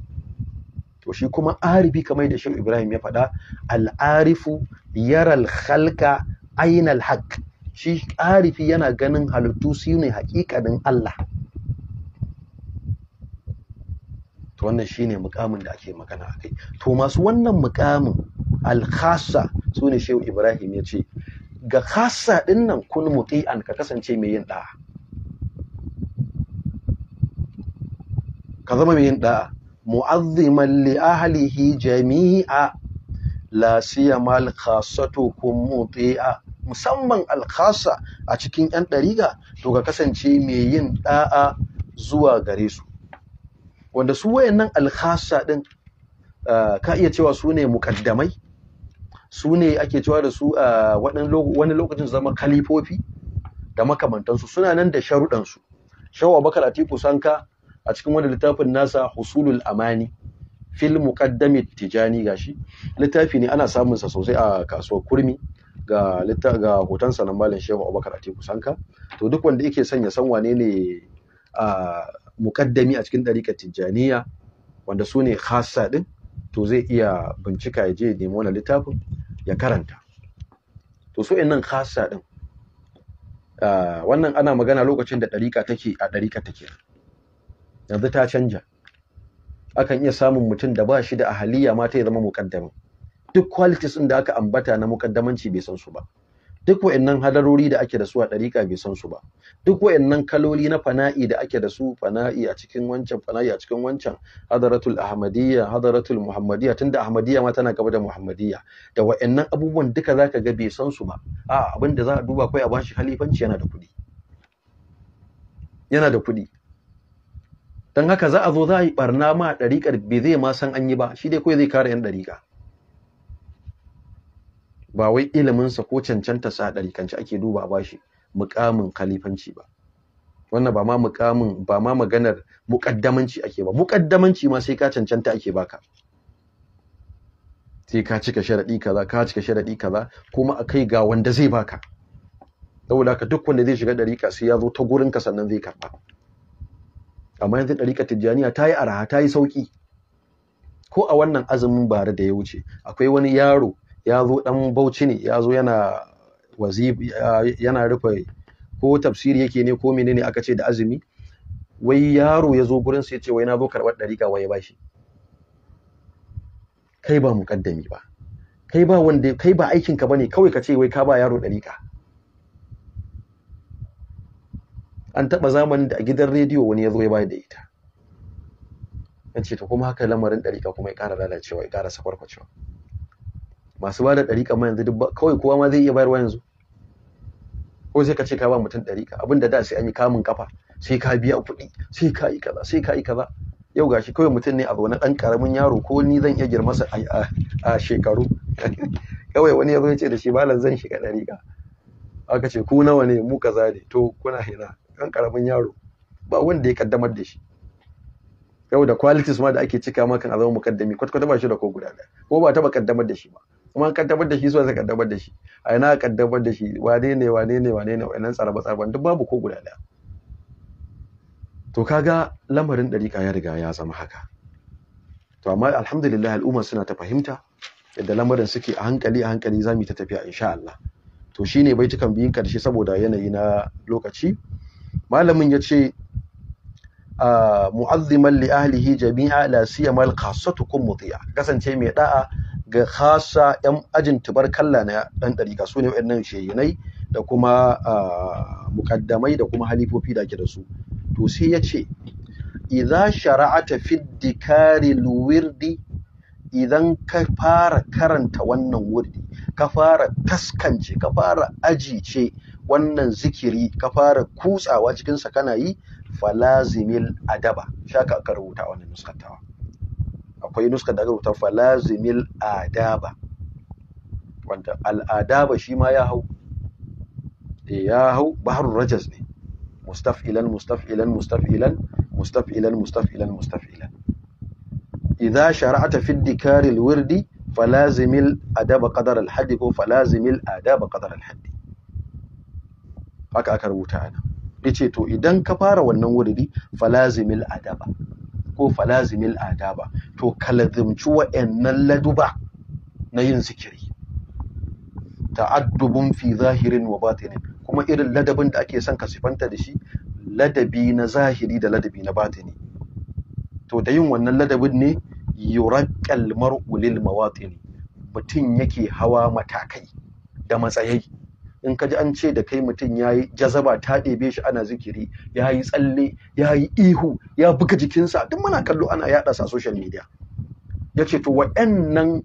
to shi kuma arifi kamar da Shehu Ibrahim ya faɗa al-arifu yara al-khalqa aina al haqq shi arifi yana ganin halittu su ne haƙiƙanin Allah to wannan ne mukamin da ake magana a kai. to masu wannan mukamin su sune shehu ibrahim ya ce ga khasa din nan kun muti'an ka kasance mai yin da'a ka zama mai yin da'a mu'azziman li ahlihi jami'a la siyama al-khassatu kun muti'a musamman alkhasa a cikin yan dariga to ka kasance mai yin da'a zuwa gare su wanda su wayannan alkhasa din ka iya cewa su ne mukaddamai su ne ake cewa da su a wani lokacin zama kalifofi da makamantansu suna nan da sharuɗansu shawa bakar atiku sanka a cikin wani littafin nasa husulul amani fil muqaddami tijani gashi littafi ne ana samun sa sosai a kasuwar kurmi ga ga hoton sa na malam shehu abubakar atiku sanka to duk wanda yake son ya san wane ne a muƙaddami a cikin ɗariƙar tijjaniya wanda su ne hasa ɗin to zai iya bincika ya je ya nemi wani littafin ya karanta to so nan hasa ɗin wannan ana magana lokacin da ɗariƙa take a ɗariƙa take yanzu ta canja akan iya samun mutum da ba shi da ahaliya ma ta ya zama muƙaddami duk kwalitis ɗin da aka ambata na muƙaddamanci bai san su ba duk wa'annan hadarori da ake da su a ɗariƙa bai san su ba duk wa'annan kaloli na fana'i da ake da su fana'i a cikin wancan fana'i a cikin wancan hadaratul ahmadiyya hadaratul muhammadiyya tunda ahmadiyya ma tana gaba da muhammadiyya da wa'annan abubuwan duka zaka ga bai san su ba a abin da za a duba kai a bashi halifanci yana da kuɗi yana da kuɗi dan haka za a zo za a yi barna ma ɗariƙar bai zai ma san an yi ba shi dai kawai zai kare yan ɗariƙa ba wai iliminsa ko cancanta a ɗarikanci ake duba ba shi muƙamin khalifanci ba wannan ba ma muƙamin ba ma maganar muƙaddamanci ake ba muƙaddamanci ma sai ka cancanta ake baka sai ka cika sharadi kaza ka cika sharadi kaza kuma a kai ga wanda zai baka saboda ka duk wanda zai shiga ɗarika sai ya zo ta gurinka sannan zai karɓa amma yanzu ɗarika tijjaniya ta yi araha ta yi sauƙi ko a wannan azumin bara da ya wuce akwai wani yaro ya zo dan bauchi ne ya zo yana wazibi yana rufe ko tafsiri yake ne ko menene aka ce da azumi wai yaro ya zo gurin sa ya ce wai na zo karɓar ɗariƙa wai ya bashi kai ba muƙaddami ba kai ba wanda kai ba aikin ka bane kawai ka ce wai ka ba yaro ɗariƙa an taba zamanin da a gidan rediyo wani ya zo ya bayar da ita an ce to kuma haka lamarin ɗarika kuma ya ƙara lalacewa ya ƙara sakwarkwacewa masu ba da ɗariƙa ma yanzu kawai kowa ma zai iya bayarwa yanzu ko sai ka ce ka ba mutum ɗariƙa Abinda da sai an yi kamun kafa sai ka biya kuɗi sai ka yi kaza sai ka yi kaza yau gashi kawai mutum ne a wani ɗan ƙaramin yaro ko ni zan iya girma sa a shekaru kawai wani ya zo ya ce da shi malam zan shiga ɗariƙa aka ce ku nawa ne mu kaza ne to kuna hina ɗan ƙaramin yaro ba wanda ya kaddamar da shi yau da qualities ma da ake cika makan a zama mukaddami kwatkwata ba shi da ko guda ɗaya ko ba taɓa kaddamar da shi ba kuma ka tabbatar da shi so sai ka tabbatar da shi a ina ka tabbatar da shi wane ne wane ne wane ne wannan tsaraba tsaraban duk babu ko guda ɗaya. to kaga lamarin ka ya riga ya zama haka to amma alhamdulillah al'umma suna ta fahimta yadda lamarin suke a hankali a hankali zamu ta tafiya insha Allah to shine tukan biyin karshe saboda yanayi na lokaci malamin ya ce mu'azziman li ahlihi jami'a la siyama al khassatukum mutiya kasance mai da'a ga khassa yan ajin kalla na dan dariƙa su ne waɗannan da kuma mukaddamai da kuma halifofi da ke da su to sai ya ce idza shara'ata fi dikari wirdi idan ka fara karanta wannan wurdi ka fara taskance ka fara ajice wannan zikiri ka fara kutsawa cikin sa kana yi falazimil adaba shaka aka rubuta wannan nuskar tawa akwai nuskar da aka rubuta falazimil adaba wanda al'adaba shi ma ya hau eh, ya hau Baharun rajas ne mustaf'ilan mustaf'ilan mustaf'ilan mustaf'ilan mustaf'ilan mustaf'ilan idza shara'ata fi dikaril wirdi falazimil adaba qadar al-hadd ko falazimil adaba qadar al-hadd haka aka rubuta ana yace to idan ka fara wannan wuri falazimil adaba ko falazimil adaba to kalazimci wa'annan laduba na yin zikiri ta'addubun fi zahirin wa batinin kuma irin ladabin da ake son ka sifanta da shi ladabi na zahiri da ladabi na batini to da yin wannan ladabin ne yuraqqal mar'u lil mawatini mutum yake hawa matakai da matsayai in ka ji an ce da kai mutum ya yi jazaba ta ɗebe shi ana zikiri ya yi tsalle ya yi ihu ya buga jikinsa duk muna kallo ana yaɗa sa social media ya ce to wa'annan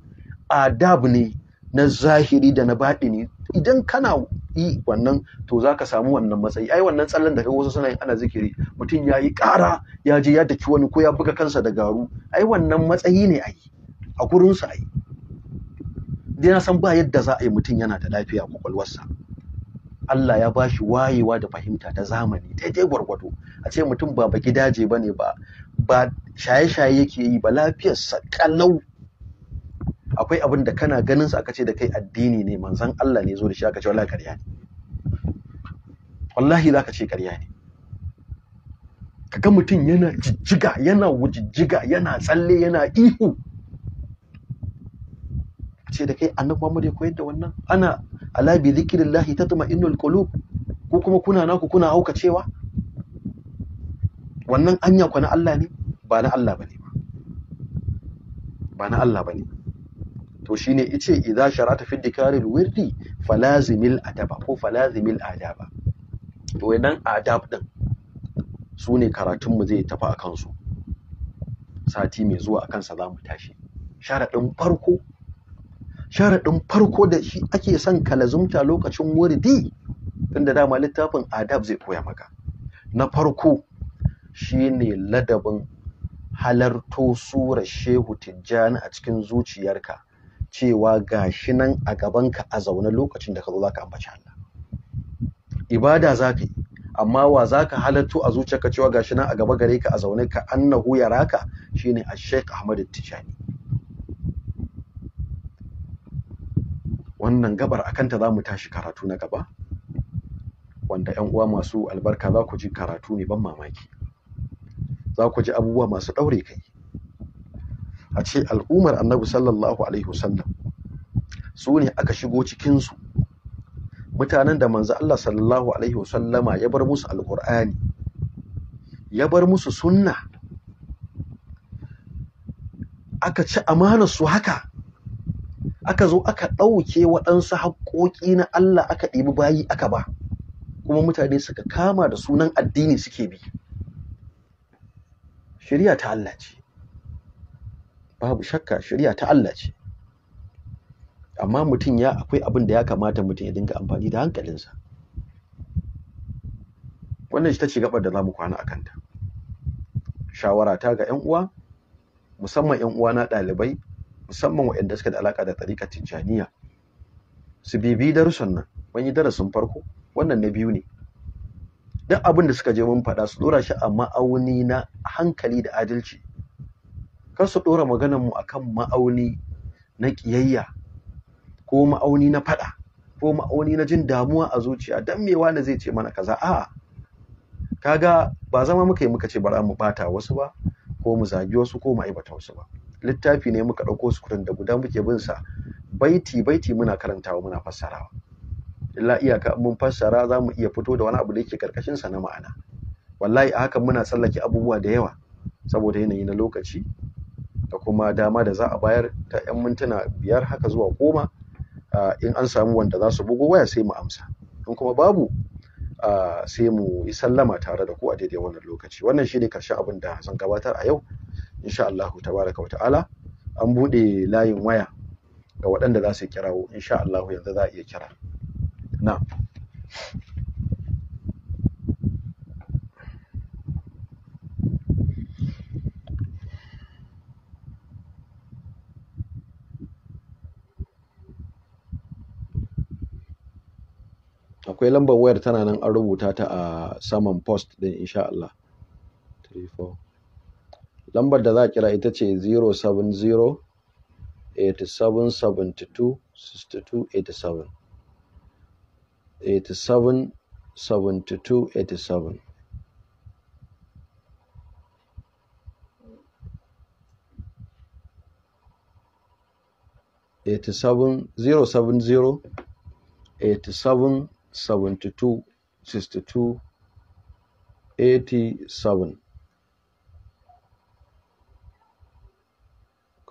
adab ne na zahiri da na ne? idan kana yi wannan to za ka samu wannan matsayi ai wannan tsallen da kai wasu suna yin ana zikiri mutum ya yi ƙara ya je ya daki wani ko ya buga kansa da garu ai wannan matsayi ne ai a gurinsa ai dai na san ba yadda za a yi mutum yana da lafiya kwakwalwarsa Allah ya bashi wayewa da fahimta ta zamani daidai gwargwado a ce mutum ba baki daje ba ne ba ba shaye-shaye yake yi ba lafiyarsa kalau akwai abin da kana ganin sa aka ce da kai addini ne manzon Allah ne zo da shi aka ce wallahi ƙarya ne wallahi zaka ce ƙarya ne kaga mutum yana jijjiga yana wujijjiga yana tsalle yana ihu ce da kai annabi Muhammad ya koyar da wannan ana ala bi zikrillahi tatma'innul qulub ko kuma kuna naku kuna hauka cewa? wannan anya ku na Allah ne ba na Allah bane ba Ba na Allah bane to shine yace idza sharata fi dikaril wirdi falazimil adaba ko falazimil adaba to idan adab din sune karatun mu zai tafi akan su sati mai zuwa akan sa zamu tashi sharadin farko ɗin farko da shi ake son ka lazumta lokacin wurdi tunda dama littafin adab zai koya maka na farko shine ladabin halarto sura shehu tijjani a cikin zuciyarka cewa gashi nan a gabanka a zaune lokacin da ka zo zaka ambaci Allah ibada zaka yi amma wa zaka halarto a zuciyarka cewa gashi nan a gaba gare ka a zaune ka annahu yaraka shine a shek Ahmadu Tijjani. wannan gabar kanta za mu tashi karatu na gaba wanda ‘yan uwa masu albarka za ku ji karatu ne ban mamaki za ku ji abubuwa masu ɗaure kai a ce al'ummar annabi sallallahu alaihi wasallam su ne aka shigo cikinsu mutanen da manzo Allah sallallahu alaihi wasallama ya bar musu alƙur'ani ya bar musu sunna aka ci amanar su haka aka zo aka ɗauke waɗansu haƙoƙi na Allah aka ɗibi bayi aka ba kuma mutane suka kama da sunan addini suke bi shirya ta Allah ce babu shakka shirya ta Allah ce amma mutum ya akwai abin da ya kamata mutum ya dinga amfani da hankalinsa wannan ta ci gabar da za mu kwana a kanta shawara ta ga 'yan uwa musamman 'yan uwa na ɗalibai musamman waɗanda suka da alaƙa da tariƙa tijjaniya su bibi darussan nan mun yi darasin farko wannan na biyu ne duk abin da suka je mun faɗa su ɗora shi a ma'auni na hankali da adalci kar su ɗora maganar mu akan ma'auni na ƙiyayya ko ma'auni na faɗa ko ma'auni na jin damuwa a zuciya dan me wani zai ce mana kaza a'a kaga ba zama muka yi muka ce bara mu bata wasu ba ko mu zagi wasu ko mu aibata wasu ba littafi ne muka ɗauko sukurin da guda muke bin sa baiti baiti muna karantawa muna fassarawa illa iyaka mun fassara za mu iya fito da wani abu da yake karkashin sa na ma'ana wallahi a hakan muna tsallake abubuwa da yawa saboda yanayi na lokaci da kuma dama da za a bayar ta 'yan mintuna biyar haka zuwa goma in an samu wanda za su bugo waya sai mu amsa in kuma babu sai mu yi sallama tare da ku a daidai wannan lokaci wannan shine karshen abin da zan gabatar a yau insha Allah tabaraka wa ta'ala an bude layin waya ga waɗanda za su kirawo insha Allah yanzu za a iya kira na akwai lambar wayar tana nan an rubuta ta a saman post din insha Allah 34 lambar da za a kira ita ce 070 8772 87 070 62 87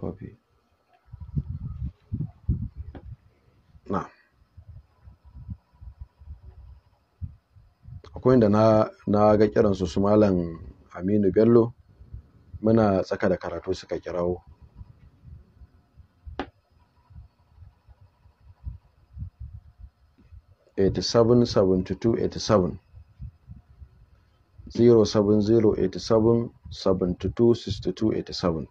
copy Now, akwai inda na na ga kiransu su malam aminu bello muna tsaka da karatu suka kirawo eighty seven seventy two eighty seven zero seven zero eighty seven seventy two sixty two eighty seven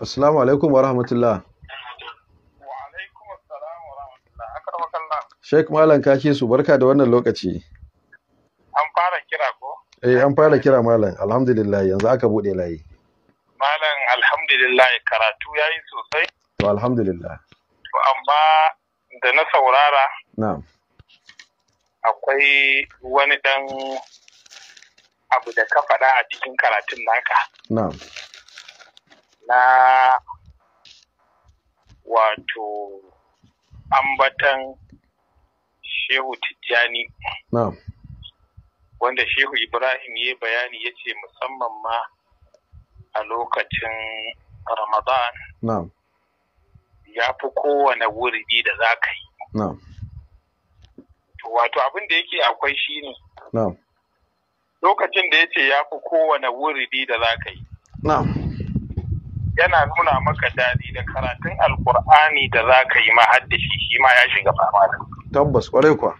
Assalamu alaikum wa rahmatullah. Wa wa alaikum rahmatullah. Sheikh Malam kake su barka da wannan lokaci. An fara kira ko? Eh an fara kira Malam alhamdulillah yanzu aka bude layi. Malam alhamdulillah karatu yayi sosai. To alhamdulillah. To amma da na saurara. Na'am. Akwai wani dan abu da ka faɗa a cikin karatun naka. Na'am. na wato ambatan shehu tijjani no. wanda shehu ibrahim ya bayani ya ce musamman ma a lokacin ramadan no. ya fi kowane wuri da za ka yi no. wato abin da yake akwai shi ne lokacin da ya ce ya fi kowane wuri da za ka yi yana nuna maka dadi da karatun alkur'ani da za ka yi mahaddashi shi ma ya shiga fama da tabbas kwarai kuwa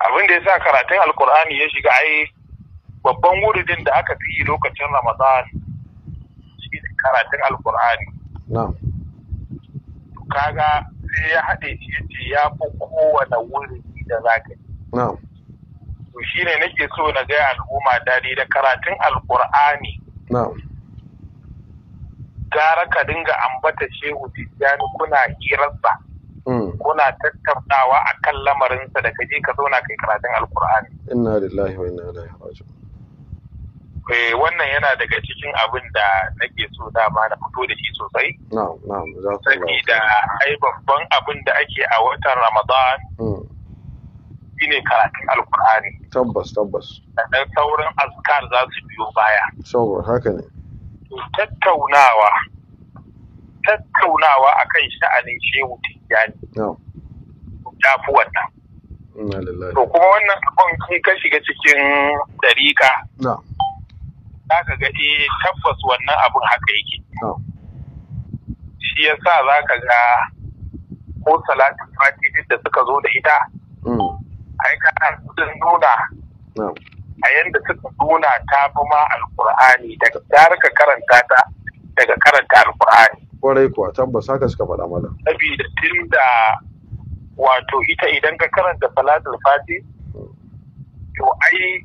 abin da ya sa karatun alkur'ani ya shiga ai babban wuridin da aka fi lokacin ramadan shi ne karatun alkur'ani kaga sai ya haɗe shi ya ce ya fi kowane wuridi da za ka yi to shine ne nake so na gaya al'umma dadi da karatun alkur'ani gara ka dinga ambata shehu tijjani kuna hirarsa mm. kuna tattaunawa a kan lamarinsa da kaje ka zauna kai karatun alkur'ani inna lillahi wa inna ilaihi raji'un eh wannan yana daga cikin abin da nake so ma na fito da shi sosai na'am na'am za ai babban abin da ake a watan ramadan mm. shine karatun alkur'ani tabbas tabbas da sauran azkar za su biyo baya haka ne tattaunawa tattaunawa akan sha'anin shehu tijjani ta fi wannan to kuma wannan abin in ka shiga cikin dariƙa za ka ga eh tabbas wannan abin haka yake shi ya sa za ka ga ko salatin fatidin da suka zo da ita mm. ai kana nuna a yadda suka nuna ta fi ma alkur'ani daga tarika karanta ta daga karanta alkur'ani kwarai kuwa tabbas haka suka faɗa mana tun da wato ita idan ka karanta salatul fati to ai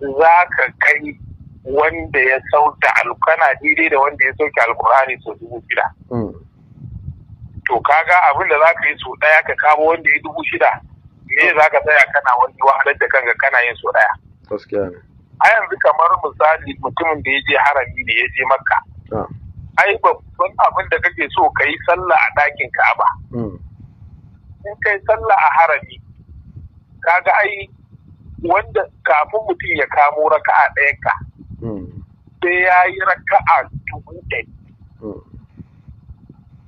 za ka kai wanda ya sauta alkana daidai da wanda ya sauke alkur'ani sau dubu shida mm. to kaga abin da za ka yi sau ɗaya ka kawo wanda ya dubu shida me za ka tsaya kana wani wahalar da kanka kana yin so daya gaskiya ne a yanzu kamar misali mutumin da ya je harami ne ya je makka ah. ai babban abin da kake so ka yi sallah a ɗakin ka'aba hmm. in kai sallah a harami kaga ai wanda kafin mutum ya kamo raka'a ɗayan ka hmm. sai ya yi raka'a dubu ɗari hmm.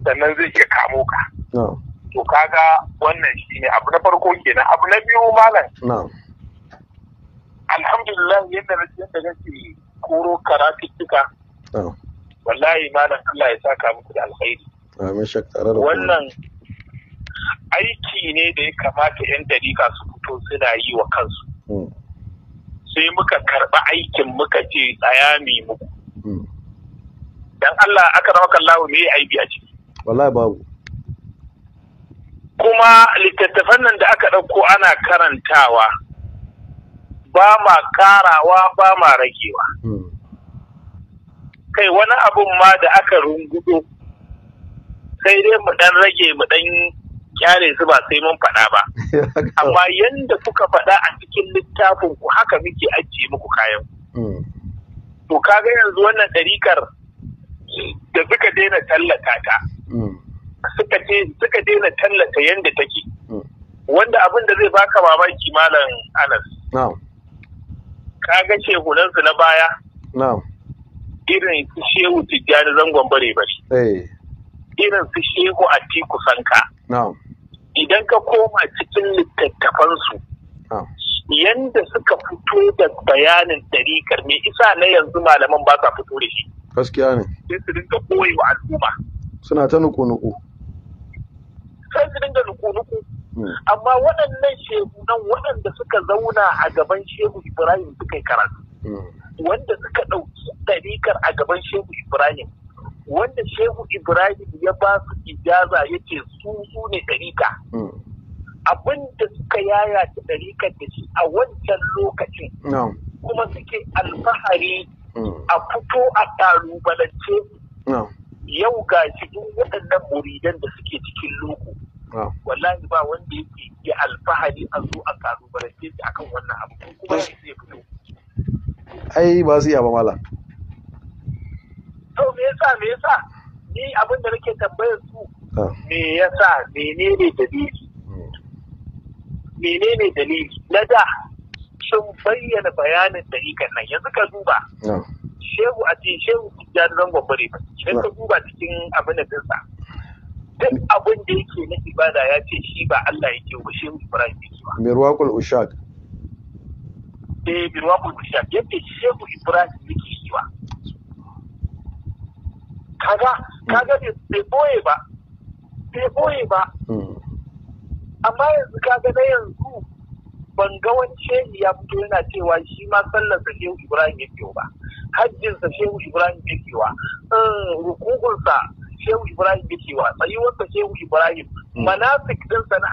sannan zai iya kamo ka ah. to kaga wannan shi ne? abu na farko kenan abu na biyu malam alhamdulillah yadda na yadda nake koro karatuttuka wallahi malam Allah ya saka muku da alkhairi amin wannan aiki ne da ya kamata yan dariƙa su fito suna yi wa kansu hmm. sai muka karɓi aikin muka ce tsaya mai muku hmm. dan Allah aka kan lawo me aibi a ciki wallahi babu kuma littattafan nan da aka ɗauko ana karantawa ba ma karawa ba ma ragewa hmm. kai wani abun ma da aka rungudo sai dai mu ɗan rage mu ɗan kyare su ba sai mun faɗa ba amma yanda kuka faɗa a cikin littafin ku haka muke ajiye muku kayan hmm. to kaga yanzu wannan ɗarikar da suka daina tallata ta hmm. suka daina tallata yanda take hmm. wanda abin da zai baka mamaki malam Anas ka ga shehunansu na baya irin su shehu tijjani zangon bare bare eh. irin su shehu a tiku sanka idan ka koma cikin littattafansu yadda suka fito da bayanin ɗarikar me isa na yanzu malaman ba sa fito da shi gaskiya ne sai su dinka koyi al'umma suna ta nuku-nuku sai su dinga nuku-nuku hmm. amma waɗannan shehu nan waɗanda suka zauna a gaban shehu ibrahim suka yi karatu hmm. wanda suka ɗauki ɗarikar a gaban shehu ibrahim wanda shehu ibrahim ya ba su ijaza ya ce su su ne ɗarika hmm. abin da suka yaya ta ɗarikar da shi a wancan lokacin kuma suke alfahari a fito a ƙalubalance yau ga shi duk waɗannan muridan da suke cikin loko ah. wallahi ba wanda yake ya alfahari a zo a kalubalance shi akan wannan abu kuma shi zai fito ai ba su iya ba mala to me yasa me yasa ni abin da nake tambayar su ah. me yasa menene dalili hmm. menene dalili na da sun bayyana bayanin da ikan nan yanzu ka duba ah. shehu a ce shehu ya zan gwambare ba in ka duba cikin abin da sa duk abin da yake na ibada ya ce shi ba Allah yake ba shehu Ibrahim yake ba mirwaqul ushad eh mirwaqul ushad yadda shehu Ibrahim yake yi wa kaga kaga bai boye ba bai boye ba hmm. amma yanzu kaga na yanzu ban ga wani shehi ya fito yana cewa shi ma sallar da shehu Ibrahim yake ba hajjinsa shehu ibrahim bikewa eh, rukukunsa shehu ibrahim bikewa tsayuwarsa shehu ibrahim hmm. manasik dinsa na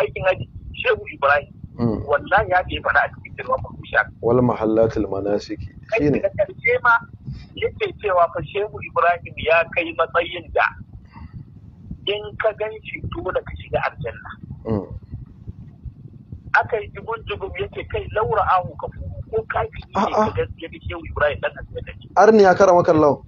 aikin haji shehu ibrahim hmm. wallahi ya ke fada a cikin jirgin mamusha wal mahallatul manasiki shine da karshe ma yake cewa fa shehu ibrahim ya kai matsayin da in ka ganshi shi dole ka shiga aljanna hmm. aka yi jigun ya ce kai laura ahu ka ko kafi ne ka gaske da shehu ibrahim dan asibiti arni ya karama kallahu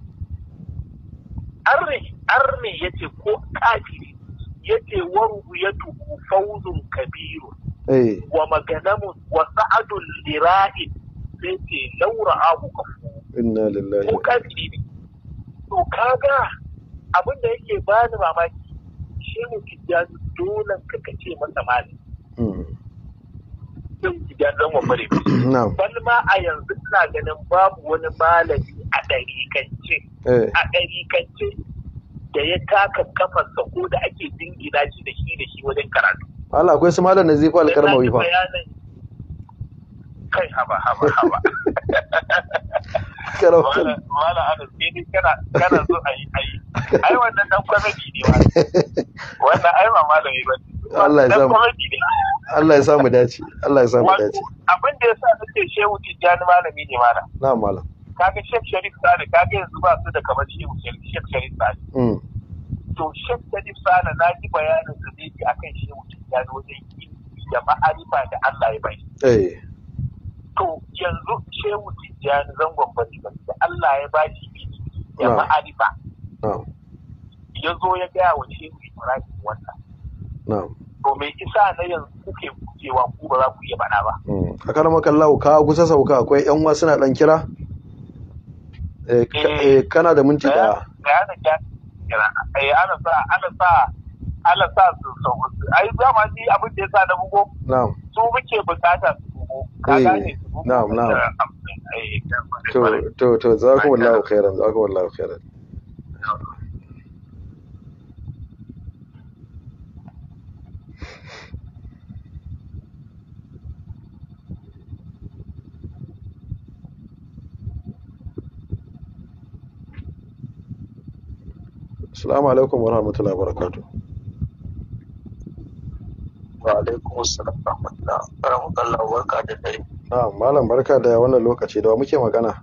arni arni yace ko kafi yace waru tuku fauzun kabiru eh. wa maganamu wa sa'adun lira'in sai ce laura ahu ka inna lillahi ko kafi ne to kaga abin da yake bani mamaki shehu tijjani dole ka kace masa malami hmm. din gidan ɗan bare balma a yanzu suna ganin babu wani malami a ɗarikance eh. a ɗarikance da ya taka kafarsa sako da ake dingina shi da shi da shi wajen karatu Allah akwai su malam fi alƙarmawi fa. kai haba haba haba mala kana kana so a yi ayi ai wannan dan kwamiti ne ma wannan ai ma malami ba Allah ya samu Allah ya samu dace Allah ya samu dace abin da yasa nake shehu tijjani malami ne mala na'am malam kaga shek Sharif Sani kaga yanzu ba su da kamar shehu Sheikh Sharif Sani mm. to shek Sharif Sani na ji bayanin sa ne akan Shehu Tijjani wajen yi, da ma'arifa da Allah ya bai eh. to yanzu shehu tijjani zangon bari bari da Allah ya ba shi ya ma'arifa ya zo ya gaya wa shehu ibrahim wannan to mai isa na yanzu kuke kujewa ku ba za ku iya bana ba hmm. a kan makallahu ka kusa sauka akwai yan wasu na dan kira eh, eh. Eh, kana da minti da. ana sa ana sa ana sa su sauka ai zama ni abin da ya sa na bugo su muke bukata su نعم نعم تو تو تو جزاكم الله خيرا جزاكم الله خيرا السلام عليكم ورحمة الله وبركاته Wa alaikum assalam wa barka da dare. Ah, malam barka da wannan lokaci da wa muke magana.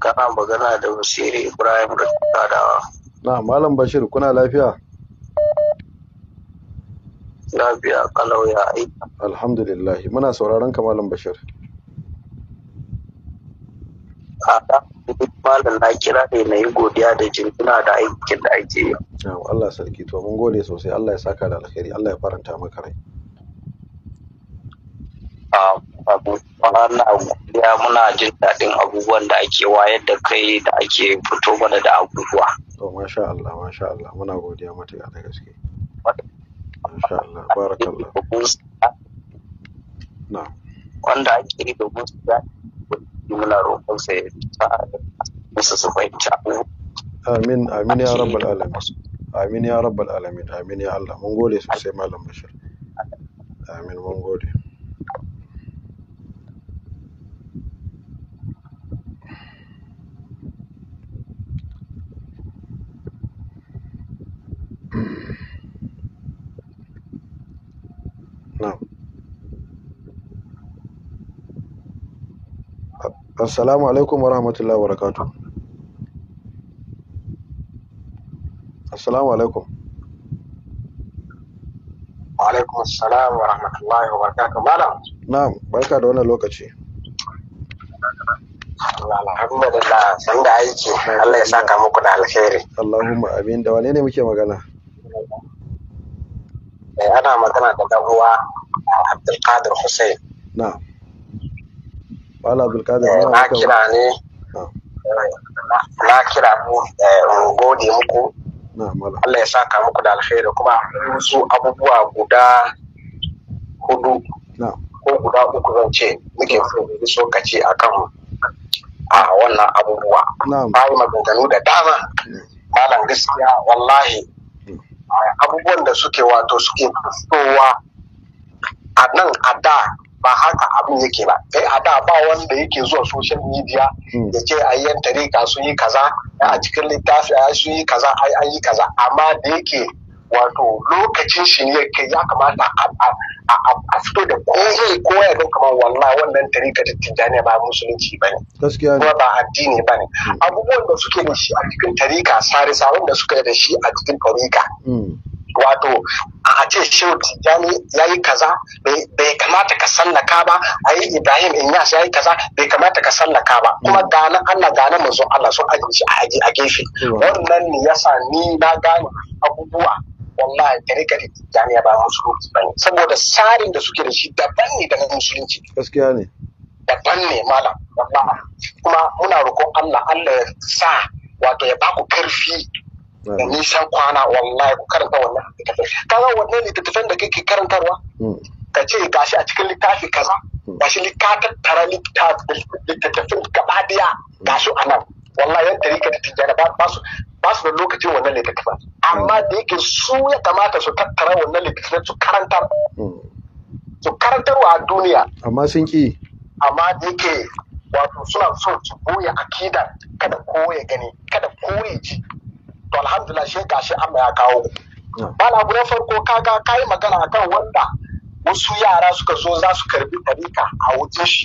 Kana magana da Basiri Ibrahim da Tadawa. Na malam Bashir kuna lafiya? Lafiya kalau ya aiki. Alhamdulillah muna sauraron ka malam Bashir. duk malam na kira ne na yi godiya da jinkuna da aikin da ake yi. Allah sarki to mun gode sosai Allah ya saka da alkhairi Allah ya faranta maka rai. ya muna jin daɗin abubuwan da ake wayar da kai da ake fito mana da abubuwa. To masha Allah masha Allah muna godiya matuƙa da gaske. Masha Allah barakallah. Wanda ake domin su muna roƙon sa ya ta musu su fahimci abu amin amin ya rabbal alamin amin ya rabbal alamin amin ya Allah mun gode sosai malam bashir amin mun gode assalamu alaikum wa rahmatullahi wa barakatu assalamu alaikum wa alaikum assalam wa rahmatullahi wa barakatu malam na'am barka da wannan lokaci alhamdulillah san da aiki Allah ya saka muku da alheri. Allahumma amin da wane ne muke magana eh, ana magana da dan uwa Abdulkadir Hussein na'am Mala Abdulkadir. Eh, na kira ne. Ah. Na kira mu eh, gode muku. Allah ya saka muku da alkhairi kuma su abubuwa guda hudu ko guda uku zan ce muke so ka akan a wannan abubuwa. yi maganganu da dama. Malam gaskiya wallahi eh, abubuwan da suke wato suke fitowa a nan a da ba haka abin yake ba kai a da ba wanda yake zuwa social media hmm. ya ce a yan tarika sun yi kaza a cikin littafi a sun yi kaza ai an yi kaza amma da yake wato lokacin shi ne kai ya kamata a fito da kowa kowa ya don kamar walla wannan tarika ta tijjani ba musulunci ba ne kuma ba addini ba ne hmm. abubuwan da suke da shi a cikin tarika sare-saren da suke da shi a cikin tarika hmm. wato a ce shehu ya yi kaza bai kamata ka sallaka ba a yi ibrahim inyas ya yi kaza bai kamata ka sallaka ba kuma hmm. gane allah gane manzon allah sun ajiye a gefe hmm. wannan ne sa ni na gane abubuwa wallahi gari-gari. tijjaniya ba musulunci ba ne saboda tsarin da suke da shi daban ne daga musulunci gaskiya ne daban ne malam wallahi kuma muna roƙon Allah Allah ya sa wato ya baku karfi da nisan kwana wallahi ku karanta wannan littattafai kaga wannan littattafan da kake karantarwa mm. ka ce gashi a cikin littafi kaza mm. gashi littafin tara littattafin gaba daya mm. gashi a nan wallahi yan tarika da tijjani ba su ba su da lokacin wannan littattafan amma da yake su ya kamata su tattara wannan littattafan su karantar su karantarwa a duniya amma sun ki amma da yake wato suna so su boye akidar kada ko ya gani kada ko ya ji to alhamdulillah shi gashi Allah ya kawo bala abu na farko kaga kai magana akan wanda wasu yara suka zo za su karbi tarika a wuce shi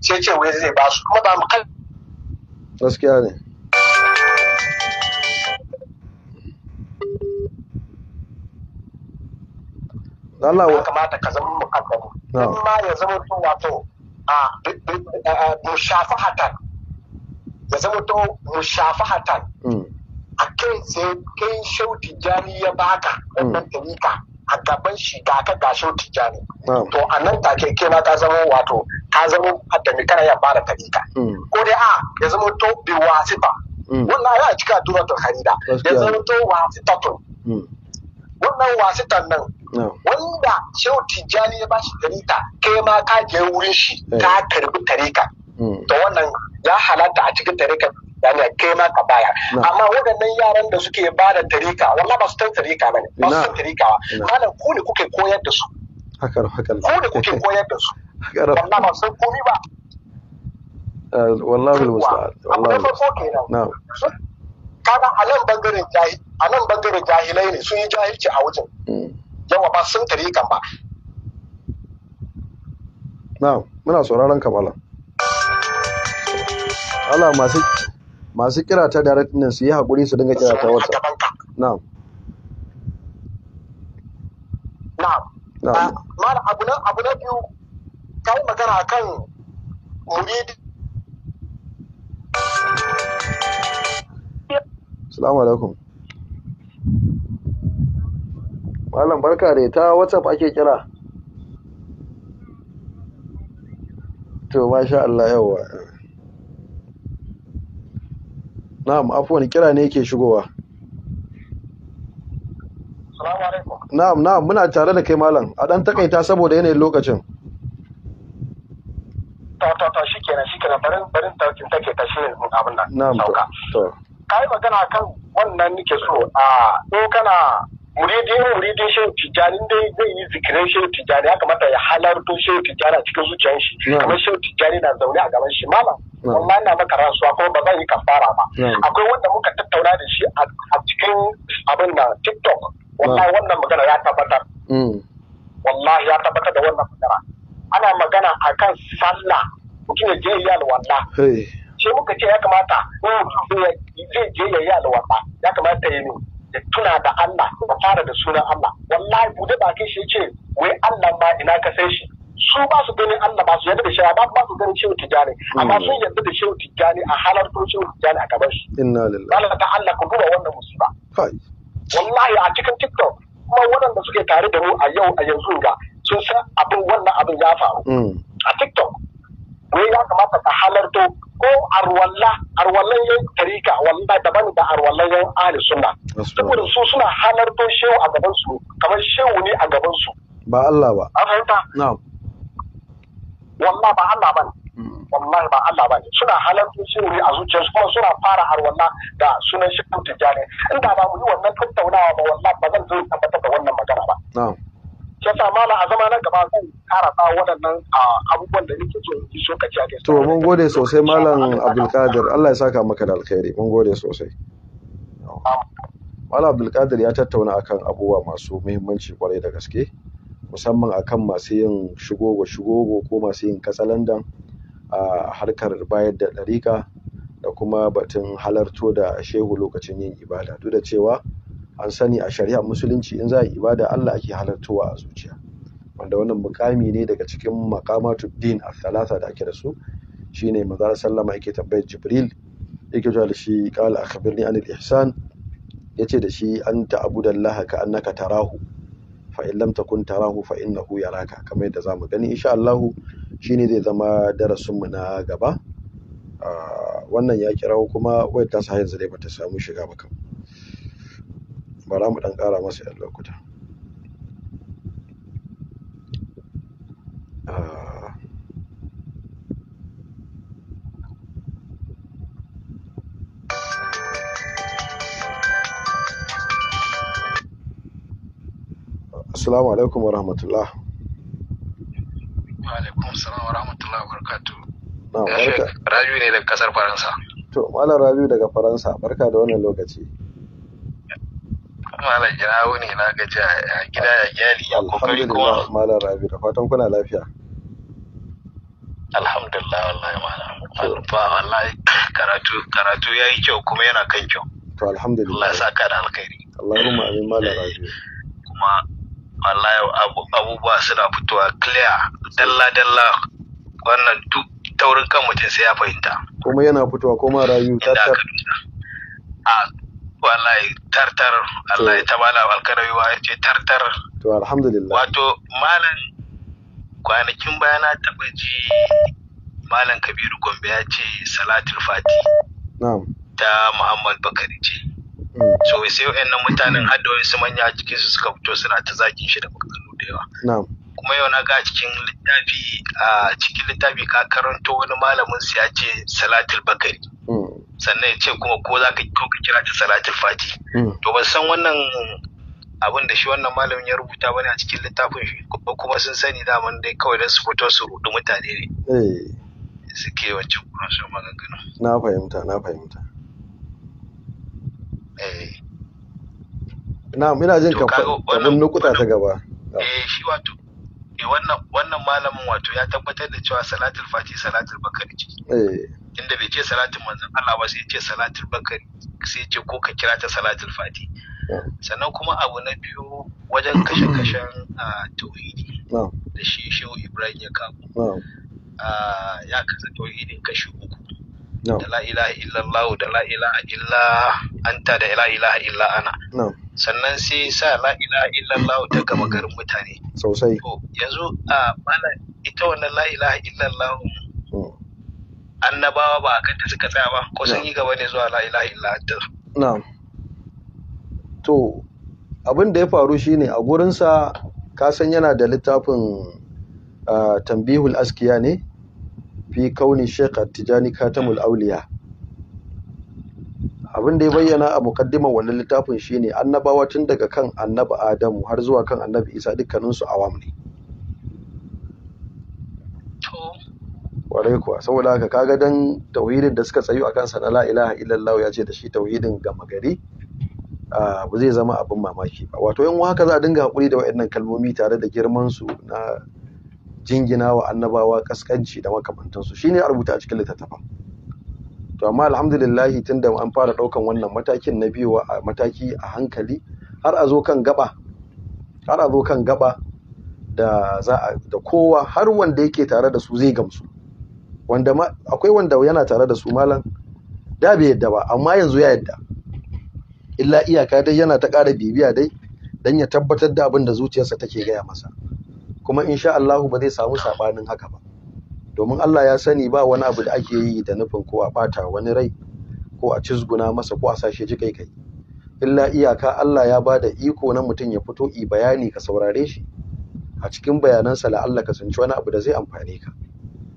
sai ce wai zai ba su kuma ba mu kai gaskiya ne Allah ya kamata ka zama mukaddami in ma ya zama to wato a mushafahatan ya zama to mushafahatan mm. a kai sai kai shau tijjani ya baka wannan tarika mm. a gaban shi ga ka ga shauti jani to a nan take kai ma ta zama wato ta zama a da kana ya bada tarika mm. ko dai a ya zama to bi ba. Mm. wannan ya cika duratul harida ya zama to wasitatun wannan wasitan nan wanda shauti jani ya bashi tarika kai ma ka je wurin shi ta eh. karbi tarika to wannan ya halatta a cikin tarika tijjaniya kai ma ka baya. amma waɗannan yaran da suke ba da tarika wallahi ba su san tarika bane ba su san tarika ba malam ku ne kuke koyar da su haka haka ku ne kuke koyar da su wallahi ba san komai ba eh, wallahi musta'an wallahi na'am kaga a bangaren jahil a nan bangaren jahilai ne sun yi jahilci a wajen mm. yawa ba sun tarika ba na'am muna sauraron kamala Allah masu masu kira ta direct din su yi hakuri su dinga kira ta wata na'am na'am ah, mara abu na abu na biyu kai magana kan alaikum Malam barka da ta WhatsApp ake kira To masha Allah yawa Na'am, afwan kira ne yake shigowa. Assalamu alaikum. Na'am, na'am, muna tare da kai malam. A dan takaita saboda yanayin lokacin. Ta shi to shikenan shikenan barin barin taukin take ta shi abin nan. Na'am. Sauka. To. Kai magana kan wannan nake so a ko kana wuri da shehu tijjani da zai yi zikirin shehu tijjani ya kamata ya to shehu tijjani a cikin zuciyar shi kamar shehu tijjani na zaune a gaban shi mama amma ina maka rasuwa ko ba zan yi kafara ba akwai wanda muka tattauna da shi a cikin abin na tiktok wallahi wannan magana ya tabbatar mm. wallahi ya tabbatar da wannan magana ana magana akan sallah mutum ya je yi alwala sai muka ce ya kamata mm, zai je ya yi alwala ya kamata ya yi ya tuna da Allah ya fara da sunan Allah wallahi bude bakin shi yace wai Allah ma ina ka sai shi su ba su ganin Allah ba su yarda da shi ba ba su ganin shehu tijani amma sun yarda da shehu tijani a halar ko shehu tijani a gaban shi inna lillahi Allah ta Allah ku duba wannan musiba wallahi a cikin TikTok kuma waɗanda suke tare da mu a yau a yanzu ga sun san abin wannan abin ya faru mm. a TikTok wai ya kamata ka halarto ko arwalla arwallan yan tarika wallahi daban da arwallan yan ahli sunna saboda su suna halarto shehu a gaban su kamar shehu ne a gaban su ba Allah ba an fahimta na'am wallahi ba Allah ba hmm. wallahi ba Allah ba suna halarto shehu ne a zuciyarsu kuma suna fara arwalla da sunan shehu tijjani inda ba mu yi wannan tattaunawa ba wallahi ba zan zo tabbatar da wannan magana ba na'am shi yasa mala a zama na gaba zan karasa waɗannan abubuwan da nake so yi a to mun gode sosai malam abdulkadir Allah ya saka maka da alkhairi mun gode sosai Malam Abdulkadir ya tattauna akan abubuwa masu muhimmanci kwarai da gaske musamman akan masu yin shigogo shigogo ko masu yin katsalandan a harkar bayar da ɗarika da kuma batun halarto da shehu lokacin yin ibada duk da cewa an sani a shari'a musulunci in za a ibada Allah ake halartowa a zuciya wanda wannan mukami ne daga cikin maƙamatu din a da ake da su Shi shine manzo sallama yake tambayar jibril yake cewa da shi akhbirni an ihsan yace da shi anta Allah ka annaka tarahu fa in lam takun tarahu fa innahu yaraka kamar yadda zamu gani insha Shi ne zai zama darasin mu na gaba ah, wannan ya kirawo kuma wayar ta sa yanzu dai bata samu shiga ba kan bara mu ɗan ƙara masa yan lokuta ah. Assalamu alaikum wa rahmatullah. Wa alaikum salam wa rahmatullah wa barakatu. Na barka. Rabiu ne daga kasar Faransa. To, Malam Rabiu daga Faransa, barka da wannan lokaci. malam na gaji a gida ya gyali ya kokari kuma malam rabi da fatan kuna lafiya alhamdulillah wallahi malam ba wallahi karatu karatu yayi kyau kuma yana kan kyau to alhamdulillah Allah ya saka da alkhairi malam eh, rabi kuma wallahi abubuwa suna fitowa clear dalla dalla wannan duk taurin kan mutum sai ya fahimta kuma yana fitowa kuma rayu ta ku Allah ya tartar Allah ya tabala wa ya ce tartar to alhamdulillah wato malam kwanakin baya na taba ji malam Kabiru Gombe ya ce salatul fati na'am ta Muhammad Bakari ce mm. so sai wayannan mutanen har da wasu manya a cikin su suka fito suna ta zakin shi da maganganu da yawa na'am kuma yau na ga cikin littafi a cikin littafi ka karanto wani malamin su ya ce salatul bakari mm. sannan ya ce kuma ko za ka ko ka kira ta salatul fati hmm. to ban san wannan abin da shi wannan malamin ya rubuta bane a cikin littafin shi ko kuma sun sani daman dai kawai don su fito su rudu mutane ne eh. suke wancan kuransu maganganu na fahimta na fahimta eh na ina jin ka kabin nukuta ta gaba eh shi wato eh wannan wannan malamin wato ya tabbatar da cewa salatul fati salatul bakari ce eh inda bai ce salatin manzon Allah ba sai ya ce salatul bakari sai ya ce ko ka kira ta salatul fati sannan kuma abu na biyu wajen kashe-kashen a tauhidi da shi shehu ibrahim ya kawo ya kasa tauhidin kashi uku da la ilaha illallah da la ilaha illa anta da la ilaha illa ana sannan sai sa la ilaha illallah ta gama garin mutane sosai yanzu a ita wannan la ilaha illallah annabawa ba a da suka tsaya ba ko sun yi gaba ne zuwa la illa na'am to abin da ya faru shine a gurinsa ka san yana da littafin tambihul askiya ne fi kauni sheikh tijani katamul auliya abin da ya bayyana a mukaddimar wannan littafin shine annabawa tun daga kan annabi adamu har zuwa kan annabi isa dukkaninsu awam ne kwarai kuwa saboda haka kaga dan tauhidin da suka tsayu akan sa na la ilaha illallah ya ce da shi tauhidin gama gari ba zai zama abin mamaki ba wato yan haka za a dinga hakuri da waɗannan kalmomi tare da girman su na jingina wa annabawa kaskanci da makamantansu shine a rubuta a cikin littattafan to amma alhamdulillah tunda an fara ɗaukan wannan matakin na biyu a mataki a hankali har a zo kan gaba har a zo kan gaba da da kowa har wanda yake tare da su zai gamsu wanda ma akwai wanda yana tare da su malam da bai yadda ba amma yanzu ya yadda illa iyaka dai yana ta ƙara bibiya dai dan ya tabbatar da abin da zuciyarsa take gaya masa kuma insha Allahu ba zai samu sabanin haka ba domin Allah ya sani ba wani abu da ake yi da nufin ko a bata wani rai ko a cizguna masa ko a sashe ji kai kai illa iyaka Allah ya bada iko na mutum ya fito i bayani ka saurare shi a cikin bayanansa Allah ka sanci wani abu da zai amfane ka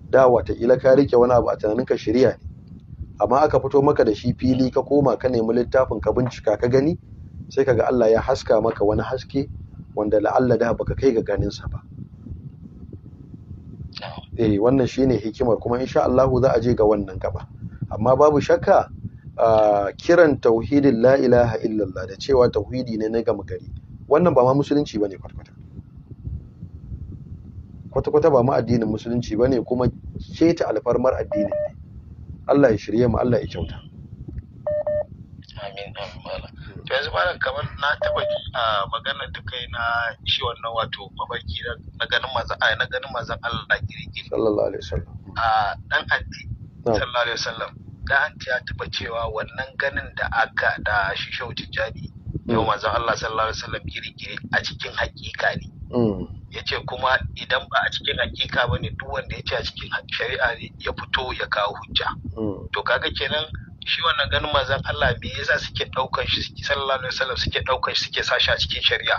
da wataƙila ka rike wani abu a tunaninka shirya ne amma aka fito maka da shi fili ka koma ka nemi littafin ka bincika ka gani sai kaga Allah ya haska maka wani haske wanda la'alla da baka kai ga ganinsa ba eh wannan shine hikimar kuma insha Allah za a je ga wannan gaba amma babu shakka kiran tauhidin la ilaha illallah da cewa tauhidi ne na gama gari wannan ba ma musulunci bane kwatkwata kwata-kwata ba ma addinin musulunci ba ne kuma ta alfarmar addinin ne Allah ya shirye mu Allah ya kyauta amin amin to yanzu malam kamar na taba a maganar da kai na shi wannan wato mafarki na ganin manzon na ganin manzon Allah kirki sallallahu alaihi wasallam a dan addi sallallahu alaihi wasallam Da an ya taba cewa wannan ganin da aka da shi shautin jani mm. yau manzon Allah sallallahu alaihi wasallam kirki a cikin hakika ne mm. Ya ce kuma idan ba a cikin hakika ba ne duk wanda ya ce a cikin shari'a ne ya fito ya kawo hujja hmm. to kaga kenan shi wannan ganin manzon Allah me yasa suke daukan shi sallallahu alaihi wasallam suke ɗaukan shi suke sashi a cikin shari'a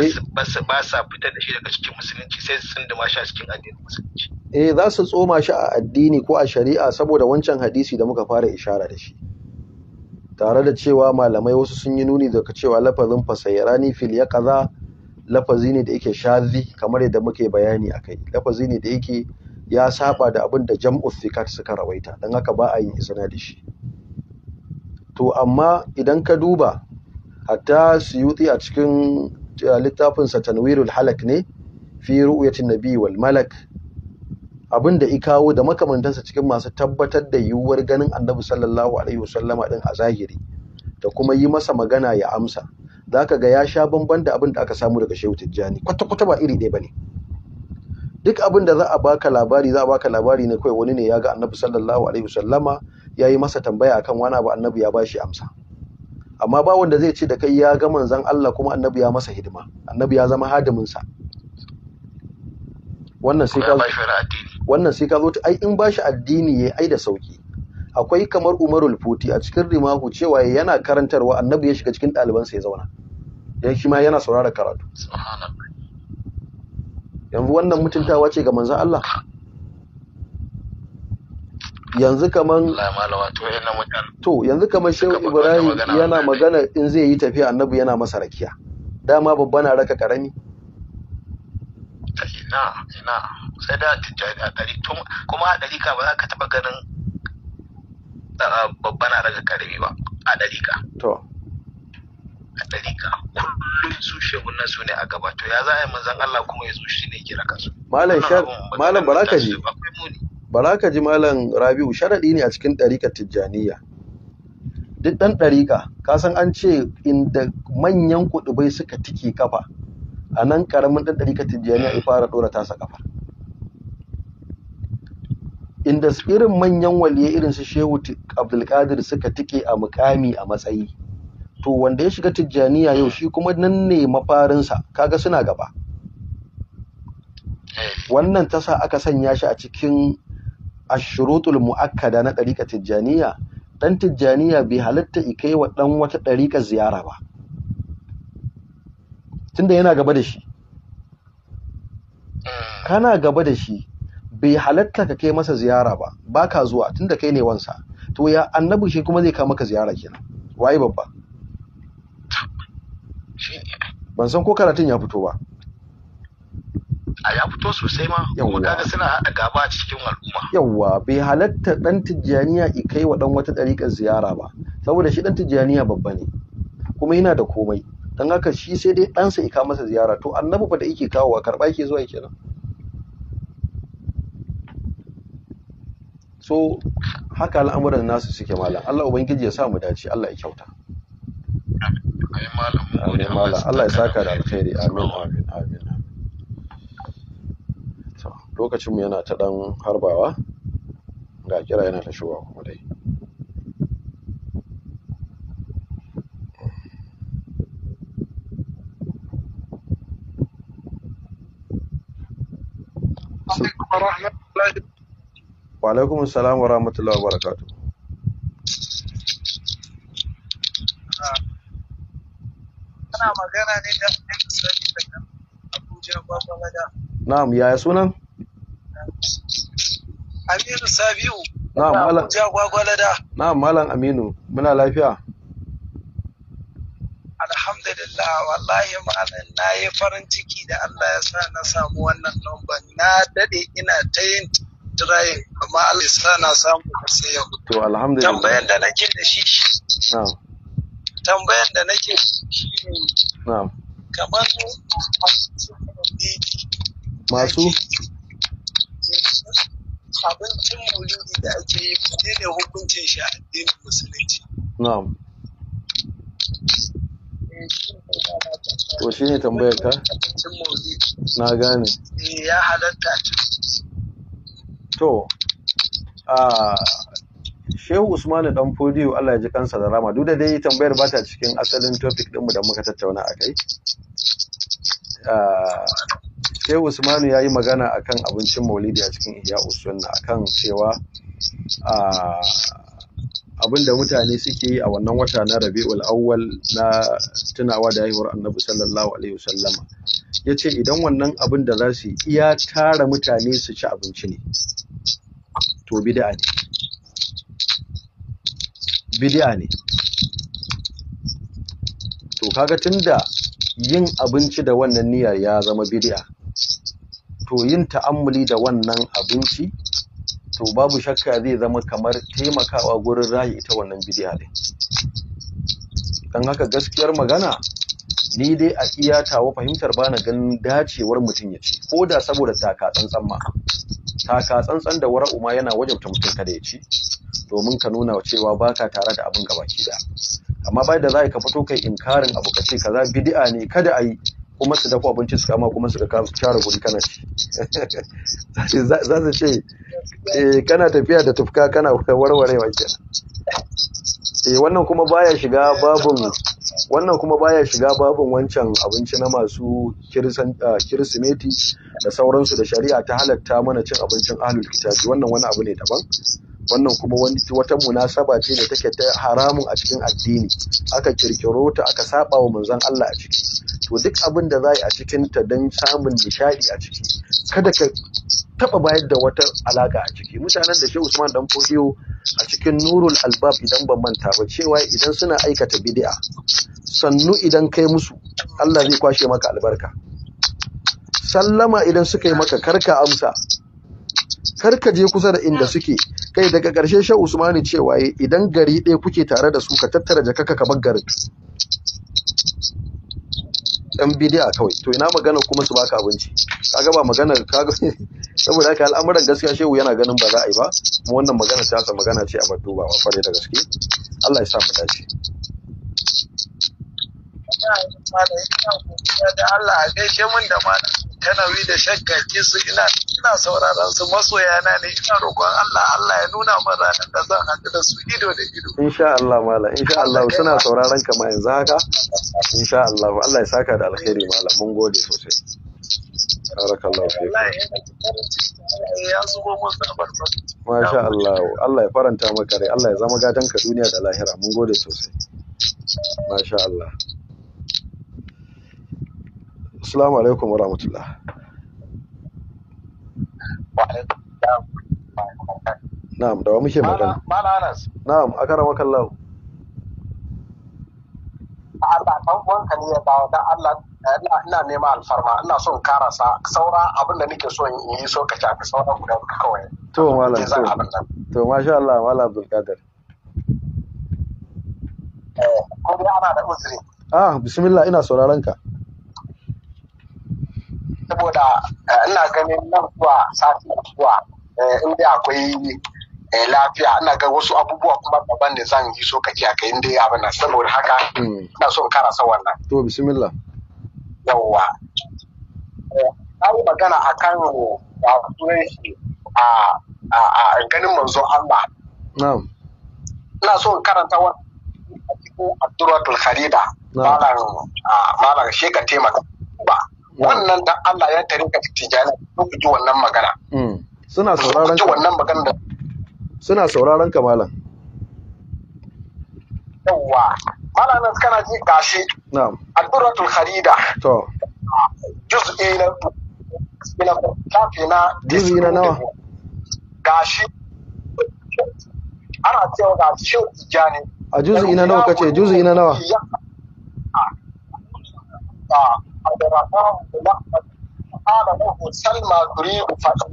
su eh. ba sa fitar da shi daga cikin musulunci sai sun dima shi a cikin addinin musulunci eh za su tsoma shi a addini ko a shari'a saboda wancan hadisi da muka fara ishara da shi tare da cewa malamai wasu sun yi nuni daga cewa lafazin fasayyarani fil ya kaza lafazi ne da yake shazi kamar yadda muke bayani a kai lafazi ne da yake ya saba da abinda da jam'u suka rawaita don haka ba a yin isna da shi to amma idan ka duba hatta suyuti a cikin eh, littafin sa tanwirul halak ne fi ru'yatin nabi wal malak abin da ikawo da makamantansa cikin masu tabbatar da yiwuwar ganin annabi sallallahu alaihi wasallama din a zahiri da kuma yi masa magana ya amsa za ka ga ya sha bamban da abin da aka samu daga shehu tijjani kwata-kwata ba iri ɗaya ba ne duk abin da za a baka labari za a baka labari ne kawai wani ne ya ga annabi sallallahu alaihi wasallama ya yi masa tambaya akan wani abu annabi ya bashi amsa amma ba wanda zai ce da kai ya ga manzon Allah kuma annabi ya masa hidima annabi ya zama hadimin sa wannan sai ka wannan sai ka zo ai in bashi addini yayi ai da sauki akwai kamar Umarul Futi a cikin rimahu cewa yana karantarwa annabi ya shiga cikin ɗalibansa ya zauna Yan shi ma yana saurara karatu yanzu wannan mutuntawa ce ga manzon Allah yanzu kaman to yanzu kaman shehu ibrahim yana magana in zai yi tafiya annabi yana masa rakiya dama babba na raka karami ina ina sai da Tijjani a ɗari kuma a ɗari ka ba za ka taɓa ganin babba na raka karami ba a ɗari ka to a ɗarika kullum su shehu su ne a gaba to ya za a yi manzan Allah kuma ya zo shi ne kira kasu malam shar malam baraka ji baraka ji malam rabiu sharaɗi ne a cikin ɗarikar tijjaniya duk ɗan ɗarika ka san an ce inda manyan kuɗubai suka tike kafa a nan ƙaramin ɗan ɗarikar tijjaniya ya fara ɗora tasa kafa inda irin manyan waliye irin su shehu abdulkadir suka tike a mukami a matsayi to wanda ya shiga tijjaniya yau shi kuma nan ne mafarinsa kaga suna gaba wannan ta sa aka sanya shi a cikin ashurutul mu'akkada na ɗariƙa tijjaniya ɗan tijjaniya bai halatta ikai wa ɗan wata ɗariƙa ziyara ba tunda yana gaba da shi kana gaba da shi bai halatta ka kai masa ziyara ba ba ka zuwa tunda kai ne wansa to ya annabi shi kuma zai kama maka ziyara kenan waye babba ban san ko karatun ya fito ba a ya fito sosai ma kuma kaga suna hada gaba cikin al'umma yawwa bai halatta ɗan tijjaniya i kai wa dan wata ɗariƙar ziyara ba saboda shi ɗan tijjaniya babba ne kuma yana da komai don haka shi sai dai ɗansa ika masa ziyara to annabi fa da yake kawowa karɓa yake zuwa kenan so haka al'amuran nasu suke malam Allah ubangiji ya sa mu dace Allah ya kyauta amin malam Allah ya saka da alkhairi amin amin amin lokacin mu yana ta dan harbawa ga kira yana ta kuma dai wa alaikum wa rahmatullahi wa barakatuh Muna magana ne da Sani daga Abuja Gwagwalada. Na'am, yaya sunan? Aminu Sabiu. Na'am, Malam. Abuja Gwagwalada. Na'am, Malam Aminu. Muna lafiya. Alhamdulillah, wallahi malam na yi farin ciki da Allah ya sa na samu wannan lambar. Na dade ina ta yin tirayin, amma Allah ya sa na samu sai yau. To, alhamdulillah. Tambayan da nake da shi. Na'am. tambayar da nake shi ne kamar masu abincin maulidi da ake yi ne ne hukuncin shi a addinin musulunci na'am to shi ne tambayar ka na gane eh, ya halatta to a ah, Shehu Usmanu dan Fodiyo Allah ya ji kansa da rama duk da dai tambayar ba ta cikin asalin topic ɗinmu da muka tattauna a kai. Ah, Shehu Usmanu ya yi magana a kan abincin Maulidi a cikin Ihya Usunna akan cewa ah, abin da mutane suke yi a wannan wata na Rabi'ul Awwal na tunawa da haihuwar Annabi sallallahu alaihi wasallama yace idan wannan abin da za su iya tara mutane su ci abinci ne to bid'a ne bid'a ne to kaga tunda yin abinci da wannan niyyar ya zama bid'a to yin ta'ammuli da wannan abinci to babu shakka zai zama kamar taimakawa gurin raya ita wannan bid'a din dan haka gaskiyar magana ni dai a iya tawa fahimtar bana ganin dacewar mutum ya ci ko da saboda taka tsantsan ma taka tsantsan da wara'u ma yana wajabta mutum kada ya ci domin ka nuna cewa baka tare da abin gabaki daya amma bai da za ka fito kai inkarin abu ka ce kaza bidi'a ne kada ayi yi kuma su dafa abinci su kama kuma su ka share guri kana ci za su ce eh, kana tafiya da tufka kana warware wa kenan eh wannan kuma baya shiga babun wannan kuma baya shiga babun wancan abinci na masu ah, kirsimeti da sauransu da shari'a ta halatta mana cin abincin ahlul kitabi wannan wani abu ne daban wannan kuma wani wata munasaba ce da take ta haramun a cikin addini aka kirkiro ta aka saba wa manzon Allah a ciki to duk abin da za a cikin ta don samun nishadi a ciki kada ka taba bayar da wata alaka a ciki mutanen da shehu usman dan fodiyo a cikin nurul albab idan ban manta ba cewa idan suna aikata bid'a sannu idan kai musu Allah zai kwashe maka albarka sallama idan suka yi maka karka amsa karka je kusa da inda suke kai daga ƙarshe shehu usmani cewa idan gari ɗaya kuke tare da su ka tattara jakaka ka bar garin yan bidiya kawai to ina magana kuma su baka abinci kaga ba magana kaga saboda haka al'amuran gaskiya shehu yana ganin ba za a yi ba mu wannan magana ta sa magana ce a bar ba fare da gaske Allah ya sa mu dace Allah a gaishe mun da malam kanawi da shakkaki su ina ina sauraron su masoya na ne ina roƙon Allah Allah ya nuna min ranar da zan haɗu da su ido da ido insha Allah malam insha Allah suna sauraron ka ma yanzu haka insha Allah Allah ya saka da alkhairi malam mun gode sosai barakallahu fiik ya zubo mun masha Allah Allah ya faranta maka rai Allah ya zama gadon ka duniya da lahira mun gode sosai masha Allah Assalamu alaikum wa rahmatullah. Na'am, da wa muke magana? Mala Anas. Na'am, akara makallahu. Allah dan uwanka ne ya dan Allah ina nema alfarma ina son karasa saura abin da nake so in yi so ka saura guda kawai to malam to to masha Allah malam Abdul Kadir eh ko ana da uzuri ah bismillah ina sauraron ka saboda eh, ina ganin nan zuwa sati zuwa eh, inda akwai eh, lafiya ina ga wasu abubuwa kuma daban da zan yi so sokaci aka yi dai abin nan saboda haka hmm. ina son karasa wannan to bismillah yawwa eh yi magana a kan ah, a ganin manzo Allah ina son karanta wannan a cikin Abdurrahman Khalida malam ah, sheka taimaka ba wannan da Allah ya tarinka tijani ku ji wannan magana mm. suna sauraron ka wannan magana da suna sauraron ka malam yawa malamin kana ji gashi na'am addu'atul kharida to juz'i na ina kafi na juz'i na nawa gashi ana cewa gashi shi tijani a juz'i na nawa kace juz'i na nawa ah. فدرسناه بلحظة قال له سلمى تريد فتحه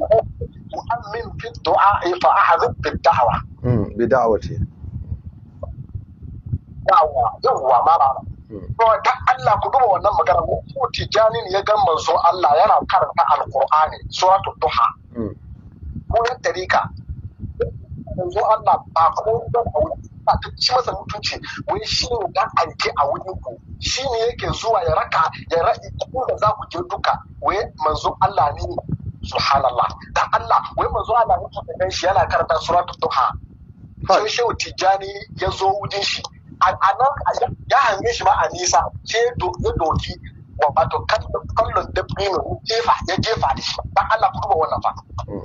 مؤمن في الدعاء bi بالدعوة بدعوتي da'awa yawwa hmm. hmm. marara to ta Allah ku duba wannan magana ko tijanin ya ga manzo Allah yana karanta alqur'ani suratul duha ko ya tarika manzo Allah ba ko da ba ta ci masa mutunci wai shi ne dan anke a wurin ku shi ne yake zuwa ya raka ya ra'i da za ku je duka wai manzo Allah ne subhanallah da Allah wai manzo Allah ta gan shi yana karanta suratul duha sai shehu tijani ya zo wujin shi a nan ya hange shi ma a nisa sai ya doki wato kallon dabbino ya jefa da shi dan Allah ku duba wannan fa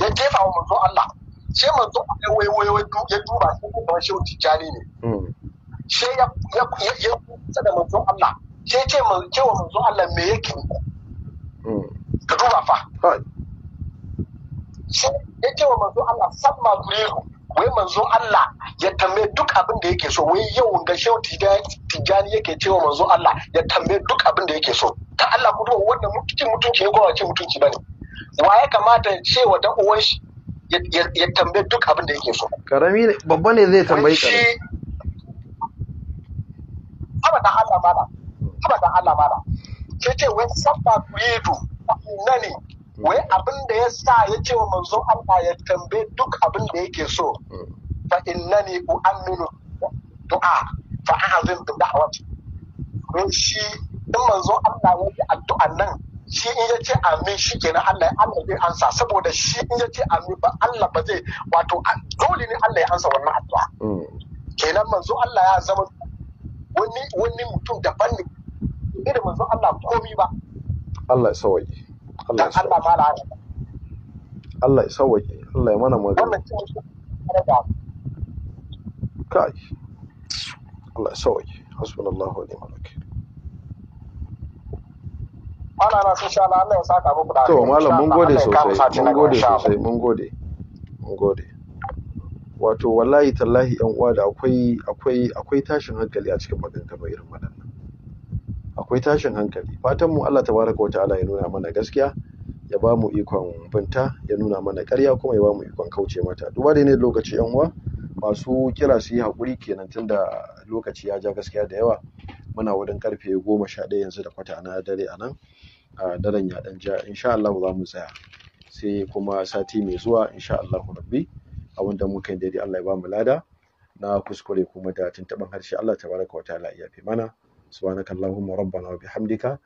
ya jefa wa manzo Allah sai manzo ya waiwayo ya duba sai kuma shehu tijjani ne hmm. sai ya ya ya kusa da manzo Allah sai ce wa manzo Allah me yake hmm. ka duba fa sai ya ce wa manzo Allah samma gurehu wai manzo Allah ya tambaye duk abin da yake so wai yau ga shehu tijjani yake cewa manzo Allah ya tambaye duk abin da yake so ta Allah ku duba wannan mutunci mutunci ne ko wace mutunci bane wa ya kamata ya ce wa dan uwan shi ya tambaye duk abin da yake so karami ne babba ne zai tambayi karami da Allah mana da Allah mana Ke ce wai sabba yudu nani wai abin da ya sa ya ce wa manzo Allah ya tambaye duk abin da yake so fa innani u'minu du'a fa a'zim bi da'wati Ko shi in manzo Allah ya yi addu'an nan shi in ya ce amin shi kenan Allah ya Allah zai ansa saboda shi in ya ce amin ba Allah ba zai wato dole ne Allah ya ansa wannan addu'a mm. kenan manzo Allah ya zama wani wani mutum daban ne da manzo Allah komi ba Allah ya sawaye Allah ya sawaye Allah ya sawaye Allah ya mana magana kai Allah ya sawaye hasbunallahu wa ni'mal wakeel malama sun sha Allah ya saka muku da to malam mun gode sosai mun gode sosai mun gode mun gode wato wallahi tallahi yan uwa da akwai akwai akwai tashin hankali a cikin maganganu irin waɗannan akwai tashin hankali fatan mu Allah tabaraka wataala ya nuna mana gaskiya ya ba mu ikon binta ya nuna mana ƙarya kuma ya ba mu ikon kauce mata duba da ne lokaci yan uwa masu kira su yi haƙuri kenan tunda lokaci ya ja gaskiya da yawa muna wurin karfe goma sha ɗaya yanzu da kwata na dare a nan a daren yaɗan jiya ja insha Allah za mu tsaya sai kuma sati mai zuwa insha Allah rabbi abinda muka yi daidai Allah ya ba mu lada na kuskure kuma da tuntuɓin harshe Allah tabaraka wa ta'ala ya fi mana subhanakallahumma rabbana wa bihamdika